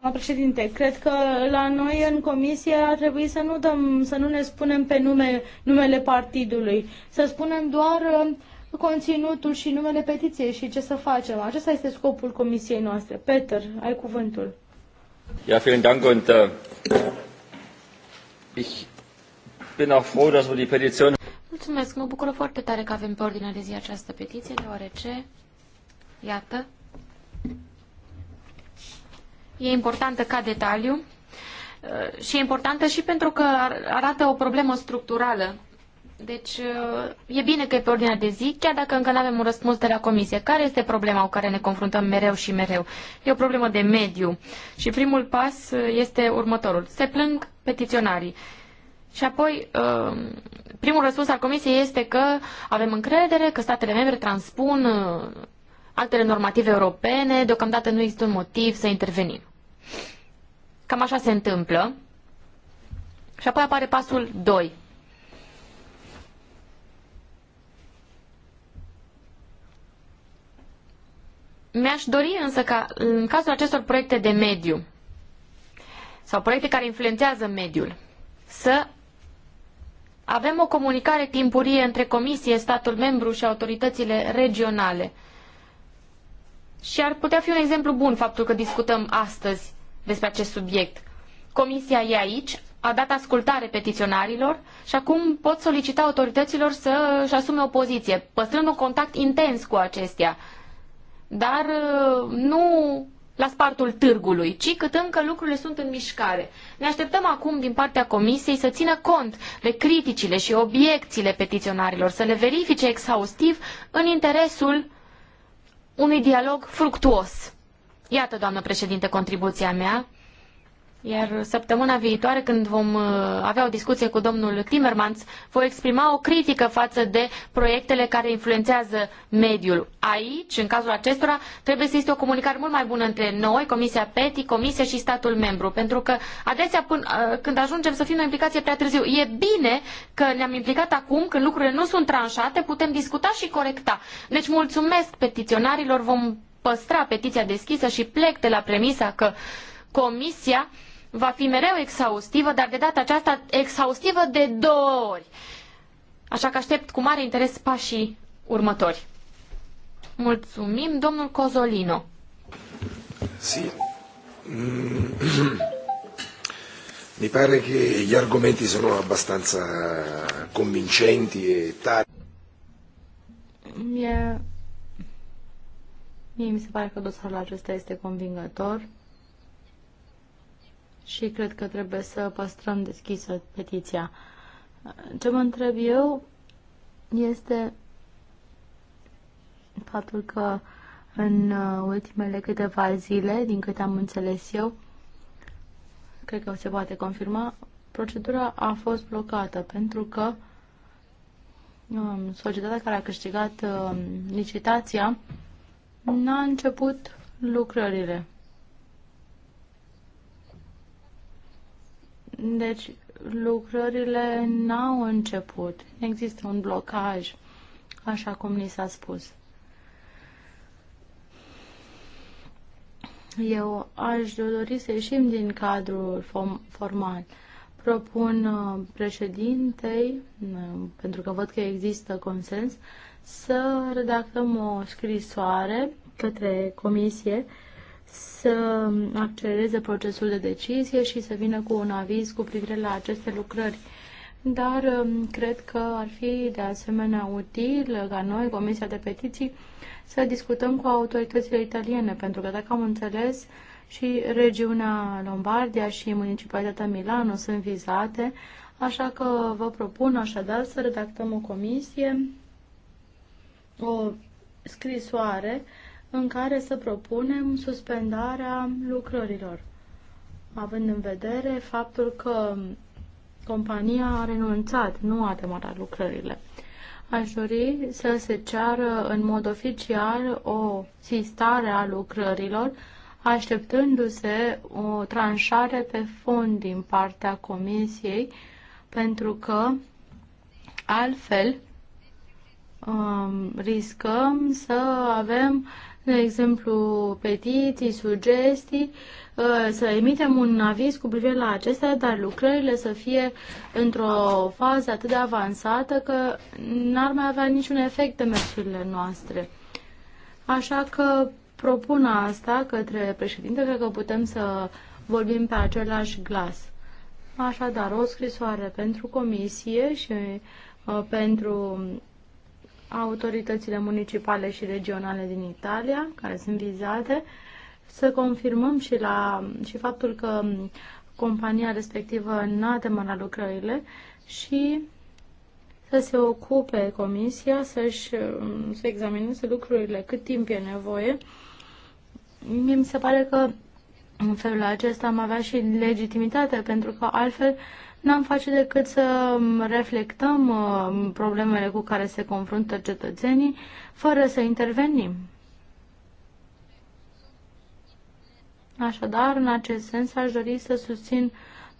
Speaker 4: Doamna președinte, cred că la noi în comisie ar trebui să nu, dăm, să nu ne spunem pe nume, numele partidului, să spunem doar uh, conținutul și numele petiției și ce să facem. Acesta este scopul comisiei noastre. Peter, ai cuvântul. Ja, vielen Dank und uh, ich bin auch froh, dass wir die Petition
Speaker 3: Mulțumesc, mă bucur foarte tare că avem pe ordinea de zi această petiție, deoarece, iată, e importantă ca detaliu uh, și e importantă și pentru că arată o problemă structurală deci uh, e bine că e pe ordinea de zi, chiar dacă încă nu avem un răspuns de la comisie. Care este problema cu care ne confruntăm mereu și mereu? E o problemă de mediu. Și primul pas uh, este următorul. Se plâng petiționarii. Și apoi, uh, primul răspuns al comisiei este că avem încredere că statele membre transpun actele normative europene, deocamdată nu există un motiv să intervenim. Cam așa se întâmplă. Și apoi apare pasul 2 Mi-aș dori însă ca în cazul acestor proiecte de mediu sau proiecte care influențează mediul să avem o comunicare timpurie între Comisie, statul membru și autoritățile regionale. Și ar putea fi un exemplu bun faptul că discutăm astăzi despre acest subiect. Comisia e aici, a dat ascultare petiționarilor și acum pot solicita autorităților să își asume o poziție, păstrând un contact intens cu acestea dar uh, nu la spartul târgului, ci cât încă lucrurile sunt în mișcare. Ne așteptăm acum din partea Comisiei să țină cont de criticile și obiecțiile petiționarilor, să le verifice exhaustiv în interesul unui dialog fructuos. Iată, doamnă președinte, contribuția mea. Iar săptămâna viitoare, când vom uh, avea o discuție cu domnul Timmermans, voi exprima o critică față de proiectele care influențează mediul. Aici, în cazul acestora, trebuie să existe o comunicare mult mai bună între noi, Comisia PETI, Comisia și statul membru. Pentru că adesea, până, uh, când ajungem să fim o implicație prea târziu, e bine că ne-am implicat acum, când lucrurile nu sunt tranșate, putem discuta și corecta. Deci mulțumesc petiționarilor, vom păstra petiția deschisă și plec de la premisa că Comisia va fi mereu exhaustivă, dar de data aceasta exhaustivă de două ori. Așa că aștept cu mare interes pașii următori. Mulțumim, domnul Cozolino.
Speaker 1: Sì.
Speaker 2: Mi pare che gli argomenti sono abbastanza
Speaker 1: convincenti e tali.
Speaker 4: Mie... Mie mi se pare că dosarul acesta este convingător și cred că trebuie să păstrăm deschisă petiția. Ce mă întreb eu este faptul că în uh, ultimele câteva zile, din câte am înțeles eu, cred că se poate confirma, procedura a fost blocată pentru că um, societatea care a câștigat um, licitația n-a început lucrările. Deci lucrările n-au început. Există un blocaj, așa cum ni s-a spus. Eu aș dori să ieșim din cadrul formal. Propun uh, președintei, uh, pentru că văd că există consens, să redactăm o scrisoare către comisie să accelereze procesul de decizie și să vină cu un aviz cu privire la aceste lucrări. Dar um, cred că ar fi de asemenea util ca noi, Comisia de Petiții, să discutăm cu autoritățile italiene, pentru că dacă am înțeles, și regiunea Lombardia și municipalitatea Milano sunt vizate, așa că vă propun așadar să redactăm o comisie, o scrisoare în care să propunem suspendarea lucrărilor, având în vedere faptul că compania a renunțat, nu a demarat lucrările. Aș dori să se ceară în mod oficial o sistare a lucrărilor, așteptându-se o tranșare pe fond din partea comisiei, pentru că altfel um, riscăm să avem de exemplu, petiții, sugestii, uh, să emitem un aviz cu privire la acestea, dar lucrările să fie într-o fază atât de avansată că n-ar mai avea niciun efect de mersurile noastre. Așa că propun asta către președinte, cred că putem să vorbim pe același glas. Așadar, o scrisoare pentru comisie și uh, pentru autoritățile municipale și regionale din Italia, care sunt vizate, să confirmăm și, la, și faptul că compania respectivă n-a demarat lucrările și să se ocupe comisia să-și să examineze lucrurile cât timp e nevoie. Mie mi se pare că în felul acesta am avea și legitimitate, pentru că altfel n-am face decât să reflectăm uh, problemele cu care se confruntă cetățenii fără să intervenim. Așadar, în acest sens, aș dori să susțin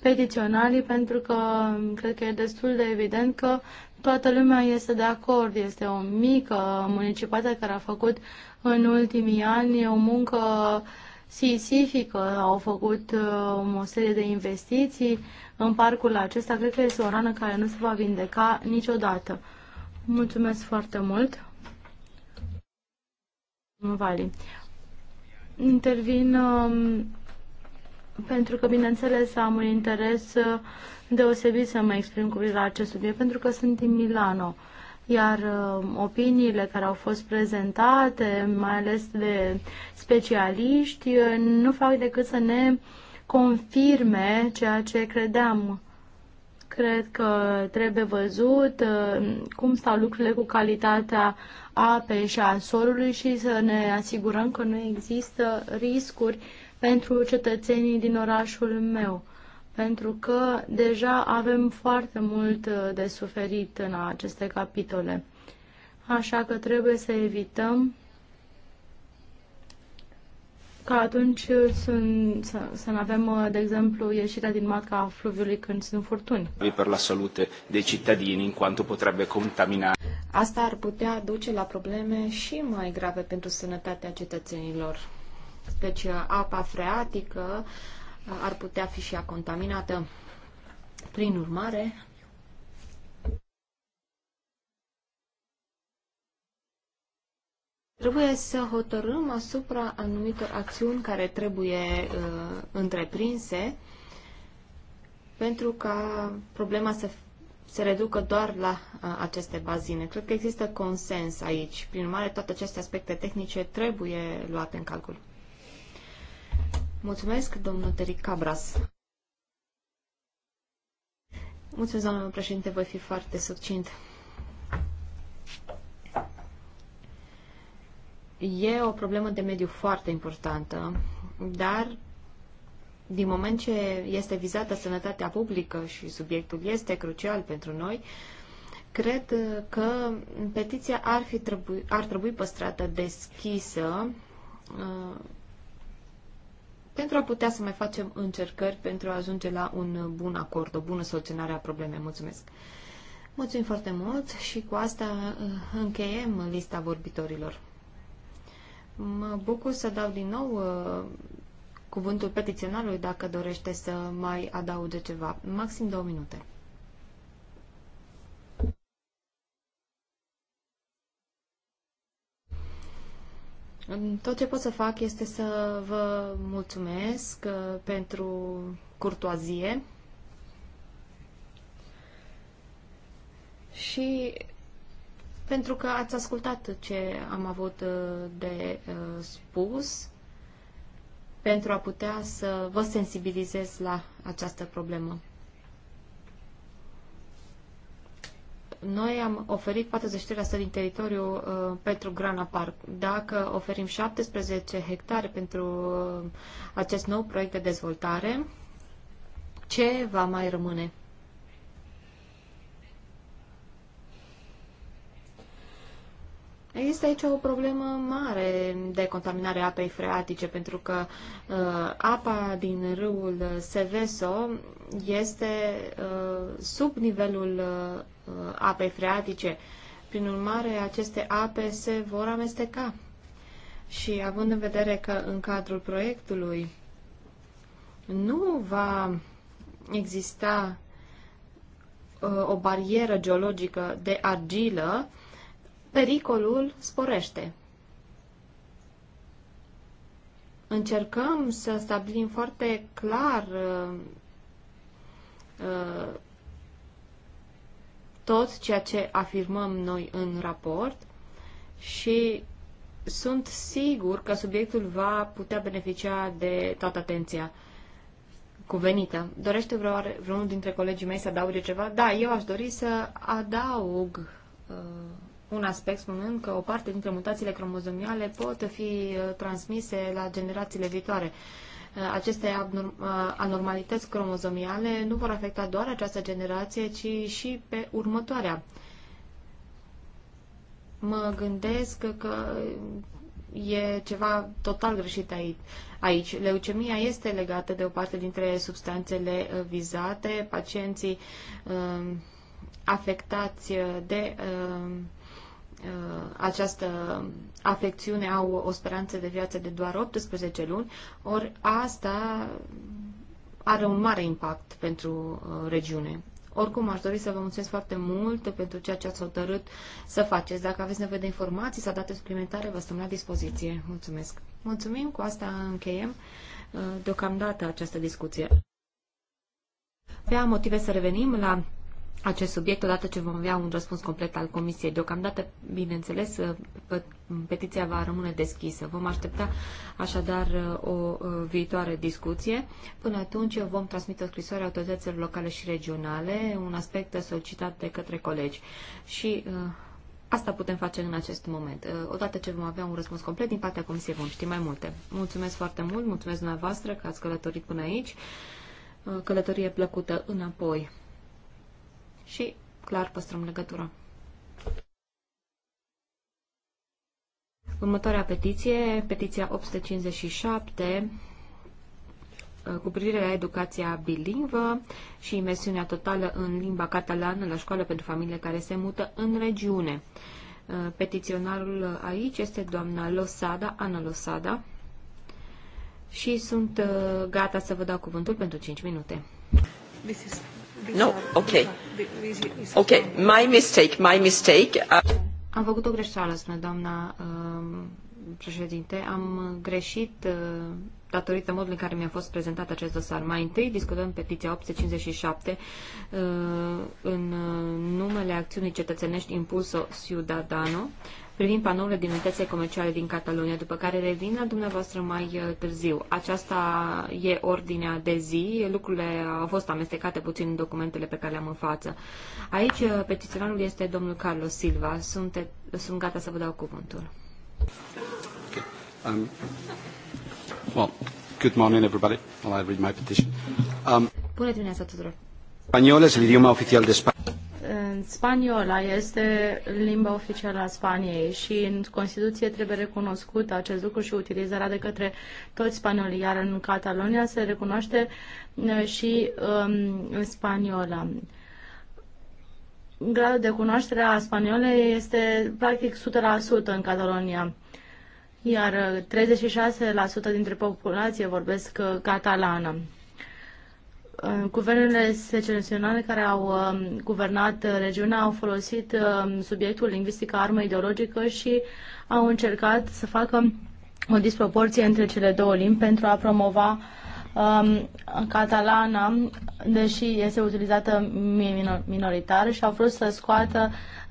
Speaker 4: petiționarii pentru că cred că e destul de evident că toată lumea este de acord. Este o mică municipalitate care a făcut în ultimii ani o muncă uh, că au făcut uh, o serie de investiții în parcul acesta. Cred că este o rană care nu se va vindeca niciodată. Mulțumesc foarte mult. Vali. Intervin um, pentru că, bineînțeles, am un interes uh, deosebit să mă exprim cu privire la acest subiect, pentru că sunt din Milano iar uh, opiniile care au fost prezentate, mai ales de specialiști, uh, nu fac decât să ne confirme ceea ce credeam. Cred că trebuie văzut uh, cum stau lucrurile cu calitatea apei și a solului și să ne asigurăm că nu există riscuri pentru cetățenii din orașul meu pentru că deja avem foarte mult uh, de suferit în aceste capitole. Așa că trebuie să evităm ca atunci uh, sunt, să, să nu avem, uh, de exemplu, ieșirea din matca fluviului când sunt furtuni. Per la salute de cittadini, în cuanto potrebbe contamina. Asta ar putea duce la probleme și mai grave
Speaker 2: pentru sănătatea cetățenilor. Deci apa freatică ar putea fi și ea contaminată. Prin urmare, Trebuie să hotărâm asupra anumitor acțiuni care trebuie uh, întreprinse pentru ca problema să se reducă doar la uh, aceste bazine. Cred că există consens aici. Prin urmare, toate aceste aspecte tehnice trebuie luate în calcul. Mulțumesc, domnul Teric Cabras. Mulțumesc, doamnă președinte, voi fi foarte succint. E o problemă de mediu foarte importantă, dar din moment ce este vizată sănătatea publică și subiectul este crucial pentru noi, cred că petiția ar, fi trebui, ar trebui păstrată deschisă uh, pentru a putea să mai facem încercări pentru a ajunge la un bun acord, o bună soluționare a problemei. Mulțumesc! Mulțumim foarte mult și cu asta uh, încheiem lista vorbitorilor. Mă bucur să dau din nou uh, cuvântul petiționarului dacă dorește să mai adauge ceva. Maxim două minute. Tot ce pot să fac este să vă mulțumesc uh, pentru curtoazie și pentru că ați ascultat ce am avut uh, de uh, spus pentru a putea să vă sensibilizez la această problemă. Noi am oferit 43% din teritoriu uh, pentru Grana Park. Dacă oferim 17 hectare pentru uh, acest nou proiect de dezvoltare, ce va mai rămâne? Există aici o problemă mare de contaminare a apei freatice, pentru că uh, apa din râul Seveso este uh, sub nivelul uh, apei freatice. Prin urmare, aceste ape se vor amesteca. Și având în vedere că în cadrul proiectului nu va exista uh, o barieră geologică de argilă, pericolul sporește. Încercăm să stabilim foarte clar Uh, tot ceea ce afirmăm noi în raport și sunt sigur că subiectul va putea beneficia de toată atenția cuvenită. Dorește vreo, vreunul dintre colegii mei să adauge ceva? Da, eu aș dori să adaug uh, un aspect spunând că o parte dintre mutațiile cromozomiale pot fi uh, transmise la generațiile viitoare. Uh, Uh, aceste uh, anormalități cromozomiale nu vor afecta doar această generație, ci și pe următoarea. Mă gândesc că e ceva total greșit aici. aici. Leucemia este legată de o parte dintre substanțele uh, vizate. Pacienții um, afectați de um, Uh, această afecțiune au o speranță de viață de doar 18 luni, ori asta are un mare impact pentru uh, regiune. Oricum, aș dori să vă mulțumesc foarte mult pentru ceea ce ați hotărât să faceți. Dacă aveți nevoie de informații sau date suplimentare, vă stăm la dispoziție. Mulțumesc. Mulțumim, cu asta încheiem uh, deocamdată această discuție. Pe motive să revenim la acest subiect odată ce vom avea un răspuns complet al Comisiei. Deocamdată, bineînțeles, uh, petiția va rămâne deschisă. Vom aștepta așadar uh, o uh, viitoare discuție. Până atunci vom transmite o scrisoare autorităților locale și regionale, un aspect solicitat de către colegi. Și Asta putem face în acest moment. Odată ce vom avea un răspuns complet din partea Comisiei, vom ști mai multe. Mulțumesc foarte mult, mulțumesc dumneavoastră că ați călătorit până aici. Călătorie plăcută înapoi și clar păstrăm legătura. Următoarea petiție, petiția 857, uh, cu privire la educația bilingvă și imersiunea totală în limba catalană la școală pentru familiile care se mută în regiune. Uh, petiționarul aici este doamna Losada, Ana Losada, și sunt uh, gata să vă dau cuvântul
Speaker 1: pentru 5 minute.
Speaker 2: This is... No, ok. Ok,
Speaker 1: my mistake, my mistake. Uh, Am făcut o greșeală, spune doamna um,
Speaker 2: președinte. Am greșit uh, datorită modului în care mi-a fost prezentat acest dosar. Mai întâi discutăm petiția 857 uh, în numele acțiunii cetățenești Impulso Ciudadano privind panourile din unitățile comerciale din Catalonia, după care revin la dumneavoastră mai uh, târziu. Aceasta e ordinea de zi, lucrurile au fost amestecate puțin în documentele pe care le am în față. Aici uh, petiționarul este domnul Carlos Silva. Sunt, sunt gata să vă dau cuvântul.
Speaker 1: Okay. Um, well, good morning everybody. Well, I read my petition.
Speaker 4: Um, Bună dimineața tuturor. Spaniol este idioma oficial de Spania în spaniola este limba oficială a Spaniei și în Constituție trebuie recunoscut acest lucru și utilizarea de către toți spaniolii, iar în Catalonia se recunoaște uh, și um, spaniola. Gradul de cunoaștere a spaniolei este practic 100% în Catalonia, iar 36% uh, dintre populație vorbesc uh, catalană. Uh, guvernele secesionale care au um, guvernat uh, regiunea au folosit um, subiectul lingvistic armă ideologică și au încercat să facă o disproporție între cele două limbi pentru a promova um, catalana, deși este utilizată minoritar și au vrut să scoată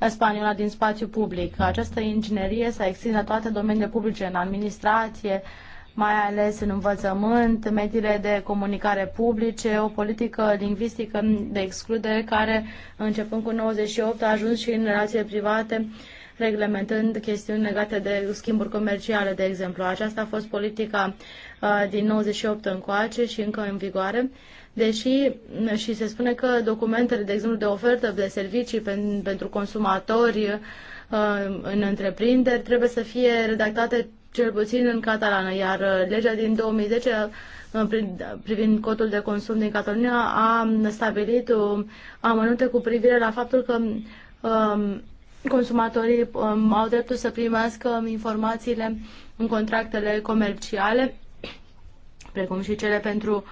Speaker 4: spaniola din spațiu public. Această inginerie s-a extins la toate domeniile publice, în administrație, uh, mai ales în învățământ, mediile de comunicare publice, o politică lingvistică de excludere care, începând cu 98, a ajuns și în relațiile private, reglementând chestiuni legate de schimburi comerciale, de exemplu. Aceasta a fost politica uh, din 98 încoace și încă în vigoare deși și se spune că documentele, de exemplu, de ofertă de servicii pen, pentru consumatori uh, în întreprinderi trebuie să fie redactate cel puțin în catalană, iar uh, legea din 2010 uh, privind cotul de consum din Catalonia a stabilit uh, amănunte cu privire la faptul că um, consumatorii um, au dreptul să primească informațiile în contractele comerciale, precum și cele pentru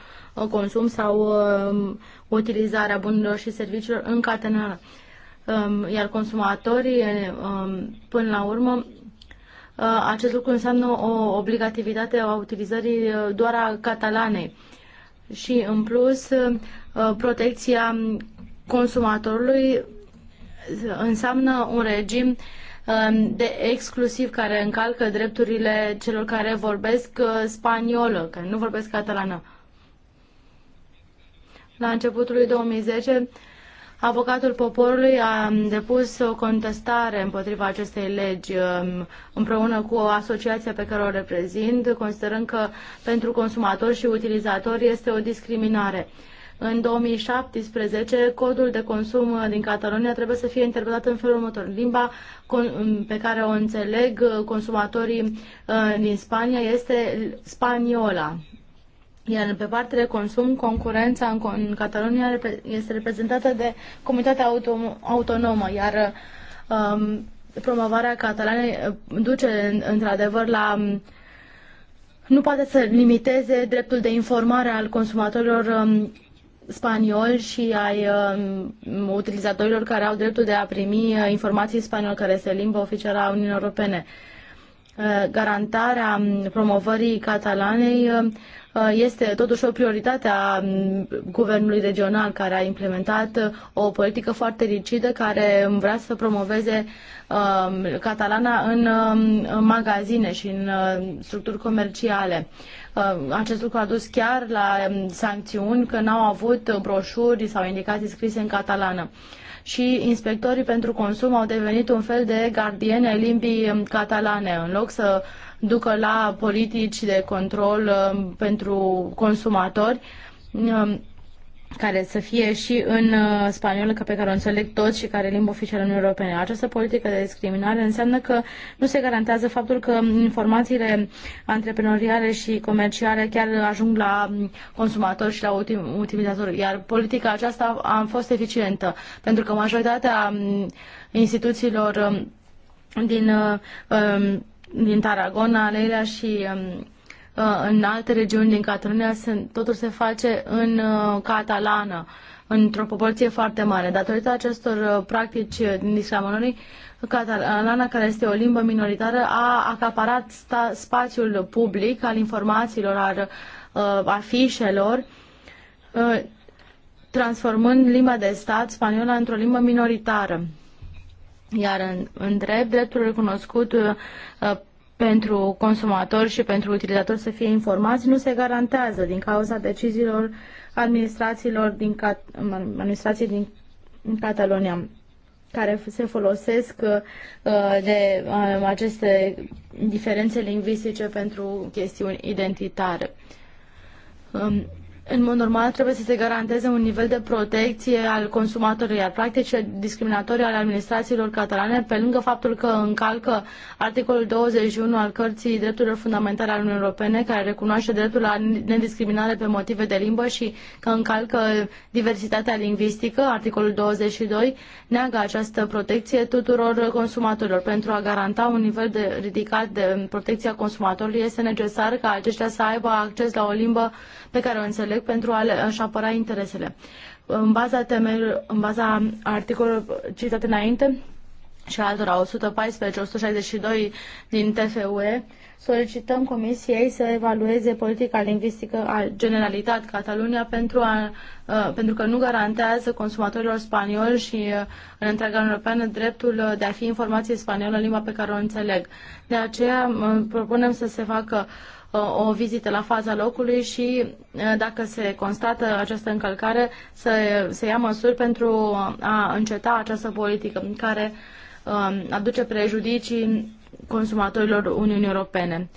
Speaker 4: consum sau um, utilizarea bunurilor și serviciilor în catenară. Um, iar consumatorii, um, până la urmă, Uh, acest lucru înseamnă o obligativitate a utilizării uh, doar a catalanei. Și, în plus, uh, protecția consumatorului înseamnă un regim um, de exclusiv care încalcă drepturile celor care vorbesc spaniolă, care nu vorbesc catalană. La începutul lui 2010, Avocatul poporului a depus o contestare împotriva acestei legi um, împreună cu o asociație pe care o reprezint, considerând că pentru consumatori și utilizatori este o discriminare. În 2017, codul de consum din Catalonia trebuie să fie interpretat în felul următor. Limba um, pe care o înțeleg uh, consumatorii uh, din Spania este spaniola. Iar pe partea de consum, concurența în, în Catalonia este reprezentată de comunitatea Auto, Autonomă, iar um, promovarea catalană uh, duce într-adevăr la um, nu poate să limiteze dreptul de informare al consumatorilor um, spanioli și ai um, utilizatorilor care au dreptul de a primi uh, informații spaniol, care este limba oficială a Uniunii Europene uh, garantarea um, promovării catalanei um, Uh, este totuși o prioritate a mm, guvernului regional care a implementat uh, o politică foarte rigidă care vrea să promoveze um, catalana um, în magazine și în uh, structuri comerciale. Acest lucru a dus chiar la um, sancțiuni că n-au avut broșuri sau indicații scrise în catalană și inspectorii pentru consum au devenit un fel de gardiene limbii catalane. În loc să ducă la politici de control uh, pentru consumatori um, care să fie și în uh, spaniolă, ca pe care o înțeleg toți și care limba oficială Uniunii Europene. Această politică de discriminare înseamnă că nu se garantează faptul că informațiile antreprenoriale și comerciale chiar ajung la consumatori și la utilizatori. Iar politica aceasta a fost eficientă, pentru că majoritatea um, instituțiilor um, din uh, din Tarragona, Leila și um, uh, în alte regiuni din Catalonia totul se face în uh, catalană, într-o proporție foarte mare. Datorită acestor uh, practici din discriminării, catalana, care este o limbă minoritară, a acaparat sta, spațiul public al informațiilor, al afișelor, transformând limba de stat spaniolă într-o limbă minoritară. Iar în, în drept, dreptul recunoscut uh, pentru consumator și pentru utilizator să fie informați nu se garantează din cauza deciziilor administrațiilor din, administrații din Catalonia care se folosesc uh, de uh, aceste diferențe lingvistice pentru chestiuni identitare. Um, în mod normal trebuie să se garanteze un nivel de protecție al consumatorului, iar practicile discriminatorii ale administrațiilor catalane, pe lângă faptul că încalcă articolul 21 al Cărții Drepturilor Fundamentale al Uniunii Europene, care recunoaște dreptul la nediscriminare pe motive de limbă și că încalcă diversitatea lingvistică, articolul 22, neagă această protecție tuturor consumatorilor. Pentru a garanta un nivel de ridicat de protecția consumatorului, este necesar ca aceștia să aibă acces la o limbă pe care o înțeleg înțeleg pentru a-și apăra interesele. În baza, temel, în baza articolului citat înainte și altora 114-162 din TFUE, solicităm Comisiei să evalueze politica lingvistică a Generalitat Catalunia pentru, a, pentru că nu garantează consumatorilor spanioli și în întreaga europeană dreptul de a fi informații spaniolă în limba pe care o înțeleg. De aceea propunem să se facă o vizită la faza locului și dacă se constată această încălcare să, se ia măsuri pentru a înceta această politică care aduce prejudicii consumatorilor Uniunii Europene.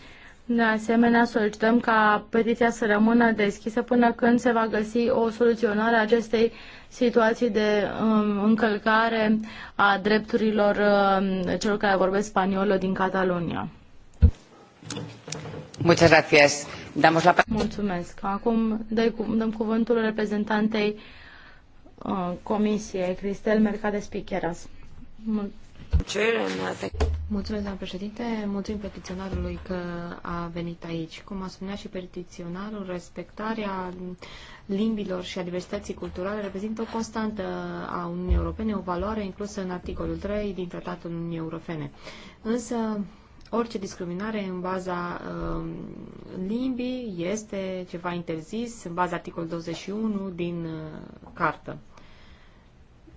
Speaker 4: De asemenea, solicităm ca petiția să rămână deschisă până când se va găsi o soluționare a acestei situații de um, încălcare a drepturilor um, celor care vorbesc spaniolă din Catalonia. Muchas gracias. Damos la... Mulțumesc. Acum dăm cuvântul reprezentantei uh, Comisiei, Cristel Mercades Picheras. Mul Mulțumesc, doamnă președinte. Mulțumim petiționarului
Speaker 2: că a venit aici. Cum a spunea și petiționarul, respectarea limbilor și a diversității culturale reprezintă o constantă a Uniunii Europene, o valoare inclusă în articolul 3 din Tratatul Uniunii Europene. Însă, Orice discriminare în baza uh, limbii este ceva interzis în baza articolul 21 din uh, cartă.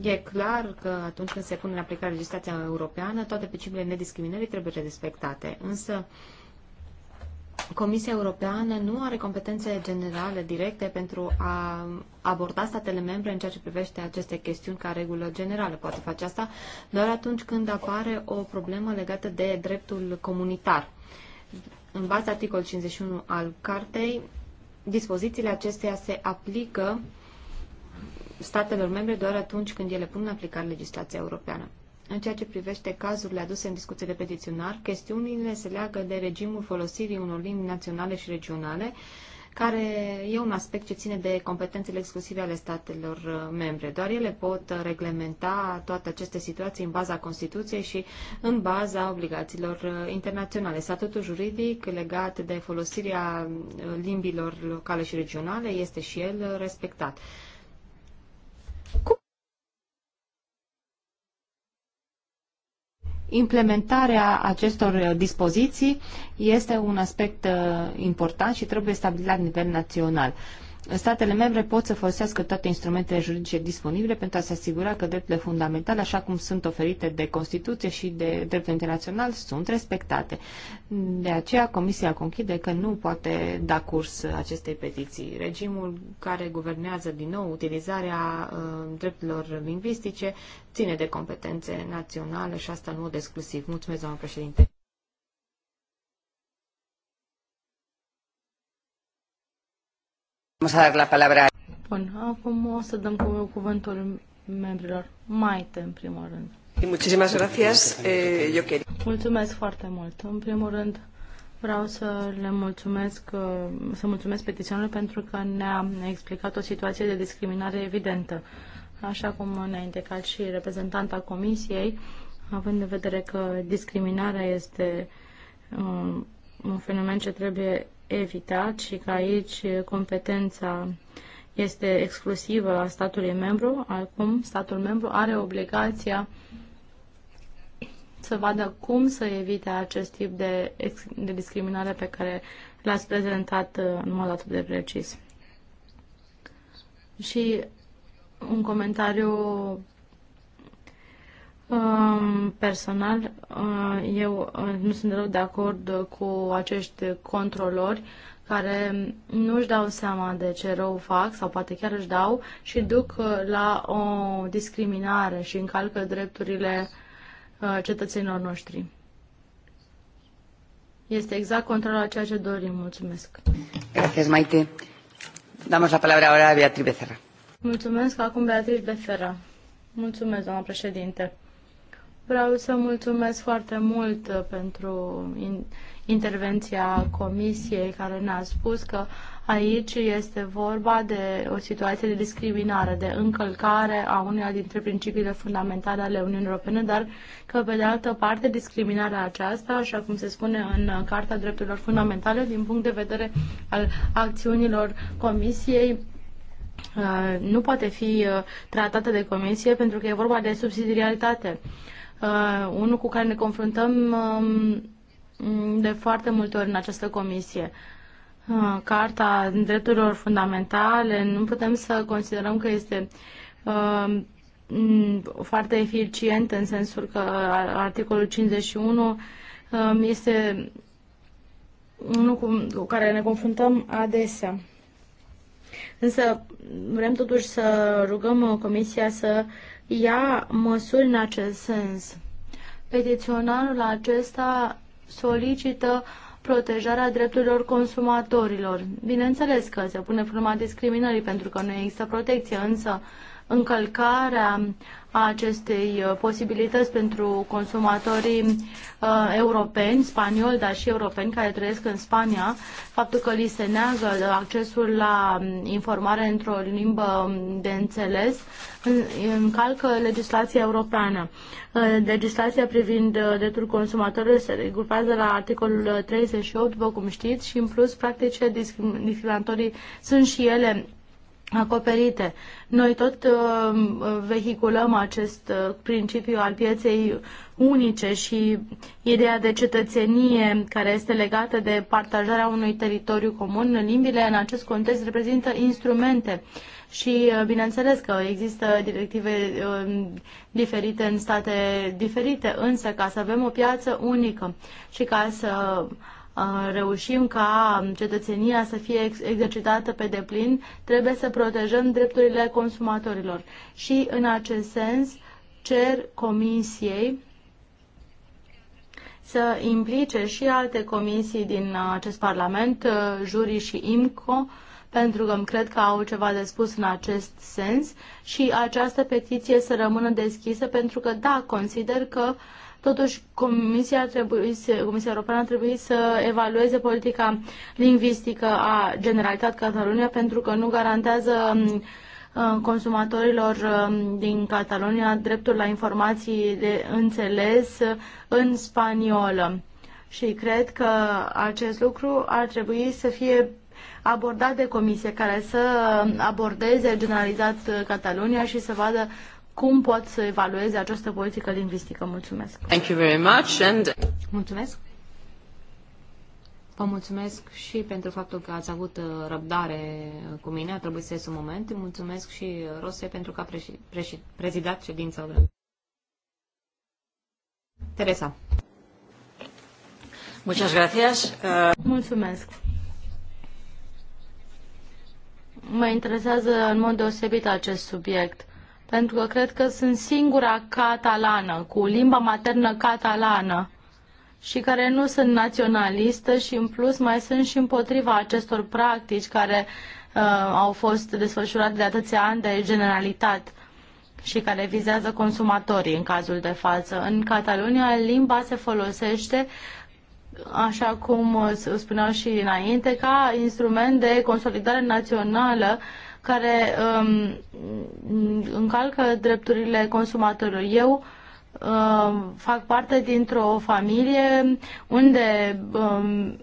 Speaker 2: E clar că atunci când se pune în aplicare legislația europeană, toate principiile nediscriminării trebuie respectate. Însă, uh, Comisia Europeană nu are competențe generale directe pentru a aborda statele membre în ceea ce privește aceste chestiuni ca regulă generală. Poate face asta doar atunci când apare o problemă legată de dreptul comunitar. În baza articol 51 al cartei, dispozițiile acesteia se aplică statelor membre doar atunci când ele pun în aplicare legislația europeană. În ceea ce privește cazurile aduse în discuție de petiționar, chestiunile se leagă de regimul folosirii unor limbi naționale și regionale, care e un aspect ce ține de competențele exclusive ale statelor uh, membre. Doar ele pot uh, reglementa toate aceste situații în baza Constituției și în baza obligațiilor uh, internaționale. Statutul juridic legat de folosirea limbilor locale și regionale este și el respectat. Cum? Implementarea acestor dispoziții este un aspect uh, important și trebuie stabilit la nivel național. Statele membre pot să folosească toate instrumentele juridice disponibile pentru a se asigura că drepturile fundamentale, așa cum sunt oferite de Constituție și de dreptul internațional, sunt respectate. De aceea, Comisia conchide că nu poate da curs acestei petiții. Regimul care guvernează din nou utilizarea uh, drepturilor lingvistice ține de competențe naționale și asta nu de exclusiv. Mulțumesc, doamnă președinte.
Speaker 4: Vamos a dar la palabra. Bun, acum o să dăm cu cuvântul membrilor. Maite, în primul rând. Muchísimas gracias.
Speaker 1: Eh, quería...
Speaker 4: Mulțumesc foarte mult. În primul rând, vreau să le mulțumesc, uh, să mulțumesc petiționului pentru că ne-a explicat o situație de discriminare evidentă. Așa cum ne-a indicat și reprezentanta Comisiei, având în vedere că discriminarea este um, un fenomen ce trebuie evitat și că aici competența este exclusivă a statului membru, acum statul membru are obligația să vadă cum să evite acest tip de, de discriminare pe care l-ați prezentat uh, în mod atât de precis. Și un comentariu Personal, uh, eu uh, nu sunt deloc de acord cu acești controlori care nu își dau seama de ce rău fac sau poate chiar își dau și duc uh, la o discriminare și încalcă drepturile cetățenilor noștri. Este exact controlul a ceea ce dorim. Mulțumesc.
Speaker 2: Gracias, Maite. Damos la palabra ahora a Beatriz
Speaker 4: Becerra. Mulțumesc. Acum Beatriz Becerra. Mulțumesc, doamna președinte. Vreau să mulțumesc foarte mult uh, pentru intervenția comisiei care ne-a spus că aici este vorba de o situație de discriminare, de încălcare a uneia dintre principiile fundamentale ale Uniunii Europene, dar că pe de altă parte discriminarea aceasta, așa cum se spune în Carta Drepturilor Fundamentale, din punct de vedere al acțiunilor comisiei, uh, nu poate fi uh, tratată de comisie pentru că e vorba de subsidiaritate uh, unul cu care ne confruntăm uh, de foarte multe ori în această comisie. Uh, Carta drepturilor fundamentale, nu putem să considerăm că este uh, foarte eficient în sensul că articolul 51 um, este unul cu care ne confruntăm adesea. Însă vrem totuși să rugăm uh, Comisia să ia măsuri în acest sens. Petiționarul acesta solicită protejarea drepturilor consumatorilor. Bineînțeles că se pune problema discriminării pentru că nu există protecție, însă încălcarea acestei uh, posibilități pentru consumatorii uh, europeni, spanioli, dar și europeni care trăiesc în Spania, faptul că li se neagă uh, accesul la um, informare într-o limbă um, de înțeles, încalcă legislația europeană. Legislația privind dreptul consumatorilor se regrupează la articolul 38, după cum știți, și în plus practice discriminatorii sunt și ele acoperite. Noi tot uh, vehiculăm acest uh, principiu al pieței unice și ideea de cetățenie care este legată de partajarea unui teritoriu comun. Limbile în acest context reprezintă instrumente și uh, bineînțeles că există directive diferite în state diferite, însă ca să avem o piață unică și ca să reușim ca cetățenia să fie exercitată pe deplin, trebuie să protejăm drepturile consumatorilor. Și în acest sens cer Comisiei să implice și alte comisii din acest Parlament, juri și IMCO, pentru că cred că au ceva de spus în acest sens și această petiție să rămână deschisă pentru că, da, consider că uh, Totuși, Comisia, trebuie să, Comisia Europeană trebuie să evalueze politica lingvistică a Generalitat Catalunia pentru că nu garantează um, uh, consumatorilor um, din Catalonia dreptul la informații de înțeles în spaniolă. Și cred că acest lucru ar trebui să fie abordat de comisie care să abordeze generalizat Catalonia și să vadă cum pot să evalueze această politică lingvistică. Mulțumesc! Thank you very much and...
Speaker 1: Mulțumesc!
Speaker 2: Vă mulțumesc și pentru faptul că ați avut uh, răbdare uh, cu mine, a trebuit să ies un moment. Mulțumesc și uh, Rose pentru că a preș- prezidat ședința vreme.
Speaker 4: Teresa. Muchas gracias. Mulțumesc. Mă interesează în mod deosebit acest subiect pentru că cred că sunt singura catalană, cu limba maternă catalană și care nu sunt naționalistă și în plus mai sunt și împotriva acestor practici care uh, au fost desfășurate de atâția ani de generalitat și care vizează consumatorii în cazul de față. În Catalunia limba se folosește așa cum spuneau și înainte, ca instrument de consolidare națională uh, care um, încalcă drepturile consumatorilor. Eu um, fac parte dintr-o familie unde um,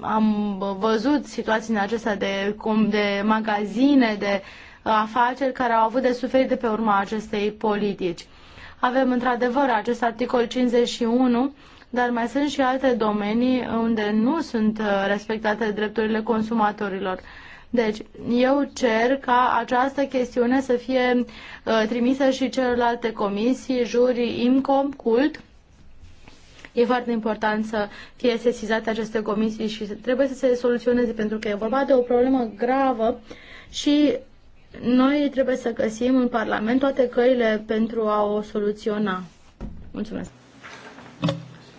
Speaker 4: am văzut situații în acestea de, cum, de magazine, de afaceri care au avut de suferit de pe urma acestei politici. Avem într-adevăr acest articol 51 dar mai sunt și alte domenii unde nu sunt uh, respectate drepturile consumatorilor. Deci, eu cer ca această chestiune să fie uh, trimisă și celelalte comisii, juri, IMCOM, CULT. E foarte important să fie sesizate aceste comisii și trebuie să se soluționeze pentru că e vorba de o problemă gravă și noi trebuie să găsim în Parlament toate căile pentru a o soluționa. Mulțumesc.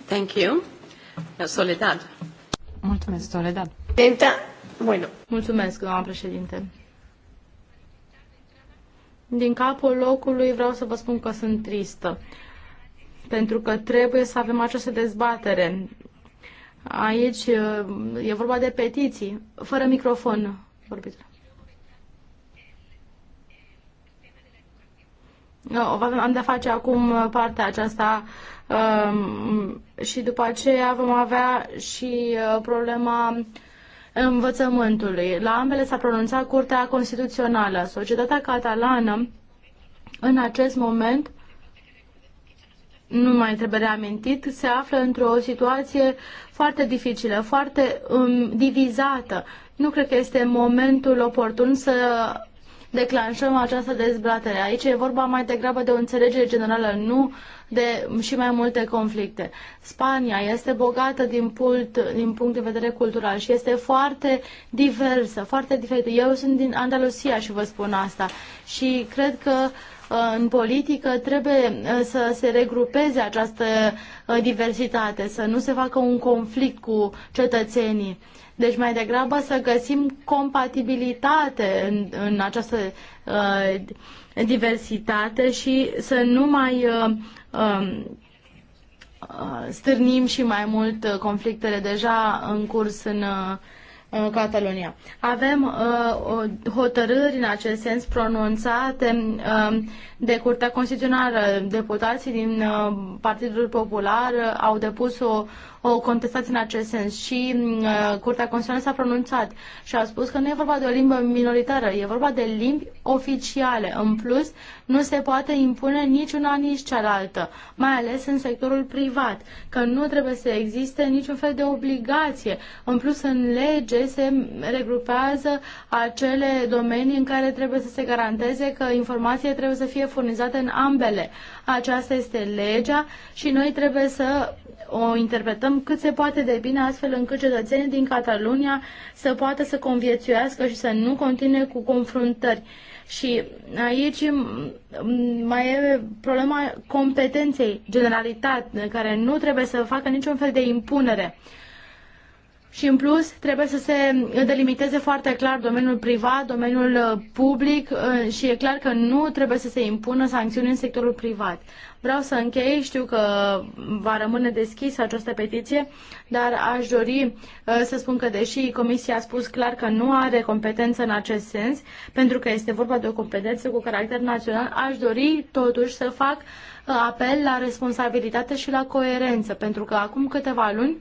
Speaker 4: Thank you. Soledad. Mulțumesc, Soledad. Denta. Bueno. Mulțumesc, doamna președinte. Din capul locului vreau să vă spun că sunt tristă, pentru că trebuie să avem această dezbatere. Aici e vorba de petiții, fără microfon, vorbitor. Am de face acum partea aceasta um, și după aceea vom avea și uh, problema învățământului. La ambele s-a pronunțat Curtea Constituțională. Societatea catalană în acest moment nu mai trebuie reamintit, se află într-o situație foarte dificilă, foarte um, divizată. Nu cred că este momentul oportun să declanșăm această dezbatere. Aici e vorba mai degrabă de o înțelegere generală, nu de și mai multe conflicte. Spania este bogată din, punct din punct de vedere cultural și este foarte diversă, foarte diferită. Eu sunt din Andalusia și vă spun asta și cred că uh, în politică trebuie uh, să se regrupeze această uh, diversitate, să nu se facă un conflict cu cetățenii. Deci mai degrabă să găsim compatibilitate în, în această uh, diversitate și să nu mai uh, um, uh, stârnim și mai mult conflictele deja în curs în uh, în Catalonia. Avem uh, hotărâri în acest sens pronunțate uh, de Curtea Constituțională. Deputații din uh, Partidul Popular au depus o, o contestați în acest sens și mm, uh, Curtea Constituțională s-a pronunțat și a spus că nu e vorba de o limbă minoritară, e vorba de limbi oficiale. În plus, nu se poate impune nici una, nici cealaltă, mai ales în sectorul privat, că nu trebuie să existe niciun fel de obligație. În plus, în lege se regrupează acele domenii în care trebuie să se garanteze că informația trebuie să fie furnizată în ambele. Aceasta este legea și noi trebuie să o interpretăm cât se poate de bine, astfel încât cetățenii din Catalunia să poată să conviețuiască și să nu continue cu confruntări. Și aici mai e problema competenței, generalitate, care nu trebuie să facă niciun fel de impunere. Și în plus trebuie să se delimiteze foarte clar domeniul privat, domeniul uh, public uh, și e clar că nu trebuie să se impună sancțiuni în sectorul privat. Vreau să închei, știu că va rămâne deschisă această petiție, dar aș dori uh, să spun că deși Comisia a spus clar că nu are competență în acest sens, pentru că este vorba de o competență cu caracter național, aș dori totuși să fac apel la responsabilitate și la coerență, pentru că acum câteva luni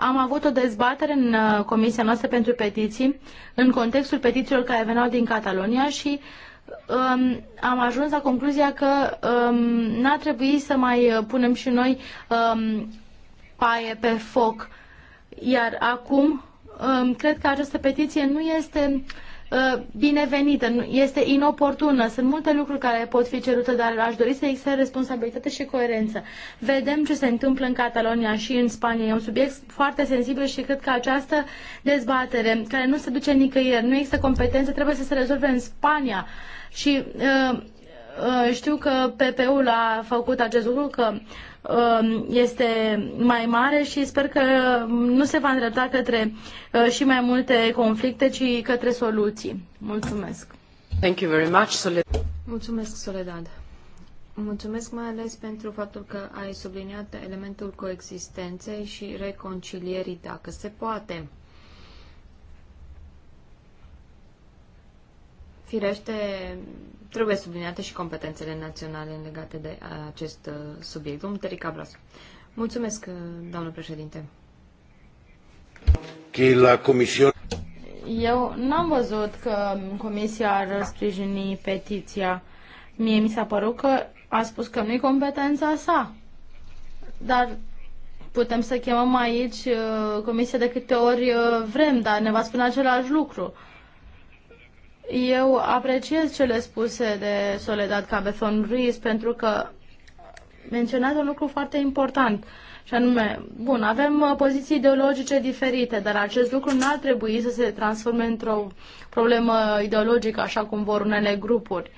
Speaker 4: am avut o dezbatere în uh, Comisia noastră pentru petiții, în contextul petițiilor care veneau din Catalonia și um, am ajuns la concluzia că um, n-a trebuit să mai uh, punem și noi um, paie pe foc. Iar acum, um, cred că această petiție nu este uh, Uh, binevenită, este inoportună. Sunt multe lucruri care pot fi cerute, dar aș dori să existe responsabilitate și coerență. Vedem ce se întâmplă în Catalonia și în Spania. E un subiect foarte sensibil și cred că această dezbatere, care nu se duce nicăieri, nu există competență, trebuie să se rezolve în Spania. Și uh, uh știu că PP-ul a făcut acest lucru, că Um, este mai mare și sper că nu se va îndrepta către uh, și mai multe conflicte, ci către soluții. Mulțumesc!
Speaker 1: Thank you very much, Soledad.
Speaker 4: Mulțumesc,
Speaker 2: Soledad. Mulțumesc mai ales pentru faptul că ai subliniat elementul coexistenței și reconcilierii, dacă se poate. Firește, trebuie subliniate și competențele naționale legate de uh, acest uh, subiect. Domnul Teric Abras. Mulțumesc, uh, domnul președinte. La comision...
Speaker 4: Eu n-am văzut că Comisia ar sprijini petiția. Mie mi s-a părut că a spus că nu-i competența sa. Dar putem să chemăm aici Comisia de câte ori vrem, dar ne va spune același lucru. Eu apreciez cele spuse de Soledad Cabezon Ruiz pentru că menționat un lucru foarte important. Și anume, bun, avem uh, poziții ideologice diferite, dar acest lucru nu ar trebui să se transforme într-o problemă ideologică, așa cum vor unele grupuri.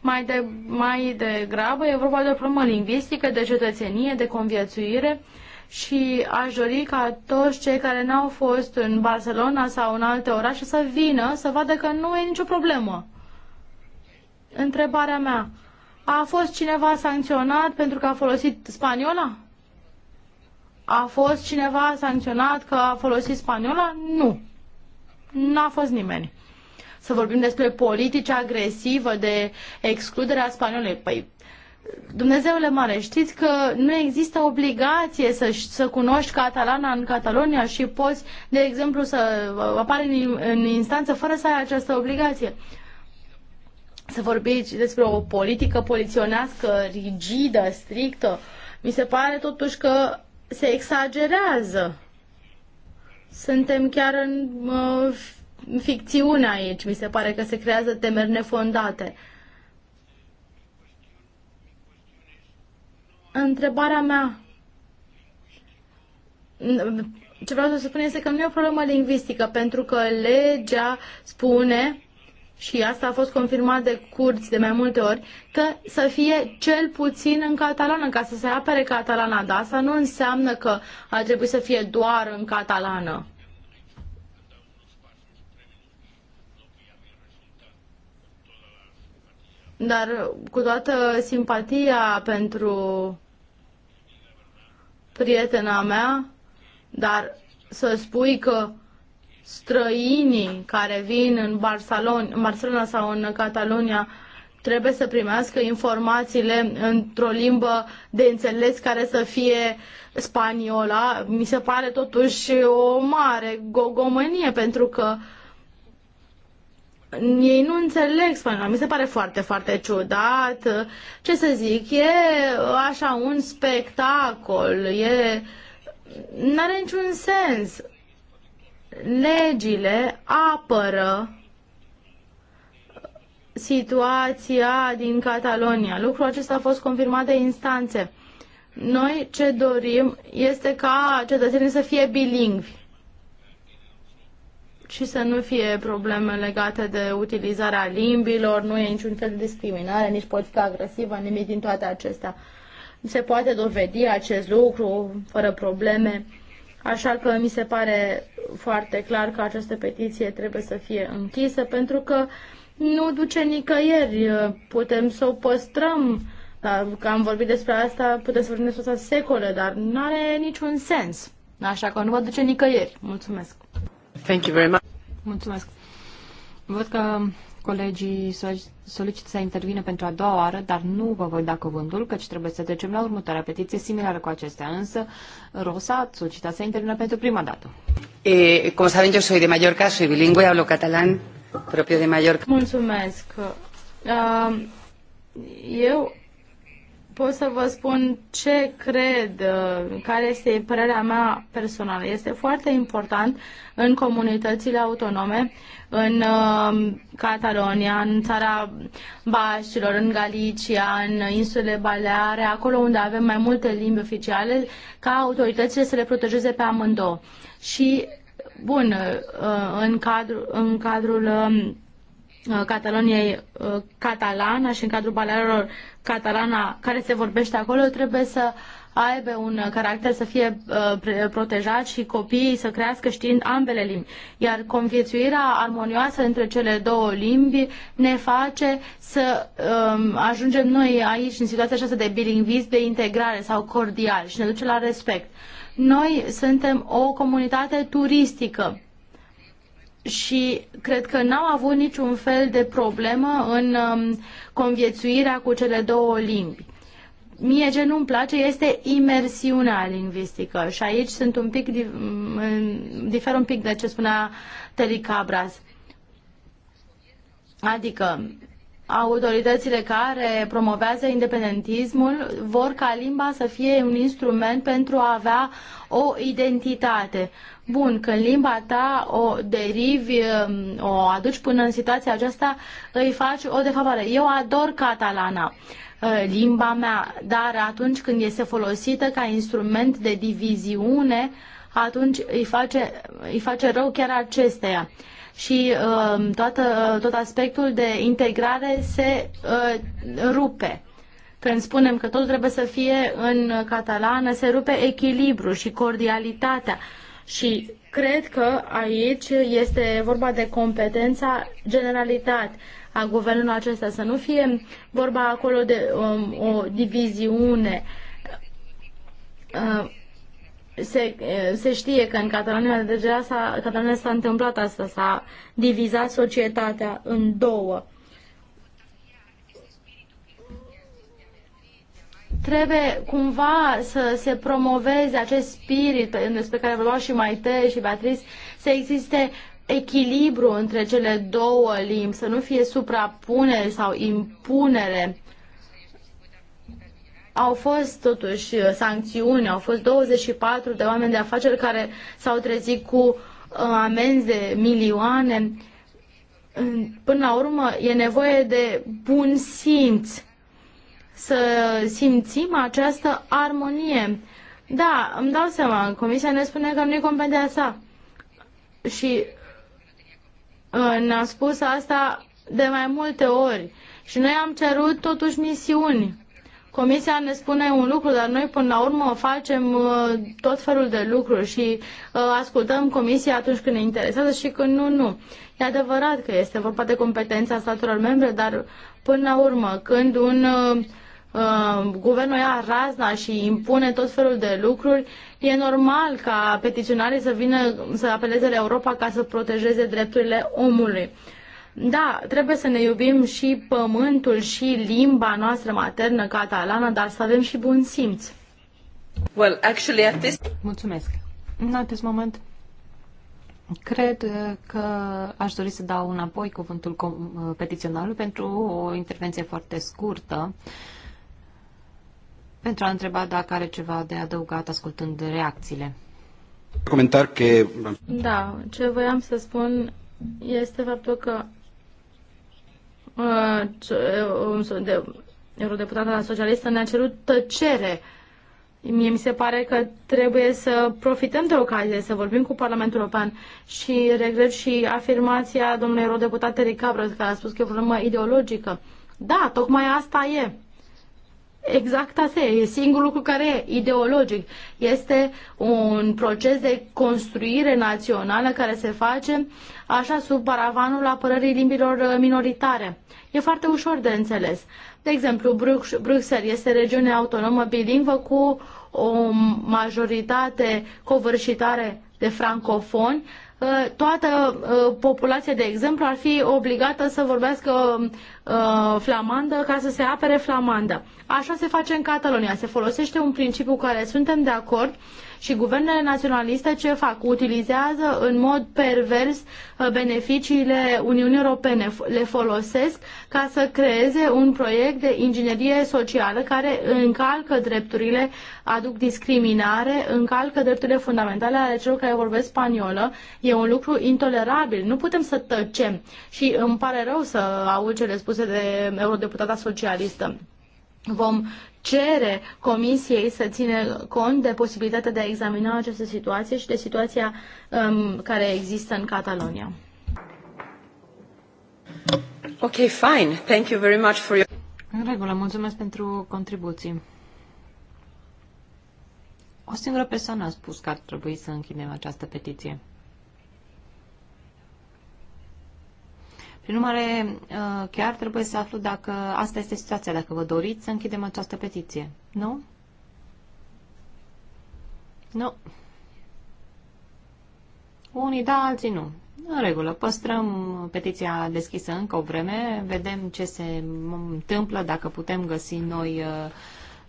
Speaker 4: Mai, de, mai degrabă e vorba de o problemă lingvistică, de cetățenie, de conviețuire și aș dori ca toți cei care n-au fost în Barcelona sau în alte orașe să vină să vadă că nu e nicio problemă. Întrebarea mea, a fost cineva sancționat pentru că a folosit spaniola? A fost cineva sancționat că a folosit spaniola? Nu. N-a fost nimeni. Să vorbim despre politici agresivă de excluderea spaniolei. Păi Dumnezeule mare, știți că nu există obligație să, să cunoști catalana în Catalonia și poți, de exemplu, să uh, apare în, în instanță fără să ai această obligație. Să vorbiți despre o politică poliționească rigidă, strictă, mi se pare totuși că se exagerează. Suntem chiar în uh, ficțiune aici, mi se pare că se creează temeri nefondate. Întrebarea mea, ce vreau să spun este că nu e o problemă lingvistică, pentru că legea spune, și asta a fost confirmat de curți de mai multe ori, că să fie cel puțin în catalană, ca să se apere catalana, dar asta nu înseamnă că ar trebui să fie doar în catalană. Dar cu toată simpatia pentru prietena mea, dar să spui că străinii care vin în Barcelona, în Barcelona sau în Catalonia trebuie să primească informațiile într-o limbă de înțeles care să fie spaniola, mi se pare totuși o mare gogomanie pentru că uh, ei nu înțeleg spaniola. Mi se pare foarte, foarte ciudat. Ce să zic, e așa un spectacol, e... N-are niciun sens. Legile apără situația din Catalonia. Lucrul acesta a fost confirmat de instanțe. Noi ce dorim este ca cetățenii să fie bilingvi și să nu fie probleme legate de utilizarea limbilor, nu e niciun fel de discriminare, nici politică agresivă, nimic din toate acestea. Se poate dovedi acest lucru fără probleme, așa că mi se pare foarte clar că această petiție trebuie să fie închisă, pentru că nu duce nicăieri. Putem să o păstrăm, dar că am vorbit despre asta, putem să vorbim despre asta secole, dar nu are niciun sens. Așa că nu vă duce nicăieri. Mulțumesc! Thank you very much. Mulțumesc. Văd că
Speaker 2: colegii solicită să intervină pentru a doua oară, dar nu vă voi da cuvântul, căci trebuie să trecem la următoarea petiție similară cu acestea. Însă, Rosa Solicită să intervină pentru prima dată.
Speaker 1: Eh, como saben, eu sunt de Mallorca, sunt bilingüe, hablo catalan, propio de Mallorca.
Speaker 4: Mulțumesc. Uh, eu pot să vă spun ce cred, uh, care este părerea mea personală. Este foarte important în comunitățile autonome, în uh, Catalonia, în țara Bașilor, în Galicia, în insulele Baleare, acolo unde avem mai multe limbi oficiale, ca autoritățile să le protejeze pe amândouă. Și, bun, uh, în cadrul, în um, cadrul Uh, Cataloniei uh, catalana și în cadrul balearelor catalana care se vorbește acolo, trebuie să aibă un caracter să fie uh, protejat și copiii să crească știind ambele limbi. Iar conviețuirea armonioasă între cele două limbi ne face să um, ajungem noi aici în situația aceasta de bilingvism, de integrare sau cordial și ne duce la respect. Noi suntem o comunitate turistică și cred că n-au avut niciun fel de problemă în um, conviețuirea cu cele două limbi. Mie ce nu-mi place este imersiunea lingvistică și aici sunt un pic, difer un pic de ce spunea Cabras. Adică autoritățile care promovează independentismul vor ca limba să fie un instrument pentru a avea o identitate. Bun, când limba ta o derivi, um, o aduci până în situația aceasta, îi faci o defavoare. Eu ador catalana, uh, limba mea, dar atunci când este folosită ca instrument de diviziune, atunci îi face, îi face rău chiar acesteia și uh, toată, tot aspectul de integrare se uh, rupe. Când spunem că tot trebuie să fie în catalană, se rupe echilibru și cordialitatea. Și cred că aici este vorba de competența generalitate a guvernului acesta, să nu fie vorba acolo de um, o diviziune. Uh, se, se știe că în Catalonia deja s-a, Catalonia s-a întâmplat asta, s-a divizat societatea în două. Trebuie cumva să se promoveze acest spirit despre care vă și Maite și Beatrice, să existe echilibru între cele două limbi, să nu fie suprapunere sau impunere au fost totuși uh, sancțiuni, au fost 24 de oameni de afaceri care s-au trezit cu uh, amenzi de milioane. Până la urmă, e nevoie de bun simț să simțim această armonie. Da, îmi dau seama, comisia ne spune că nu-i competența sa. Și uh, ne-a spus asta de mai multe ori. Și noi am cerut totuși misiuni Comisia ne spune un lucru, dar noi până la urmă facem uh, tot felul de lucruri și uh, ascultăm Comisia atunci când ne interesează și când nu, nu. E adevărat că este vorba de competența statelor membre, dar până la urmă, când un uh, uh guvern ia razna și impune tot felul de lucruri, e normal ca petiționarii să vină să apeleze la Europa ca să protejeze drepturile omului. Uh, da, trebuie să ne iubim și pământul și limba noastră maternă catalană, dar să avem și bun simț.
Speaker 1: Well, actually, at this... Mulțumesc.
Speaker 4: În acest moment
Speaker 2: Cred uh, că aș dori să dau înapoi cuvântul uh, petiționalului pentru o intervenție foarte scurtă, pentru a întreba dacă are ceva de adăugat ascultând reacțiile.
Speaker 4: Comentar că... Da, ce voiam să spun este faptul că Uh, um, de eurodeputata socialistă ne-a cerut tăcere. Mie mi se pare că trebuie să profităm de ocazie, să vorbim cu Parlamentul European și regret și afirmația domnului eurodeputat Eric Cabră, care a spus că e o problemă ideologică. Da, tocmai asta e. Exact asta e, singurul lucru care e ideologic. Este un proces de construire națională care se face așa sub paravanul apărării limbilor uh, minoritare. E foarte ușor de înțeles. De exemplu, Brux Bruxelles este regiune autonomă bilingvă cu o majoritate covârșitare de francofoni. Uh, toată uh, populația, de exemplu, ar fi obligată să vorbească um, Uh, flamandă ca să se apere flamanda. Așa se face în Catalonia. Se folosește un principiu cu care suntem de acord și guvernele naționaliste ce fac? Utilizează în mod pervers uh, beneficiile Uniunii Europene, le folosesc ca să creeze un proiect de inginerie socială care încalcă drepturile, aduc discriminare, încalcă drepturile fundamentale ale celor care vorbesc spaniolă. E un lucru intolerabil. Nu putem să tăcem și îmi pare rău să aud cele spuse spuse de eurodeputata socialistă. Vom cere Comisiei să ține cont de posibilitatea de a examina această situație și de situația um, care există în Catalonia. Ok, fine.
Speaker 1: Thank you very much for your...
Speaker 4: În regulă, mulțumesc pentru contribuții.
Speaker 2: O singură persoană a spus că ar trebui să închidem această petiție. Prin urmare, uh, chiar trebuie să aflu dacă asta este situația, dacă vă doriți să închidem această petiție. Nu? Nu. Unii da, alții nu. În regulă, păstrăm petiția deschisă încă o vreme, vedem ce se întâmplă, dacă putem găsi noi uh,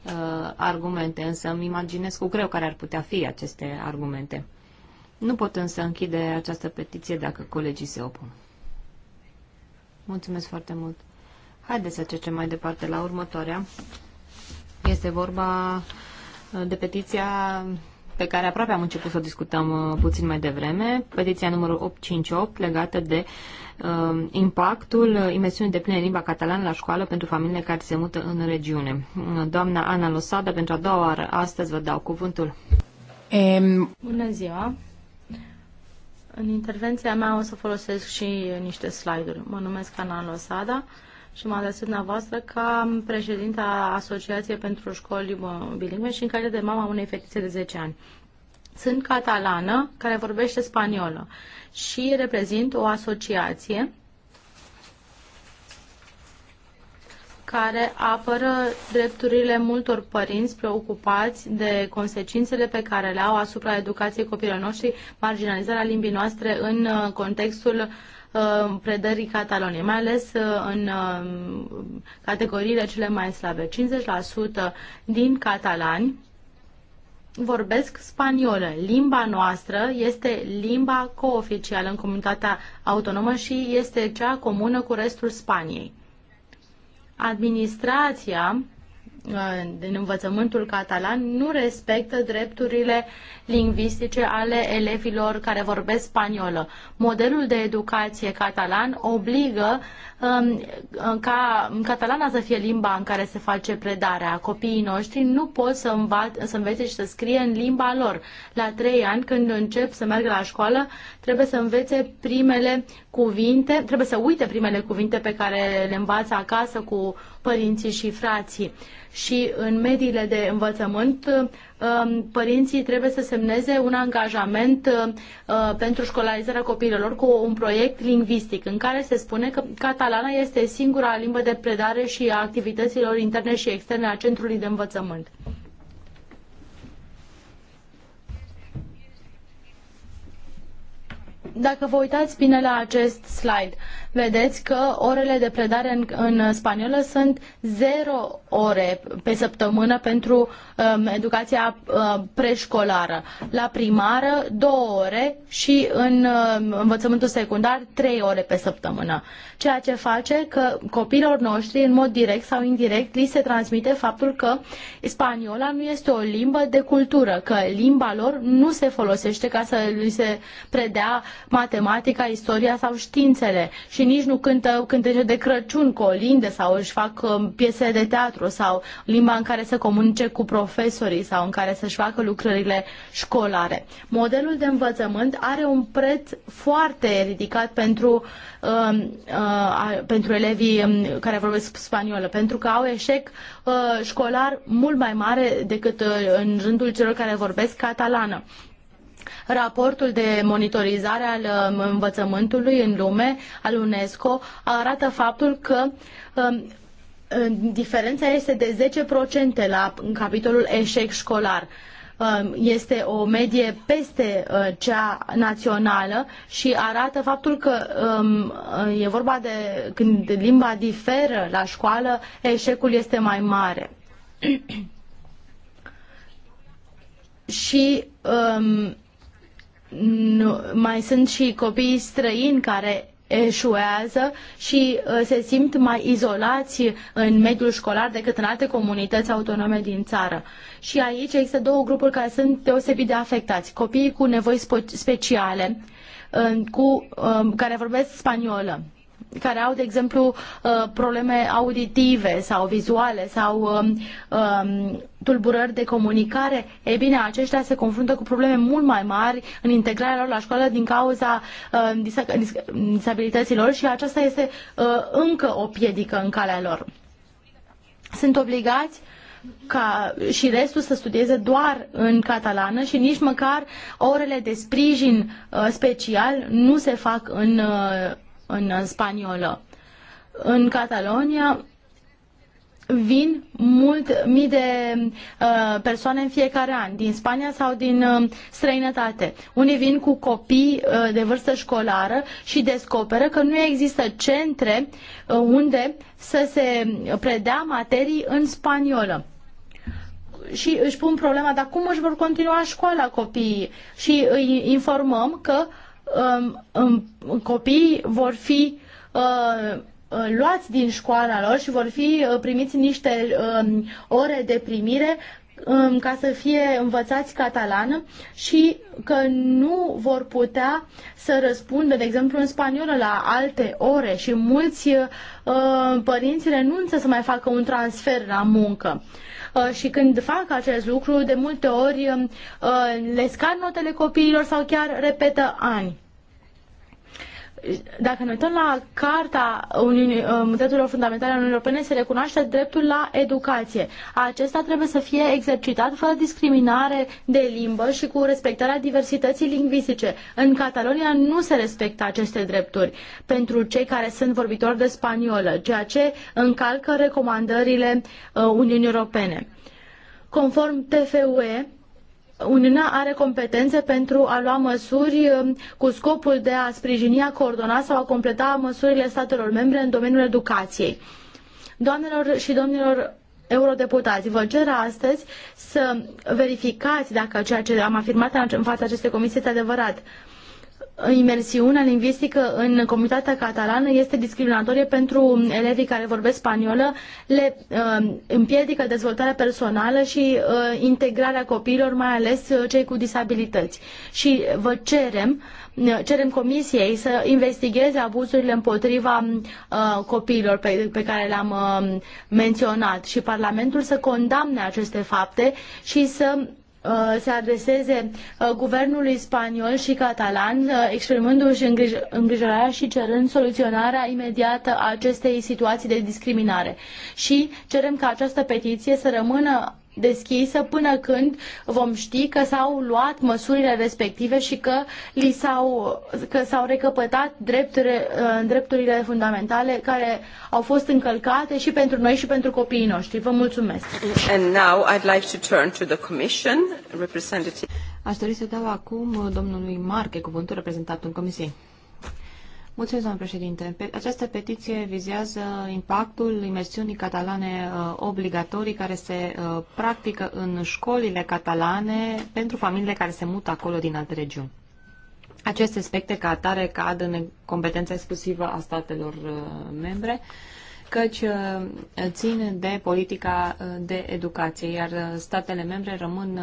Speaker 2: uh, argumente, însă îmi imaginez cu greu care ar putea fi aceste argumente. Nu pot însă închide această petiție dacă colegii se opun. Mulțumesc foarte mult. Haideți să trecem mai departe la următoarea. Este vorba uh, de petiția pe care aproape am început să o discutăm uh, puțin mai devreme, petiția numărul 858 legată de uh, impactul imersiunii de plină în limba catalană la școală pentru familiile care se mută în regiune. Doamna Ana Losada, pentru a doua oară astăzi vă dau cuvântul.
Speaker 4: bună ziua! În intervenția mea o să folosesc și niște slide-uri. Mă numesc Ana Losada și mă adresez dumneavoastră ca președinta Asociației pentru Școli Bilingve și în care de mama unei fetițe de 10 ani. Sunt catalană care vorbește spaniolă și reprezint o asociație care apără drepturile multor părinți preocupați de consecințele pe care le au asupra educației copiilor noștri, marginalizarea limbii noastre în uh, contextul uh, predării Cataloniei, mai ales uh, în categoriile cele mai slabe. 50% din catalani vorbesc spaniolă. Limba noastră este limba cooficială în comunitatea autonomă și este cea comună cu restul Spaniei administrația uh, din învățământul catalan nu respectă drepturile lingvistice ale elevilor care vorbesc spaniolă. Modelul de educație catalan obligă um, uh, ca catalana să fie limba în care se face predarea. Copiii noștri nu pot să, înva- să învețe și să scrie în limba lor. La trei ani, când încep să meargă la școală, trebuie să învețe primele cuvinte, trebuie să uite primele cuvinte pe care le învață acasă cu părinții și frații. Și în mediile de învățământ, um, părinții trebuie să semneze un angajament uh, uh, pentru școlarizarea copiilor cu un proiect lingvistic în care se spune că catalana este singura limbă de predare și a activităților interne și externe a centrului de învățământ. Dacă vă uitați bine la acest slide, vedeți că orele de predare în, în spaniolă sunt 0 ore pe săptămână pentru um, educația uh, preșcolară. La primară 2 ore și în uh, învățământul secundar 3 ore pe săptămână. Ceea ce face că copiilor noștri, în mod direct sau indirect, li se transmite faptul că spaniola nu este o limbă de cultură, că limba lor nu se folosește ca să li se predea matematica, istoria sau științele și nici nu cântă cântece de Crăciun colinde sau își fac um, piese de teatru sau limba în care se comunice cu profesorii sau în care să-și facă lucrările școlare. Modelul de învățământ are un preț foarte ridicat pentru, um, uh, uh, pentru elevii um, care vorbesc spaniolă, pentru că au eșec uh, școlar mult mai mare decât uh, în rândul celor care vorbesc catalană. Raportul de monitorizare al um, învățământului în lume al UNESCO arată faptul că um, diferența este de 10% la capitolul eșec școlar um, este o medie peste uh, cea națională și arată faptul că e vorba de când limba diferă la școală, eșecul este mai mare. și nu, mai sunt și copii străini care eșuează și uh, se simt mai izolați în mediul școlar decât în alte comunități autonome din țară. Și aici există două grupuri care sunt deosebit de afectați. Copiii cu nevoi speciale, uh, cu, um, care vorbesc spaniolă care au, de exemplu, uh, probleme auditive sau vizuale sau um, um, tulburări de comunicare, ei bine, aceștia se confruntă cu probleme mult mai mari în integrarea lor la școală din cauza um, disabilităților și aceasta este uh, încă o piedică în calea lor. Sunt obligați ca și restul să studieze doar în catalană și nici măcar orele de sprijin uh, special nu se fac în în spaniolă. În Catalonia vin mult mii de uh, persoane în fiecare an, din Spania sau din uh, străinătate. Unii vin cu copii uh, de vârstă școlară și descoperă că nu există centre uh, unde să se predea materii în spaniolă și își pun problema, dar cum își vor continua școala copiii? Și îi informăm că um, um, copiii vor fi uh, uh, luați din școala lor și vor fi uh, primiți niște um, ore de primire um, ca să fie învățați catalană și că nu vor putea să răspundă, de exemplu, în spaniolă la alte ore și mulți uh, părinți renunță să mai facă un transfer la muncă. Uh, Uh, și când fac acest lucru, de multe ori um, uh, le scad notele copiilor sau chiar repetă ani dacă ne uităm la Carta Uniunii, uh, Drepturilor Fundamentale ale Uniunii Europene, se recunoaște dreptul la educație. Acesta trebuie să fie exercitat fără discriminare de limbă și cu respectarea diversității lingvistice. În Catalonia nu se respectă aceste drepturi pentru cei care sunt vorbitori de spaniolă, ceea ce încalcă recomandările uh, Uniunii Europene. Conform TFUE, Uniunea are competențe pentru a lua măsuri um, cu scopul de a sprijini, a coordona sau a completa măsurile statelor membre în domeniul educației. Doamnelor și domnilor eurodeputați, vă cer astăzi să verificați dacă ceea ce am afirmat în fața acestei comisii este adevărat imersiunea lingvistică în comunitatea catalană este discriminatorie pentru elevii care vorbesc spaniolă, le uh, împiedică dezvoltarea personală și uh, integrarea copiilor, mai ales uh, cei cu disabilități. Și vă cerem uh, cerem comisiei să investigheze abuzurile împotriva uh, copiilor pe, pe care le-am uh, menționat și Parlamentul să condamne aceste fapte și să Uh, se adreseze uh, guvernului spaniol și catalan, uh, exprimându-și îngrijorarea și cerând soluționarea imediată a acestei situații de discriminare. Și cerem ca această petiție să rămână deschisă până când vom ști că s-au luat măsurile respective și că li s-au, că s-au recăpătat drepturile, uh, drepturile fundamentale care au fost încălcate și pentru noi și pentru copiii noștri. Vă mulțumesc.
Speaker 1: And now I'd like to turn to the commission representative. Aș dori să dau
Speaker 4: acum domnului Marche cuvântul reprezentat
Speaker 2: în Comisie. Mulțumesc, doamnă președinte. Pe această petiție vizează impactul imersiunii catalane uh, obligatorii care se uh, practică în școlile catalane pentru familiile care se mută acolo din alte regiuni. Aceste aspecte ca atare cad în competența exclusivă a statelor uh, membre, căci țin de politica de educație, iar statele membre rămân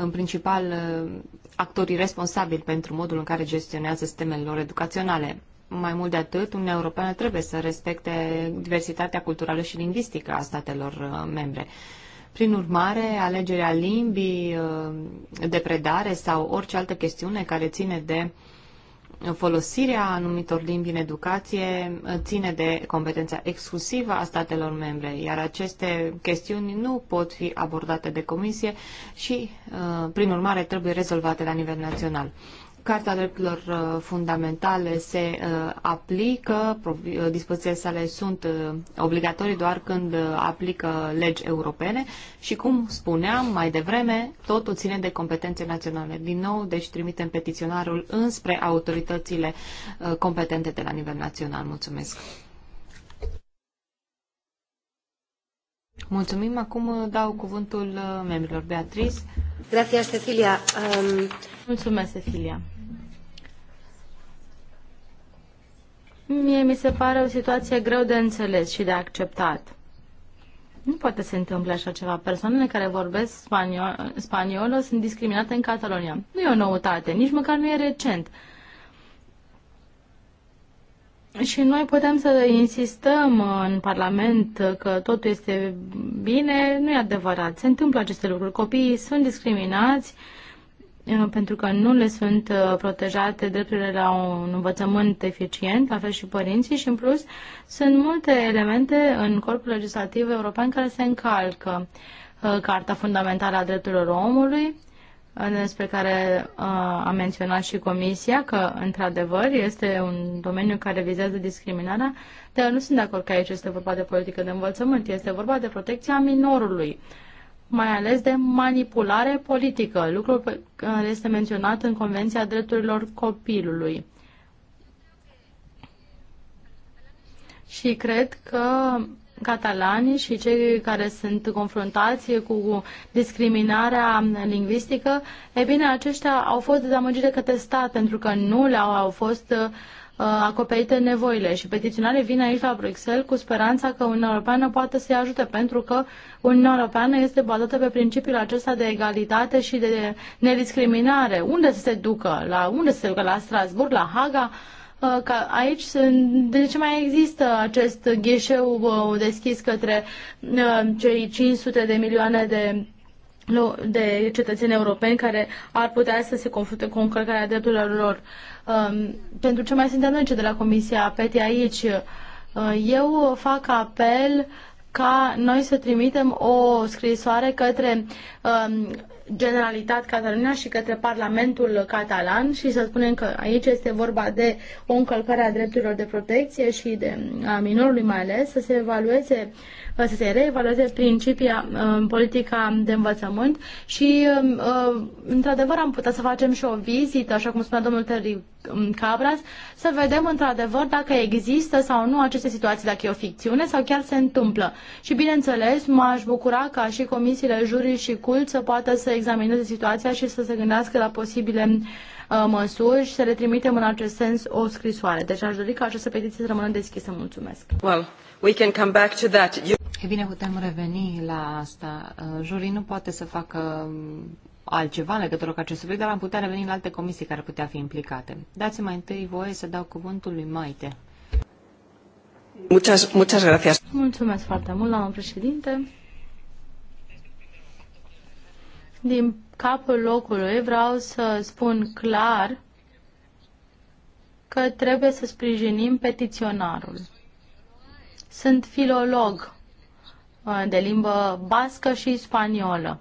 Speaker 2: în principal uh, actorii responsabili pentru modul în care gestionează sistemele lor educaționale. Mai mult de atât, Uniunea Europeană trebuie să respecte diversitatea culturală și lingvistică a statelor uh, membre. Prin urmare, alegerea limbii uh, de predare sau orice altă chestiune care ține de uh, folosirea anumitor limbi în educație ține de competența exclusivă a statelor membre, iar aceste chestiuni nu pot fi abordate de comisie și, uh, prin urmare, trebuie rezolvate la nivel național. Carta Drepturilor uh, Fundamentale se uh, aplică, uh, dispozițiile sale sunt obligatorii doar când aplică legi europene și, cum spuneam mai devreme, totul ține de competențe naționale. Din nou, deci trimitem petiționarul înspre autoritățile competente de la nivel național. Mulțumesc! Mulțumim. Acum dau cuvântul membrilor.
Speaker 4: Beatriz. Gracias, Cecilia. Um... Mulțumesc, Cecilia. Mie mi se pare o situație greu de înțeles și de acceptat. Nu poate se întâmple așa ceva. Persoanele care vorbesc spaniol, spaniolo sunt discriminate în Catalonia. Nu e o noutate, nici măcar nu e recent. Și noi putem să insistăm în Parlament că totul este bine, nu e adevărat. Se întâmplă aceste lucruri. Copiii sunt discriminați, uh, Uh, pentru că nu le sunt uh, protejate drepturile la un învățământ eficient, la fel și părinții, și în plus sunt multe elemente în corpul legislativ european care se încalcă. Uh, Carta Fundamentală a Drepturilor Omului, despre care a menționat și Comisia, că, într-adevăr, este un domeniu care vizează discriminarea, dar nu sunt de acord că aici este vorba de politică de învățământ, este vorba de protecția minorului mai ales de manipulare politică, lucru care este menționat în Convenția Drepturilor Copilului. Și cred că catalanii și cei care sunt confruntați cu discriminarea lingvistică, e bine, aceștia au fost dezamăgite către stat pentru că nu le-au fost Uh, acoperite nevoile și petiționarii vin aici la Bruxelles cu speranța că Uniunea Europeană poate să-i ajute pentru că Uniunea Europeană este bazată pe principiul acesta de egalitate și de nediscriminare. Unde să se ducă? La, unde să se ducă? La Strasburg? La Haga? Uh, că aici de ce mai există acest ghișeu uh, deschis către cei 500 de milioane de de cetățeni europeni care ar putea să se confrunte cu încălcarea drepturilor lor. Uh, Um, pentru ce mai suntem noi ce de la Comisia PETI aici. Uh, eu fac apel ca noi să trimitem o scrisoare către um, Generalitat Catalina și către Parlamentul Catalan și să spunem că aici este vorba de o încălcare a drepturilor de protecție și de a minorului mai ales, să se evalueze să se reevalueze principia, um, politica de învățământ și, um, uh, într-adevăr, am putea să facem și o vizită, așa cum spunea domnul Terry um, Cabras, să vedem, într-adevăr, dacă există sau nu aceste situații, dacă e o ficțiune sau chiar se întâmplă. Și, bineînțeles, m-aș bucura ca și comisiile jurii și cult să poată să examineze situația și să se gândească la posibile uh, măsuri și să le trimitem în acest sens o scrisoare. Deci aș dori ca această petiție să rămână deschisă. Mulțumesc.
Speaker 1: Well. We can come back to that. You...
Speaker 4: E bine, putem reveni la asta. Uh, jurii nu poate să facă
Speaker 2: um, altceva în legătură cu acest subiect, dar am putea reveni la alte comisii care ar putea fi implicate. Dați-mi mai întâi voie să dau cuvântul lui Maite. Muchas, muchas gracias.
Speaker 4: Mulțumesc foarte mult, doamnă președinte. Din capul locului vreau să spun clar că trebuie să sprijinim petiționarul. Sunt filolog uh, de limbă bască și spaniolă.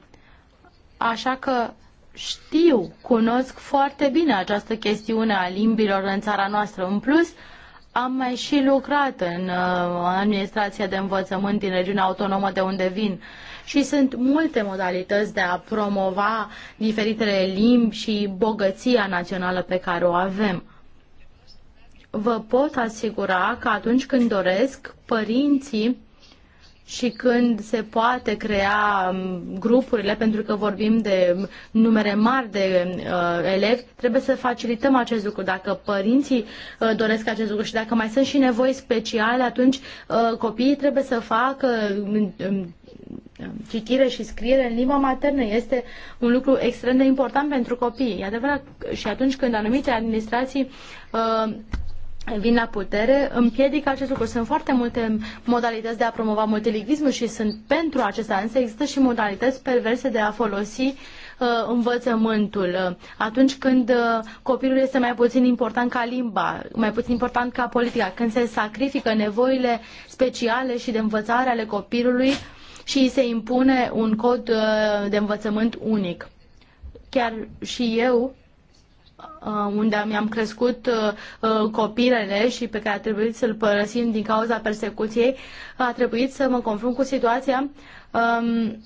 Speaker 4: Așa că știu, cunosc foarte bine această chestiune a limbilor în țara noastră. În plus, am mai și lucrat în uh, administrația de învățământ din regiunea autonomă de unde vin și sunt multe modalități de a promova diferitele limbi și bogăția națională pe care o avem vă pot asigura că atunci când doresc, părinții și când se poate crea um, grupurile, pentru că vorbim de numere mari de uh, elevi, trebuie să facilităm acest lucru. Dacă părinții uh, doresc acest lucru și dacă mai sunt și nevoi speciale, atunci uh, copiii trebuie să facă uh, citire și scriere în limba maternă. Este un lucru extrem de important pentru copii. E adevărat și atunci când anumite administrații uh, vin la putere împiedică acest lucru. Sunt foarte multe modalități de a promova multilingvismul și sunt pentru acesta, însă există și modalități perverse de a folosi uh, învățământul. atunci când uh, copilul este mai puțin important ca limba, mai puțin important ca politica, când se sacrifică nevoile speciale și de învățare ale copilului și se impune un cod uh, de învățământ unic. Chiar și eu Uh, unde mi-am crescut uh, uh, copilele și pe care a trebuit să-l părăsim din cauza persecuției, a trebuit să mă confrunt cu situația. Um,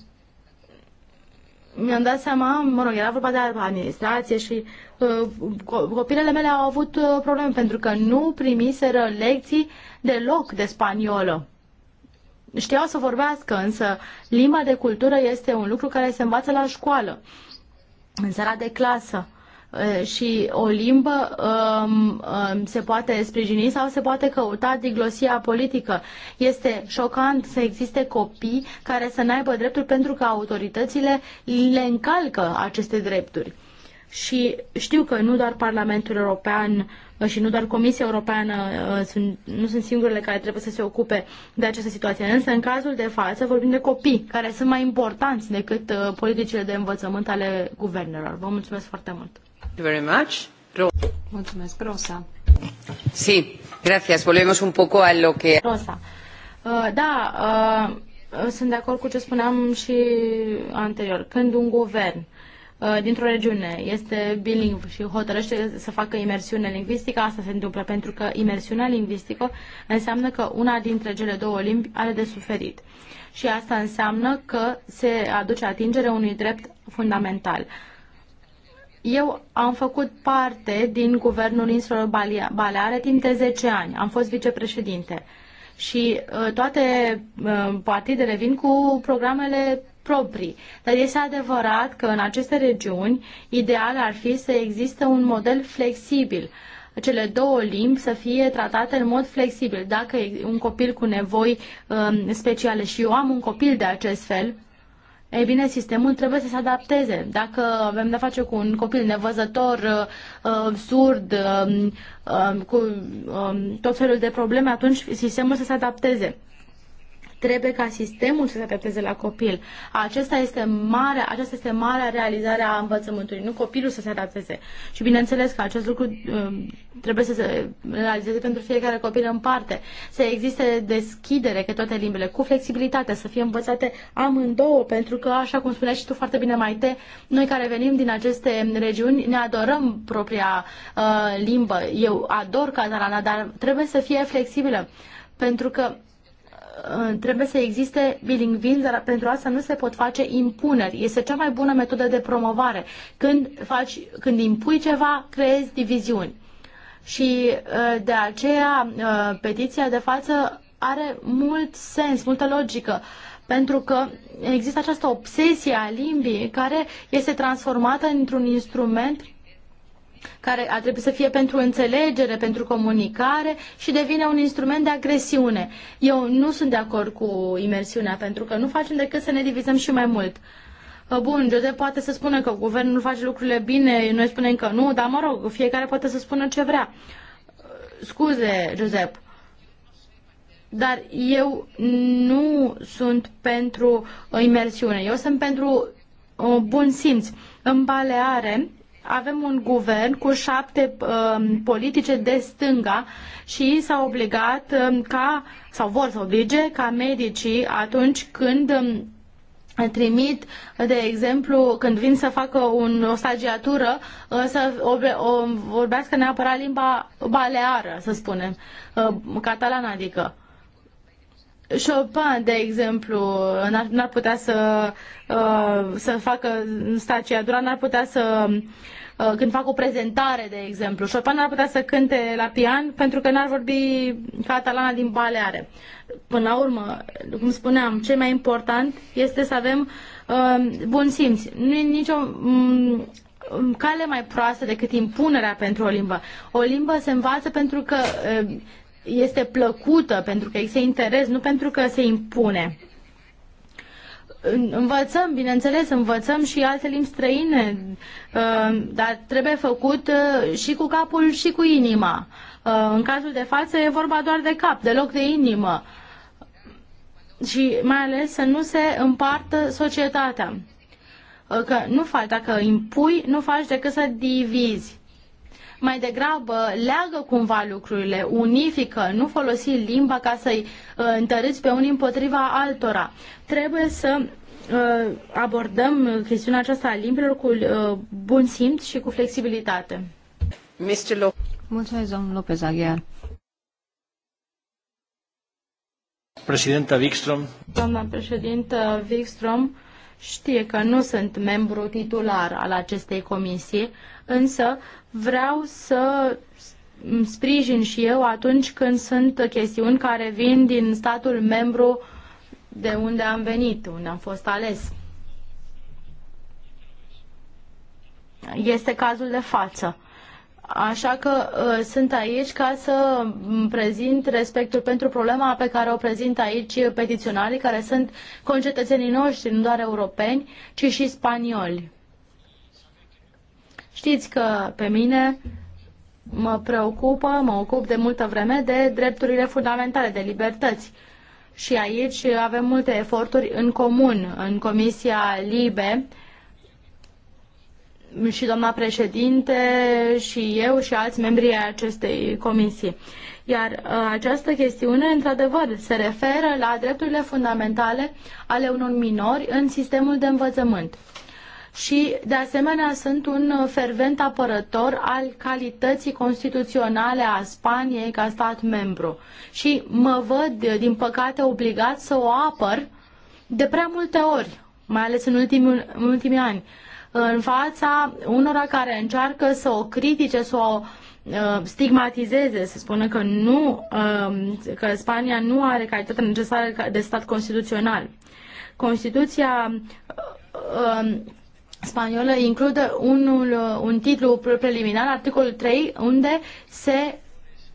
Speaker 4: mi-am dat seama, mă rog, era vorba de administrație și copilele mele au avut probleme pentru că nu primiseră lecții deloc de spaniolă. Știau să vorbească, însă limba de cultură este un lucru care se învață la școală, în seara de clasă Eh, și o limbă um, um, se poate sprijini sau se poate căuta diglosia politică. Este șocant să existe copii care să n-aibă drepturi pentru că autoritățile le încalcă aceste drepturi. Și știu că nu doar Parlamentul European uh, și nu doar Comisia Europeană uh, sunt, nu sunt singurele care trebuie să se ocupe de această situație. Însă, în cazul de față, vorbim de copii care sunt mai importanți decât uh, politicile de învățământ ale guvernelor. Vă mulțumesc foarte mult!
Speaker 1: Volvemos un poco a lo que... Rosa.
Speaker 4: Uh, da, uh, sunt de acord cu ce spuneam și anterior. Când un guvern uh, dintr-o regiune este bilingv și hotărăște să facă imersiune lingvistică, asta se întâmplă pentru că imersiunea lingvistică înseamnă că una dintre cele două limbi are de suferit. Și asta înseamnă că se aduce atingere unui drept fundamental. Eu am făcut parte din guvernul insulelor Baleare timp de 10 ani. Am fost vicepreședinte. Și uh, toate uh, partidele vin cu programele proprii. Dar este adevărat că în aceste regiuni ideal ar fi să existe un model flexibil. Cele două limbi să fie tratate în mod flexibil. Dacă un copil cu nevoi ă, speciale și eu am un copil de acest fel, ei bine, sistemul trebuie să se adapteze. Dacă avem de-a face cu un copil nevăzător, uh, uh, surd, uh, cu tot felul de probleme, atunci sistemul să se adapteze. Trebuie ca sistemul să se adapteze la copil. Acesta este mare, aceasta este marea realizare a învățământului, nu copilul să se adapteze. Și bineînțeles că acest lucru um, trebuie să se realizeze pentru fiecare copil în parte. Să existe deschidere că toate limbile, cu flexibilitate, să fie învățate amândouă, pentru că, așa cum spuneai și tu foarte bine mai te, noi care venim din aceste regiuni ne adorăm propria uh, limbă. Eu ador catalana, dar trebuie să fie flexibilă. Pentru că Uh, trebuie să existe bilingvin, dar pentru asta nu se pot face impuneri. Este cea mai bună metodă de promovare. Când, faci, când impui ceva, creezi diviziuni. Și uh, de aceea uh, petiția de față are mult sens, multă logică, pentru că există această obsesie a limbii care este transformată într-un instrument care ar trebui să fie pentru înțelegere, pentru comunicare și devine un instrument de agresiune. Eu nu sunt de acord cu imersiunea, pentru că nu facem decât să ne divizăm și mai mult. Bun, Jose poate să spună că guvernul face lucrurile bine, noi spunem că nu, dar mă rog, fiecare poate să spună ce vrea. Scuze, Josep, dar eu nu sunt pentru imersiune, eu sunt pentru bun simț. În Baleare, avem un guvern cu șapte um, politice de stânga și s-au obligat um, ca, sau vor să oblige, ca medicii atunci când um, trimit, de exemplu, când vin să facă un, o stagiatură, uh, să ob- o, vorbească neapărat limba baleară, să spunem, uh, catalan adică. Chopin, de exemplu, n-ar, putea să, uh, să facă stația dura, n-ar putea să uh, când fac o prezentare, de exemplu. Chopin n-ar putea să cânte la pian pentru că n-ar vorbi catalana din Baleare. Până la urmă, cum spuneam, cel mai important este să avem uh, bun simț. Nu e nicio um, cale mai proastă decât impunerea pentru o limbă. O limbă se învață pentru că uh, este plăcută, pentru că există interes, nu pentru că se impune. Învățăm, bineînțeles, învățăm și alte limbi străine, uh, dar trebuie făcut uh, și cu capul și cu inima. Uh, în cazul de față e vorba doar de cap, deloc de inimă. Și mai ales să nu se împartă societatea. Că nu faci, dacă impui, nu faci decât să divizi mai degrabă leagă cumva lucrurile, unifică, nu folosi limba ca să-i uh, întăriți pe unii împotriva altora. Trebuie să uh, abordăm chestiunea aceasta a limbilor cu uh, bun simț și cu flexibilitate. Mr. Lo- Mulțumesc, domnul Lopez Aguiar.
Speaker 2: Președinta Wikström.
Speaker 4: Doamna președintă Wikström știe că nu sunt membru titular al acestei comisii, însă vreau să sprijin și eu atunci când sunt chestiuni care vin din statul membru de unde am venit, unde am fost ales. Este cazul de față. Așa că uh, sunt aici ca să prezint respectul pentru problema pe care o prezint aici petiționarii care sunt concetățenii noștri, nu doar europeni, ci și spanioli. Știți că pe mine mă preocupă, mă ocup de multă vreme de drepturile fundamentale, de libertăți. Și aici avem multe eforturi în comun, în Comisia LIBE, și doamna președinte și eu și alți membri ai acestei comisii. Iar ă, această chestiune, într-adevăr, se referă la drepturile fundamentale ale unor minori în sistemul de învățământ și, de asemenea, sunt un fervent apărător al calității constituționale a Spaniei ca stat membru. Și mă văd, din păcate, obligat să o apăr de prea multe ori, mai ales în ultimii, în ultimii ani, în fața unora care încearcă să o critice, să o uh, stigmatizeze, să spună că nu, um, că Spania nu are calitatea necesară de stat constituțional. Constituția uh, um, spaniolă include unul, uh, un titlu preliminar, articolul 3, unde se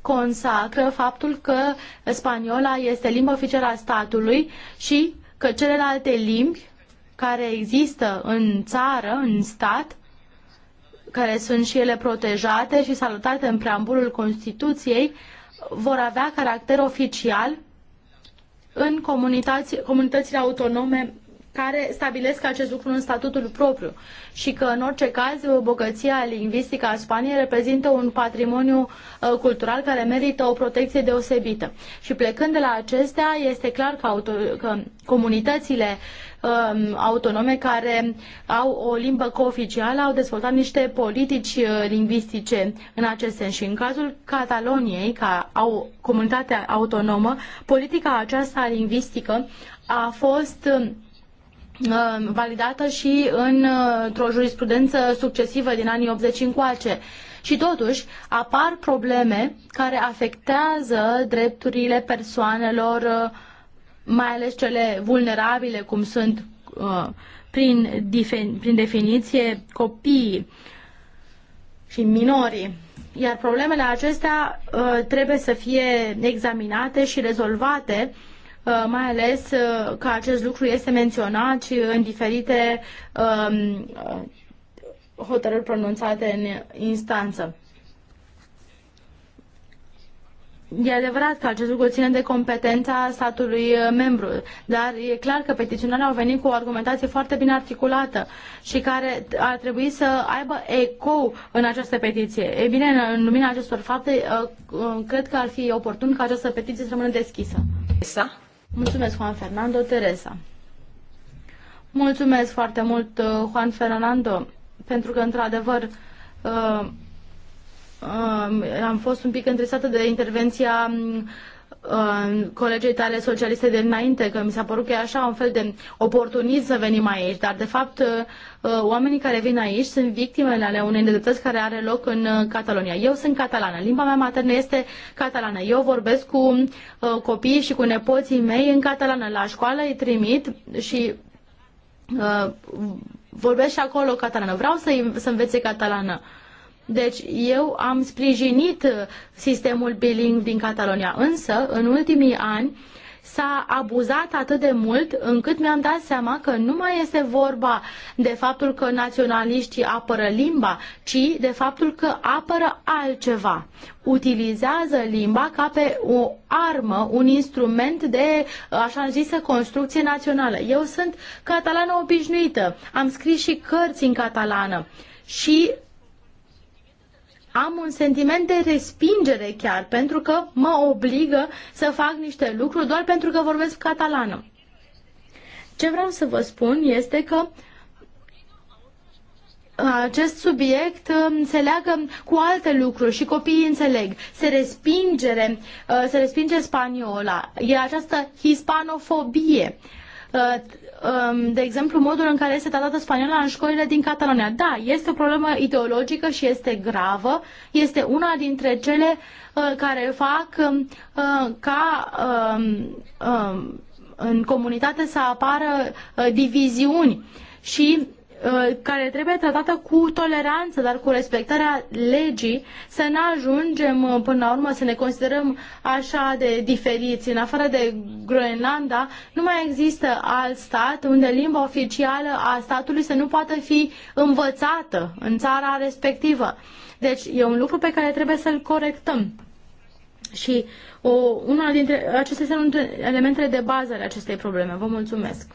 Speaker 4: consacră faptul că spaniola este limba oficială a statului și că celelalte limbi care există în țară, în stat, care sunt și ele protejate și salutate în preambulul Constituției, vor avea caracter oficial în comunitățile autonome care stabilesc acest lucru în statutul propriu și că, în orice caz, bogăția lingvistică a Spaniei reprezintă un patrimoniu uh, cultural care merită o protecție deosebită. Și plecând de la acestea, este clar că, auto, că comunitățile um, autonome care au o limbă cooficială au dezvoltat niște politici uh, lingvistice în acest sens și în cazul Cataloniei, ca au comunitatea autonomă, politica aceasta lingvistică a fost um, Uh, validată și uh, într-o jurisprudență succesivă din anii 80 încoace. Și totuși apar probleme care afectează drepturile persoanelor, uh, mai ales cele vulnerabile, cum sunt prin, prin definiție copiii și minorii. Iar problemele acestea trebuie să fie examinate și rezolvate Uh, mai ales uh, că acest lucru este menționat și în diferite um, uh, hotărâri pronunțate în instanță. E adevărat că acest lucru ține de competența statului membru, dar e clar că petiționarii au venit cu o argumentație foarte bine articulată și care ar trebui să aibă ecou în această petiție. E bine, în lumina acestor fapte, cred că ar fi oportun ca această petiție să rămână deschisă. Mulțumesc, Juan Fernando. Teresa. Mulțumesc foarte mult, uh, Juan Fernando, pentru că, într-adevăr, uh, uh, am fost un pic interesată de intervenția mm, colegii tale socialiste de înainte, că mi s-a părut că e așa un fel de oportunism să venim aici, dar de fapt uh, uh, oamenii care vin aici sunt victimele ale unei nedreptăți care are loc în uh, Catalonia. Eu sunt catalană, limba mea maternă este catalană. Eu vorbesc cu copiii și cu nepoții mei în catalană. La școală îi trimit și vorbesc și acolo catalană. Vreau să, învețe catalană. Deci eu am sprijinit sistemul billing din Catalonia, însă în ultimii ani s-a abuzat atât de mult încât mi-am dat seama că nu mai este vorba de faptul că naționaliștii apără limba, ci de faptul că apără altceva. Utilizează limba ca pe o armă, un instrument de așa zisă construcție națională. Eu sunt catalană obișnuită, am scris și cărți în catalană și am un sentiment de respingere chiar, pentru că mă obligă să fac niște lucruri doar pentru că vorbesc catalană. Ce vreau să vă spun este că acest subiect um, se leagă cu alte lucruri și copiii înțeleg. Se respingere, uh, se respinge spaniola, e această hispanofobie uh, Um, de exemplu, modul în care este tratată spaniola în școlile din Catalonia. Da, este o problemă ideologică și este gravă. Este una dintre cele uh, care fac um, uh, ca um, în comunitate să apară uh, diviziuni și Uh, care trebuie tratată cu toleranță, dar cu respectarea legii, să nu ajungem uh, până la urmă să ne considerăm așa de diferiți. În afară de Groenlanda, nu mai există alt stat unde limba oficială a statului să nu poată fi învățată în țara respectivă. Deci e un lucru pe care trebuie să-l corectăm. Și o, una dintre acestea sunt elementele de bază ale acestei probleme. Vă mulțumesc!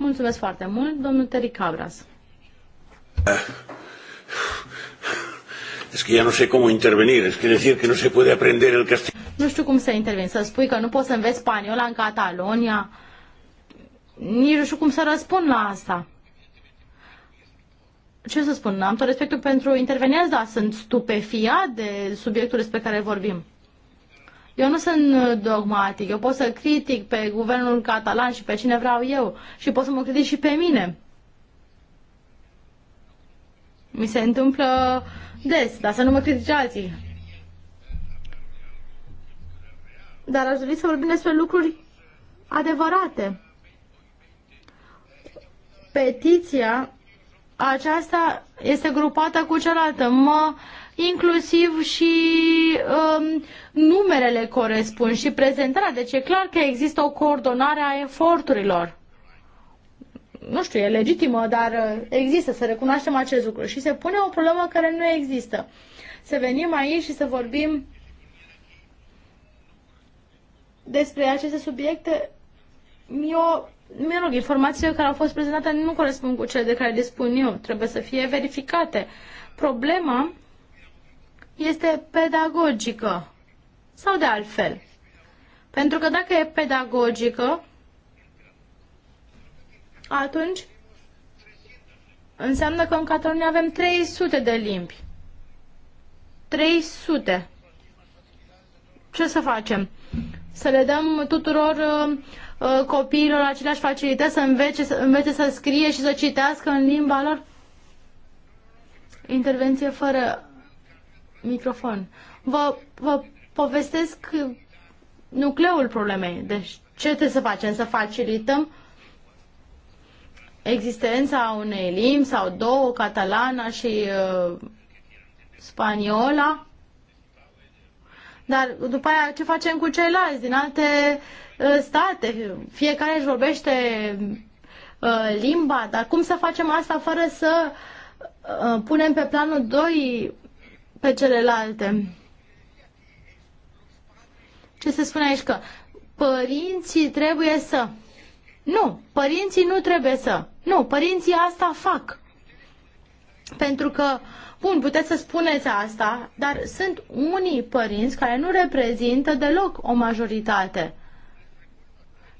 Speaker 4: Mulțumesc foarte mult, domnul Terry Cabras.
Speaker 1: Es que ya no sé cómo intervenir, es que decir que no se puede aprender el castellano.
Speaker 4: Nu știu cum să intervin, să spui că nu poți să înveți spaniola în Catalonia. Nici nu știu cum să răspund la asta. Ce să spun, am tot respectul pentru intervenienți, dar sunt stupefiat de subiectul despre care vorbim. Eu nu sunt uh, dogmatic, eu pot să critic pe guvernul catalan și pe cine vreau eu și pot să mă critic și pe mine. Mi se întâmplă des, dar să nu mă critici alții. Dar aș dori să vorbim despre lucruri adevărate. Petiția aceasta este grupată cu cealaltă. Mă inclusiv și um, numerele corespund și prezentarea. Deci e clar că există o coordonare a eforturilor. Nu știu, e legitimă, dar uh, există, să recunoaștem acest lucru. Și se pune o problemă care nu există. Să venim aici și să vorbim despre aceste subiecte, eu, mi rog, informațiile care au fost prezentate nu corespund cu cele de care dispun eu. Trebuie să fie verificate. Problema este pedagogică sau de altfel. Pentru că dacă e pedagogică, atunci înseamnă că în Catalonia avem 300 de limbi. 300. Ce să facem? Să le dăm tuturor uh, uh, copiilor aceleași facilități să învețe, să învețe să scrie și să citească în limba lor? Intervenție fără microfon. Vă, vă povestesc nucleul problemei. Deci ce trebuie să facem? Să facilităm existența unei limbi sau două, catalana și uh, spaniola. Dar după aia ce facem cu ceilalți din alte uh, state? Fiecare își vorbește uh, limba, dar cum să facem asta fără să uh, punem pe planul doi pe celelalte. Ce se spune aici? Că părinții trebuie să... Nu, părinții nu trebuie să. Nu, părinții asta fac. Pentru că, bun, puteți să spuneți asta, dar sunt unii părinți care nu reprezintă deloc o majoritate.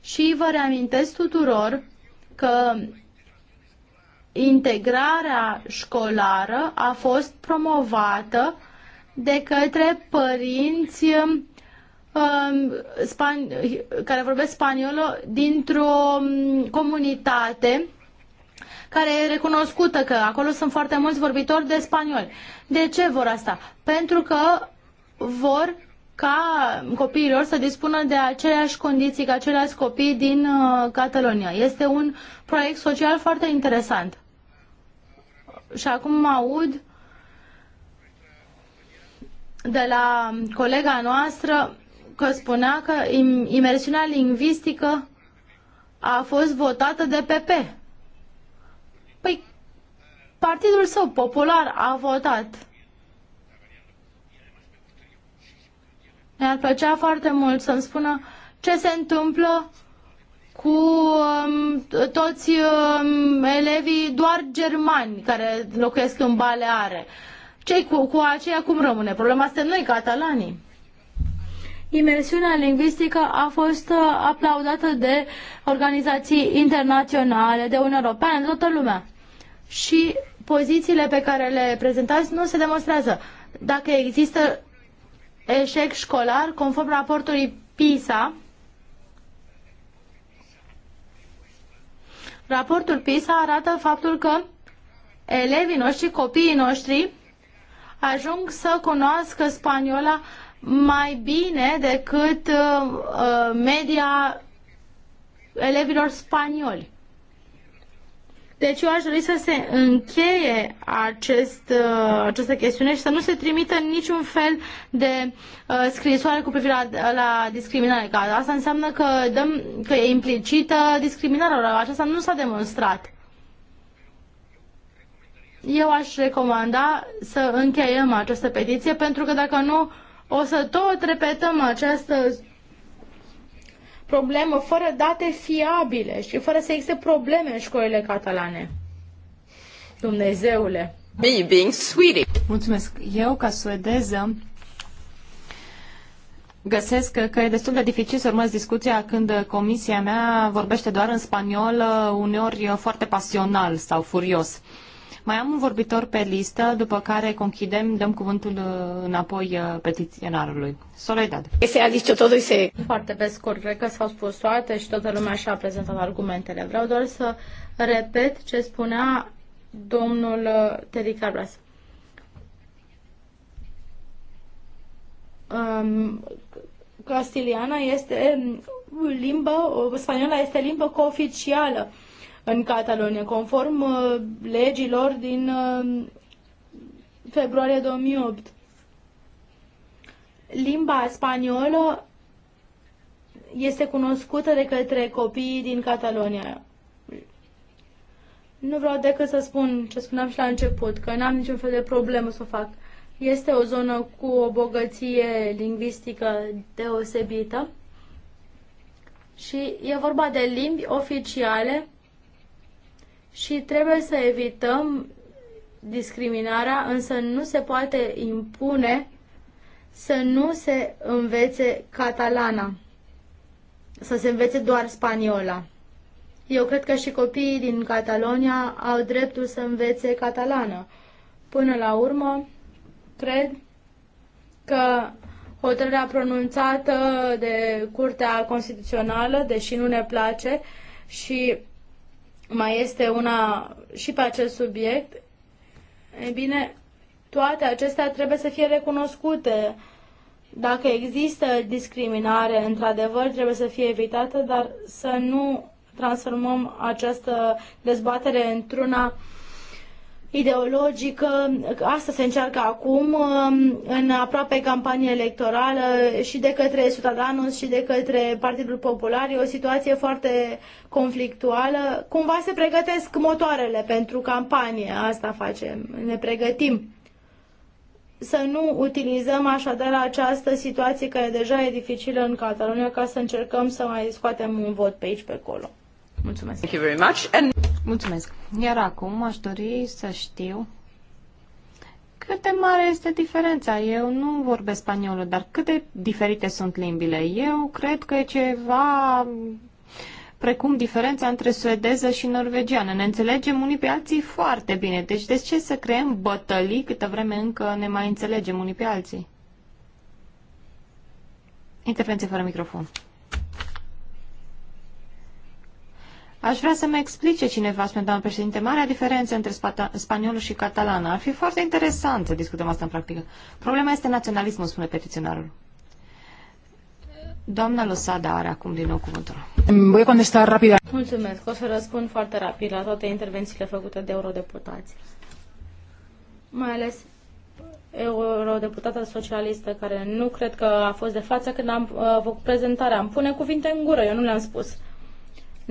Speaker 4: Și vă reamintesc tuturor că integrarea școlară a fost promovată de către părinți um, care vorbesc spaniolă dintr-o um, comunitate care e recunoscută că acolo sunt foarte mulți vorbitori de spaniol. De ce vor asta? Pentru că vor ca copiilor să dispună de aceleași condiții ca aceleași copii din uh, Catalonia. Este un proiect social foarte interesant și acum aud de la colega noastră că spunea că imersiunea lingvistică a fost votată de PP. Păi, partidul său popular a votat. Mi-ar plăcea foarte mult să-mi spună ce se întâmplă cu um, toți um, elevii doar germani care locuiesc în Baleare. Cei cu, cu aceia cum rămâne? Problema este noi, catalanii. Imersiunea lingvistică a fost uh, aplaudată de organizații internaționale, de Uniunea Europeană, de toată lumea. Și pozițiile pe care le prezentați nu se demonstrează. Dacă există eșec școlar, conform raportului PISA, Raportul PISA arată faptul că elevii noștri, copiii noștri, ajung să cunoască spaniola mai bine decât uh, uh media elevilor spanioli. Deci eu aș dori să se încheie acest, uh, această chestiune și să nu se trimită niciun fel de uh, scrisoare cu privire la, la discriminare. Că asta înseamnă că, dăm, că e implicită discriminarea. Aceasta nu s-a demonstrat. Eu aș recomanda să încheiem această petiție pentru că dacă nu o să tot repetăm această problemă fără date fiabile și fără să existe probleme în școlile catalane. Dumnezeule!
Speaker 2: Me being sweetie. Mulțumesc! Eu, ca suedeză, găsesc că e destul de dificil să urmez discuția când comisia mea vorbește doar în spaniolă, uneori foarte pasional sau furios. Mai am un vorbitor pe listă, după care conchidem, dăm cuvântul uh, înapoi uh, petiționarului. Soledad. Este a dicho totul și se...
Speaker 4: Foarte pe scurt, cred că s-au spus toate și toată lumea și-a prezentat argumentele. Vreau doar să repet ce spunea domnul uh, Teddy Cabras. Um, castiliana este mm, limbă, spaniola este limbă cooficială în Catalonia, conform uh, legilor din uh, februarie 2008. Limba spaniolă este cunoscută de către copiii din Catalonia. Nu vreau decât să spun ce spuneam și la început, că n-am niciun fel de problemă să o fac. Este o zonă cu o bogăție lingvistică deosebită și e vorba de limbi oficiale și trebuie să evităm discriminarea, însă nu se poate impune să nu se învețe catalana, să se învețe doar spaniola. Eu cred că și copiii din Catalonia au dreptul să învețe catalană. Până la urmă, cred că hotărârea pronunțată de Curtea Constituțională, deși nu ne place, și mai este una și pe acest subiect, e bine, toate acestea trebuie să fie recunoscute. Dacă există discriminare, într-adevăr, trebuie să fie evitată, dar să nu transformăm această dezbatere într-una uh, ideologică, asta se încearcă acum um, în aproape campanie electorală și de către Ciudadanos și de către Partidul Popular. E o situație foarte conflictuală. Cumva se pregătesc motoarele pentru campanie, asta facem, ne pregătim. Să nu utilizăm așadar această situație care deja e dificilă în Catalonia ca să încercăm să mai scoatem un vot pe aici, pe acolo.
Speaker 1: Mulțumesc. Thank you very much. And... Mulțumesc. Iar acum
Speaker 2: aș dori să știu cât de mare este diferența. Eu nu vorbesc spaniolă, dar cât de diferite sunt limbile. Eu cred că e ceva precum diferența între suedeză și norvegiană. Ne înțelegem unii pe alții foarte bine. Deci de ce să creăm bătălii câtă vreme încă ne mai înțelegem unii pe alții? Intervenție fără microfon. Aș vrea să-mi explice cineva, spune doamna președinte, marea diferență între spaniolul și catalana. Ar fi foarte interesant să discutăm asta în practică. Problema este naționalismul, spune petiționarul. Doamna Losada are acum din nou cuvântul.
Speaker 4: Voi contesta rapid. Mulțumesc. O să răspund foarte rapid la toate intervențiile făcute de eurodeputați. Mai ales eurodeputată socialistă care nu cred că a fost de față când am făcut uh, prezentarea. Îmi pune cuvinte în gură, eu nu le-am spus.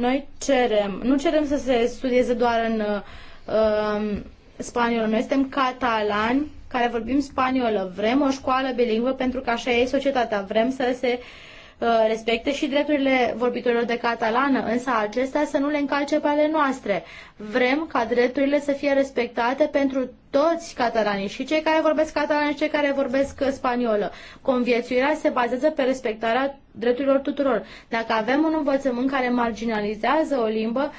Speaker 4: Noi cerem, nu cerem să se studieze doar în uh, spaniolă. Noi suntem catalani care vorbim spaniolă. Vrem o școală bilingvă pentru că așa e societatea. Vrem să se uh, respecte și drepturile vorbitorilor de catalană, însă acestea să nu le încalce pe ale noastre. Vrem ca drepturile să fie respectate pentru toți catalanii și cei care vorbesc catalan și cei care vorbesc spaniolă. Conviețuirea se bazează pe respectarea drepturilor tuturor. Dacă avem un învățământ care marginalizează o limbă,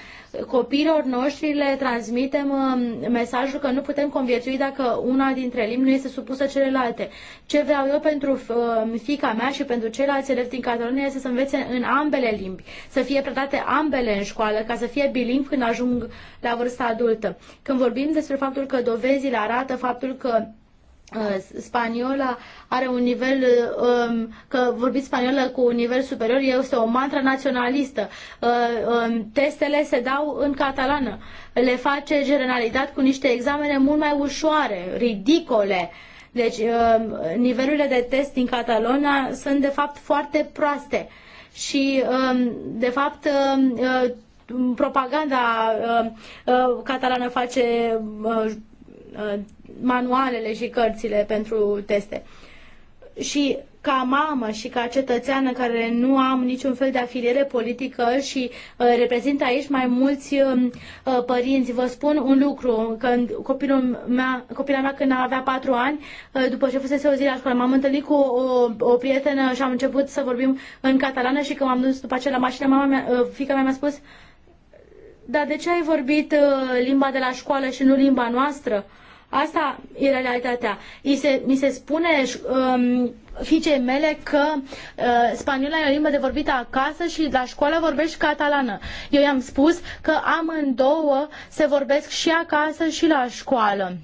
Speaker 4: copiilor noștri le transmitem um, mesajul că nu putem conviețui dacă una dintre limbi nu este supusă celelalte. Ce vreau eu pentru um, fica mea și pentru ceilalți elevi din Catalonia este să învețe în ambele limbi, să fie predate ambele în școală, ca să fie bilingv când ajung la vârsta adultă. Când vorbim despre faptul că dovezile arată faptul că uh, spaniola are un nivel, uh, um, că vorbiți spaniolă cu un nivel superior, este o mantra naționalistă. Uh, um, testele se dau în catalană. Le face generalitate cu niște examene mult mai ușoare, ridicole. Deci um, nivelurile de test din Catalona sunt de fapt foarte proaste și de fapt propaganda uh, uh, catalană face uh, manualele și cărțile pentru teste. Și ca mamă și ca cetățeană care nu am niciun fel de afiliere politică și uh, reprezint aici mai mulți uh, părinți, vă spun un lucru. Când copilul mea, copila mea când avea patru ani, uh, după ce fusese o zi la școală, m-am întâlnit cu o, o, o prietenă și am început să vorbim în catalană și când m-am dus după aceea la mașină, mama mea, uh, fica mea mi-a spus uh, dar de ce ai vorbit uh, limba de la școală și nu limba noastră? Asta e realitatea. Mi se, mi se spune um, fiicei mele că uh, spaniola e o limbă de vorbit acasă și la școală vorbești catalană. Eu i-am spus că amândouă se vorbesc și acasă și la școală.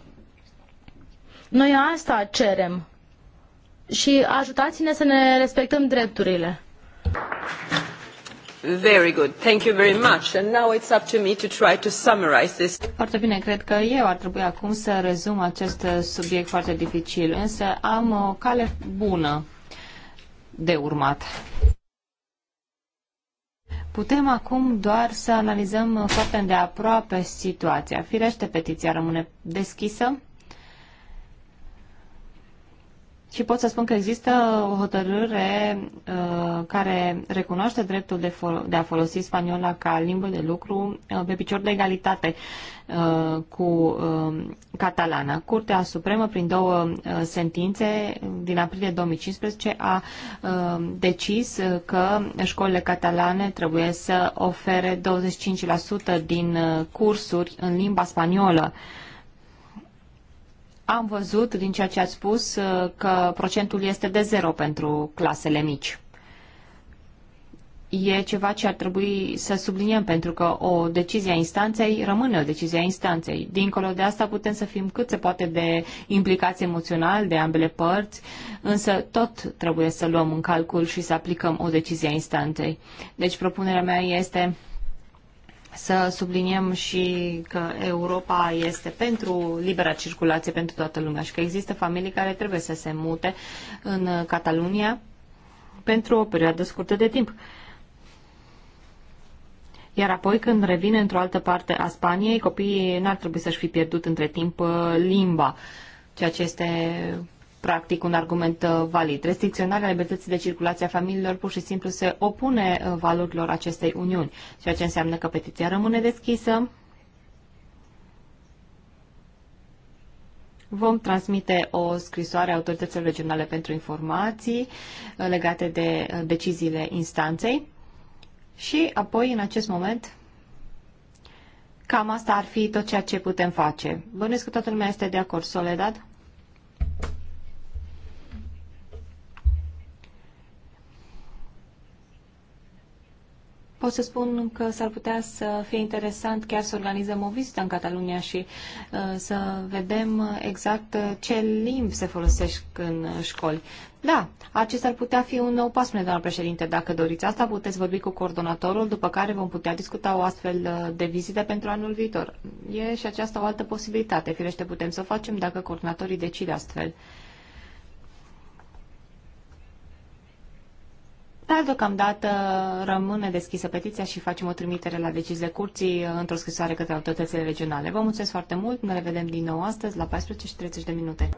Speaker 4: Noi asta cerem. Și ajutați-ne să ne respectăm drepturile.
Speaker 1: Very good. Thank you very much. And now it's up to me to try to summarize this.
Speaker 4: Foarte bine,
Speaker 2: cred că eu ar trebui acum să rezum acest uh, subiect foarte dificil, însă am o cale bună de urmat. Putem acum doar să analizăm uh, foarte îndeaproape situația. Firește, petiția rămâne deschisă și pot să spun că există o hotărâre uh, care recunoaște dreptul de, fol- de a folosi spaniola ca limbă de lucru uh, pe picior de egalitate uh, cu uh, catalana. Curtea Supremă, prin două uh, sentințe din aprilie 2015, a uh, decis uh, că școlile catalane trebuie să ofere 25% din uh, cursuri în limba spaniolă. Uh, am văzut din ceea ce ați spus uh, că procentul este de zero pentru clasele mici. E ceva ce ar trebui să subliniem, pentru că o decizie a instanței rămâne o decizie a instanței. Dincolo de asta putem să fim cât se poate de implicați emoțional de ambele părți, însă tot trebuie să luăm în calcul și să aplicăm o decizie a instanței. Deci propunerea mea este să subliniem și că Europa este pentru libera circulație pentru toată lumea și că există familii care trebuie să se mute în Catalunia pentru o perioadă scurtă de timp. Iar apoi când revine într-o altă parte a Spaniei, copiii n-ar trebui să-și fi pierdut între timp uh, limba, ceea ce este practic un argument uh, valid. Restricționarea libertății de circulație a familiilor pur și simplu se opune uh, valorilor acestei uniuni, ceea ce înseamnă că petiția rămâne deschisă. Vom transmite o scrisoare a autorităților regionale pentru informații uh, legate de deciziile instanței și apoi, în acest moment, Cam asta ar fi tot ceea ce putem face. Bănuiesc că toată lumea este de acord, Soledad? Pot să spun că s-ar putea să fie interesant chiar să organizăm o vizită în Catalunia și uh, să vedem exact uh, ce limbi se folosesc în școli. Da, acesta ar putea fi un nou pas, spune doamna președinte. Dacă doriți asta, puteți vorbi cu coordonatorul, după care vom putea discuta o astfel uh, de vizită pentru anul viitor. E și aceasta o altă posibilitate. Firește, putem să o facem dacă coordonatorii decid astfel. Dar deocamdată rămâne deschisă petiția și facem o trimitere la decizie curții într-o scrisoare către autoritățile regionale. Vă mulțumesc foarte mult, ne revedem din nou astăzi la 14 și 30 de minute.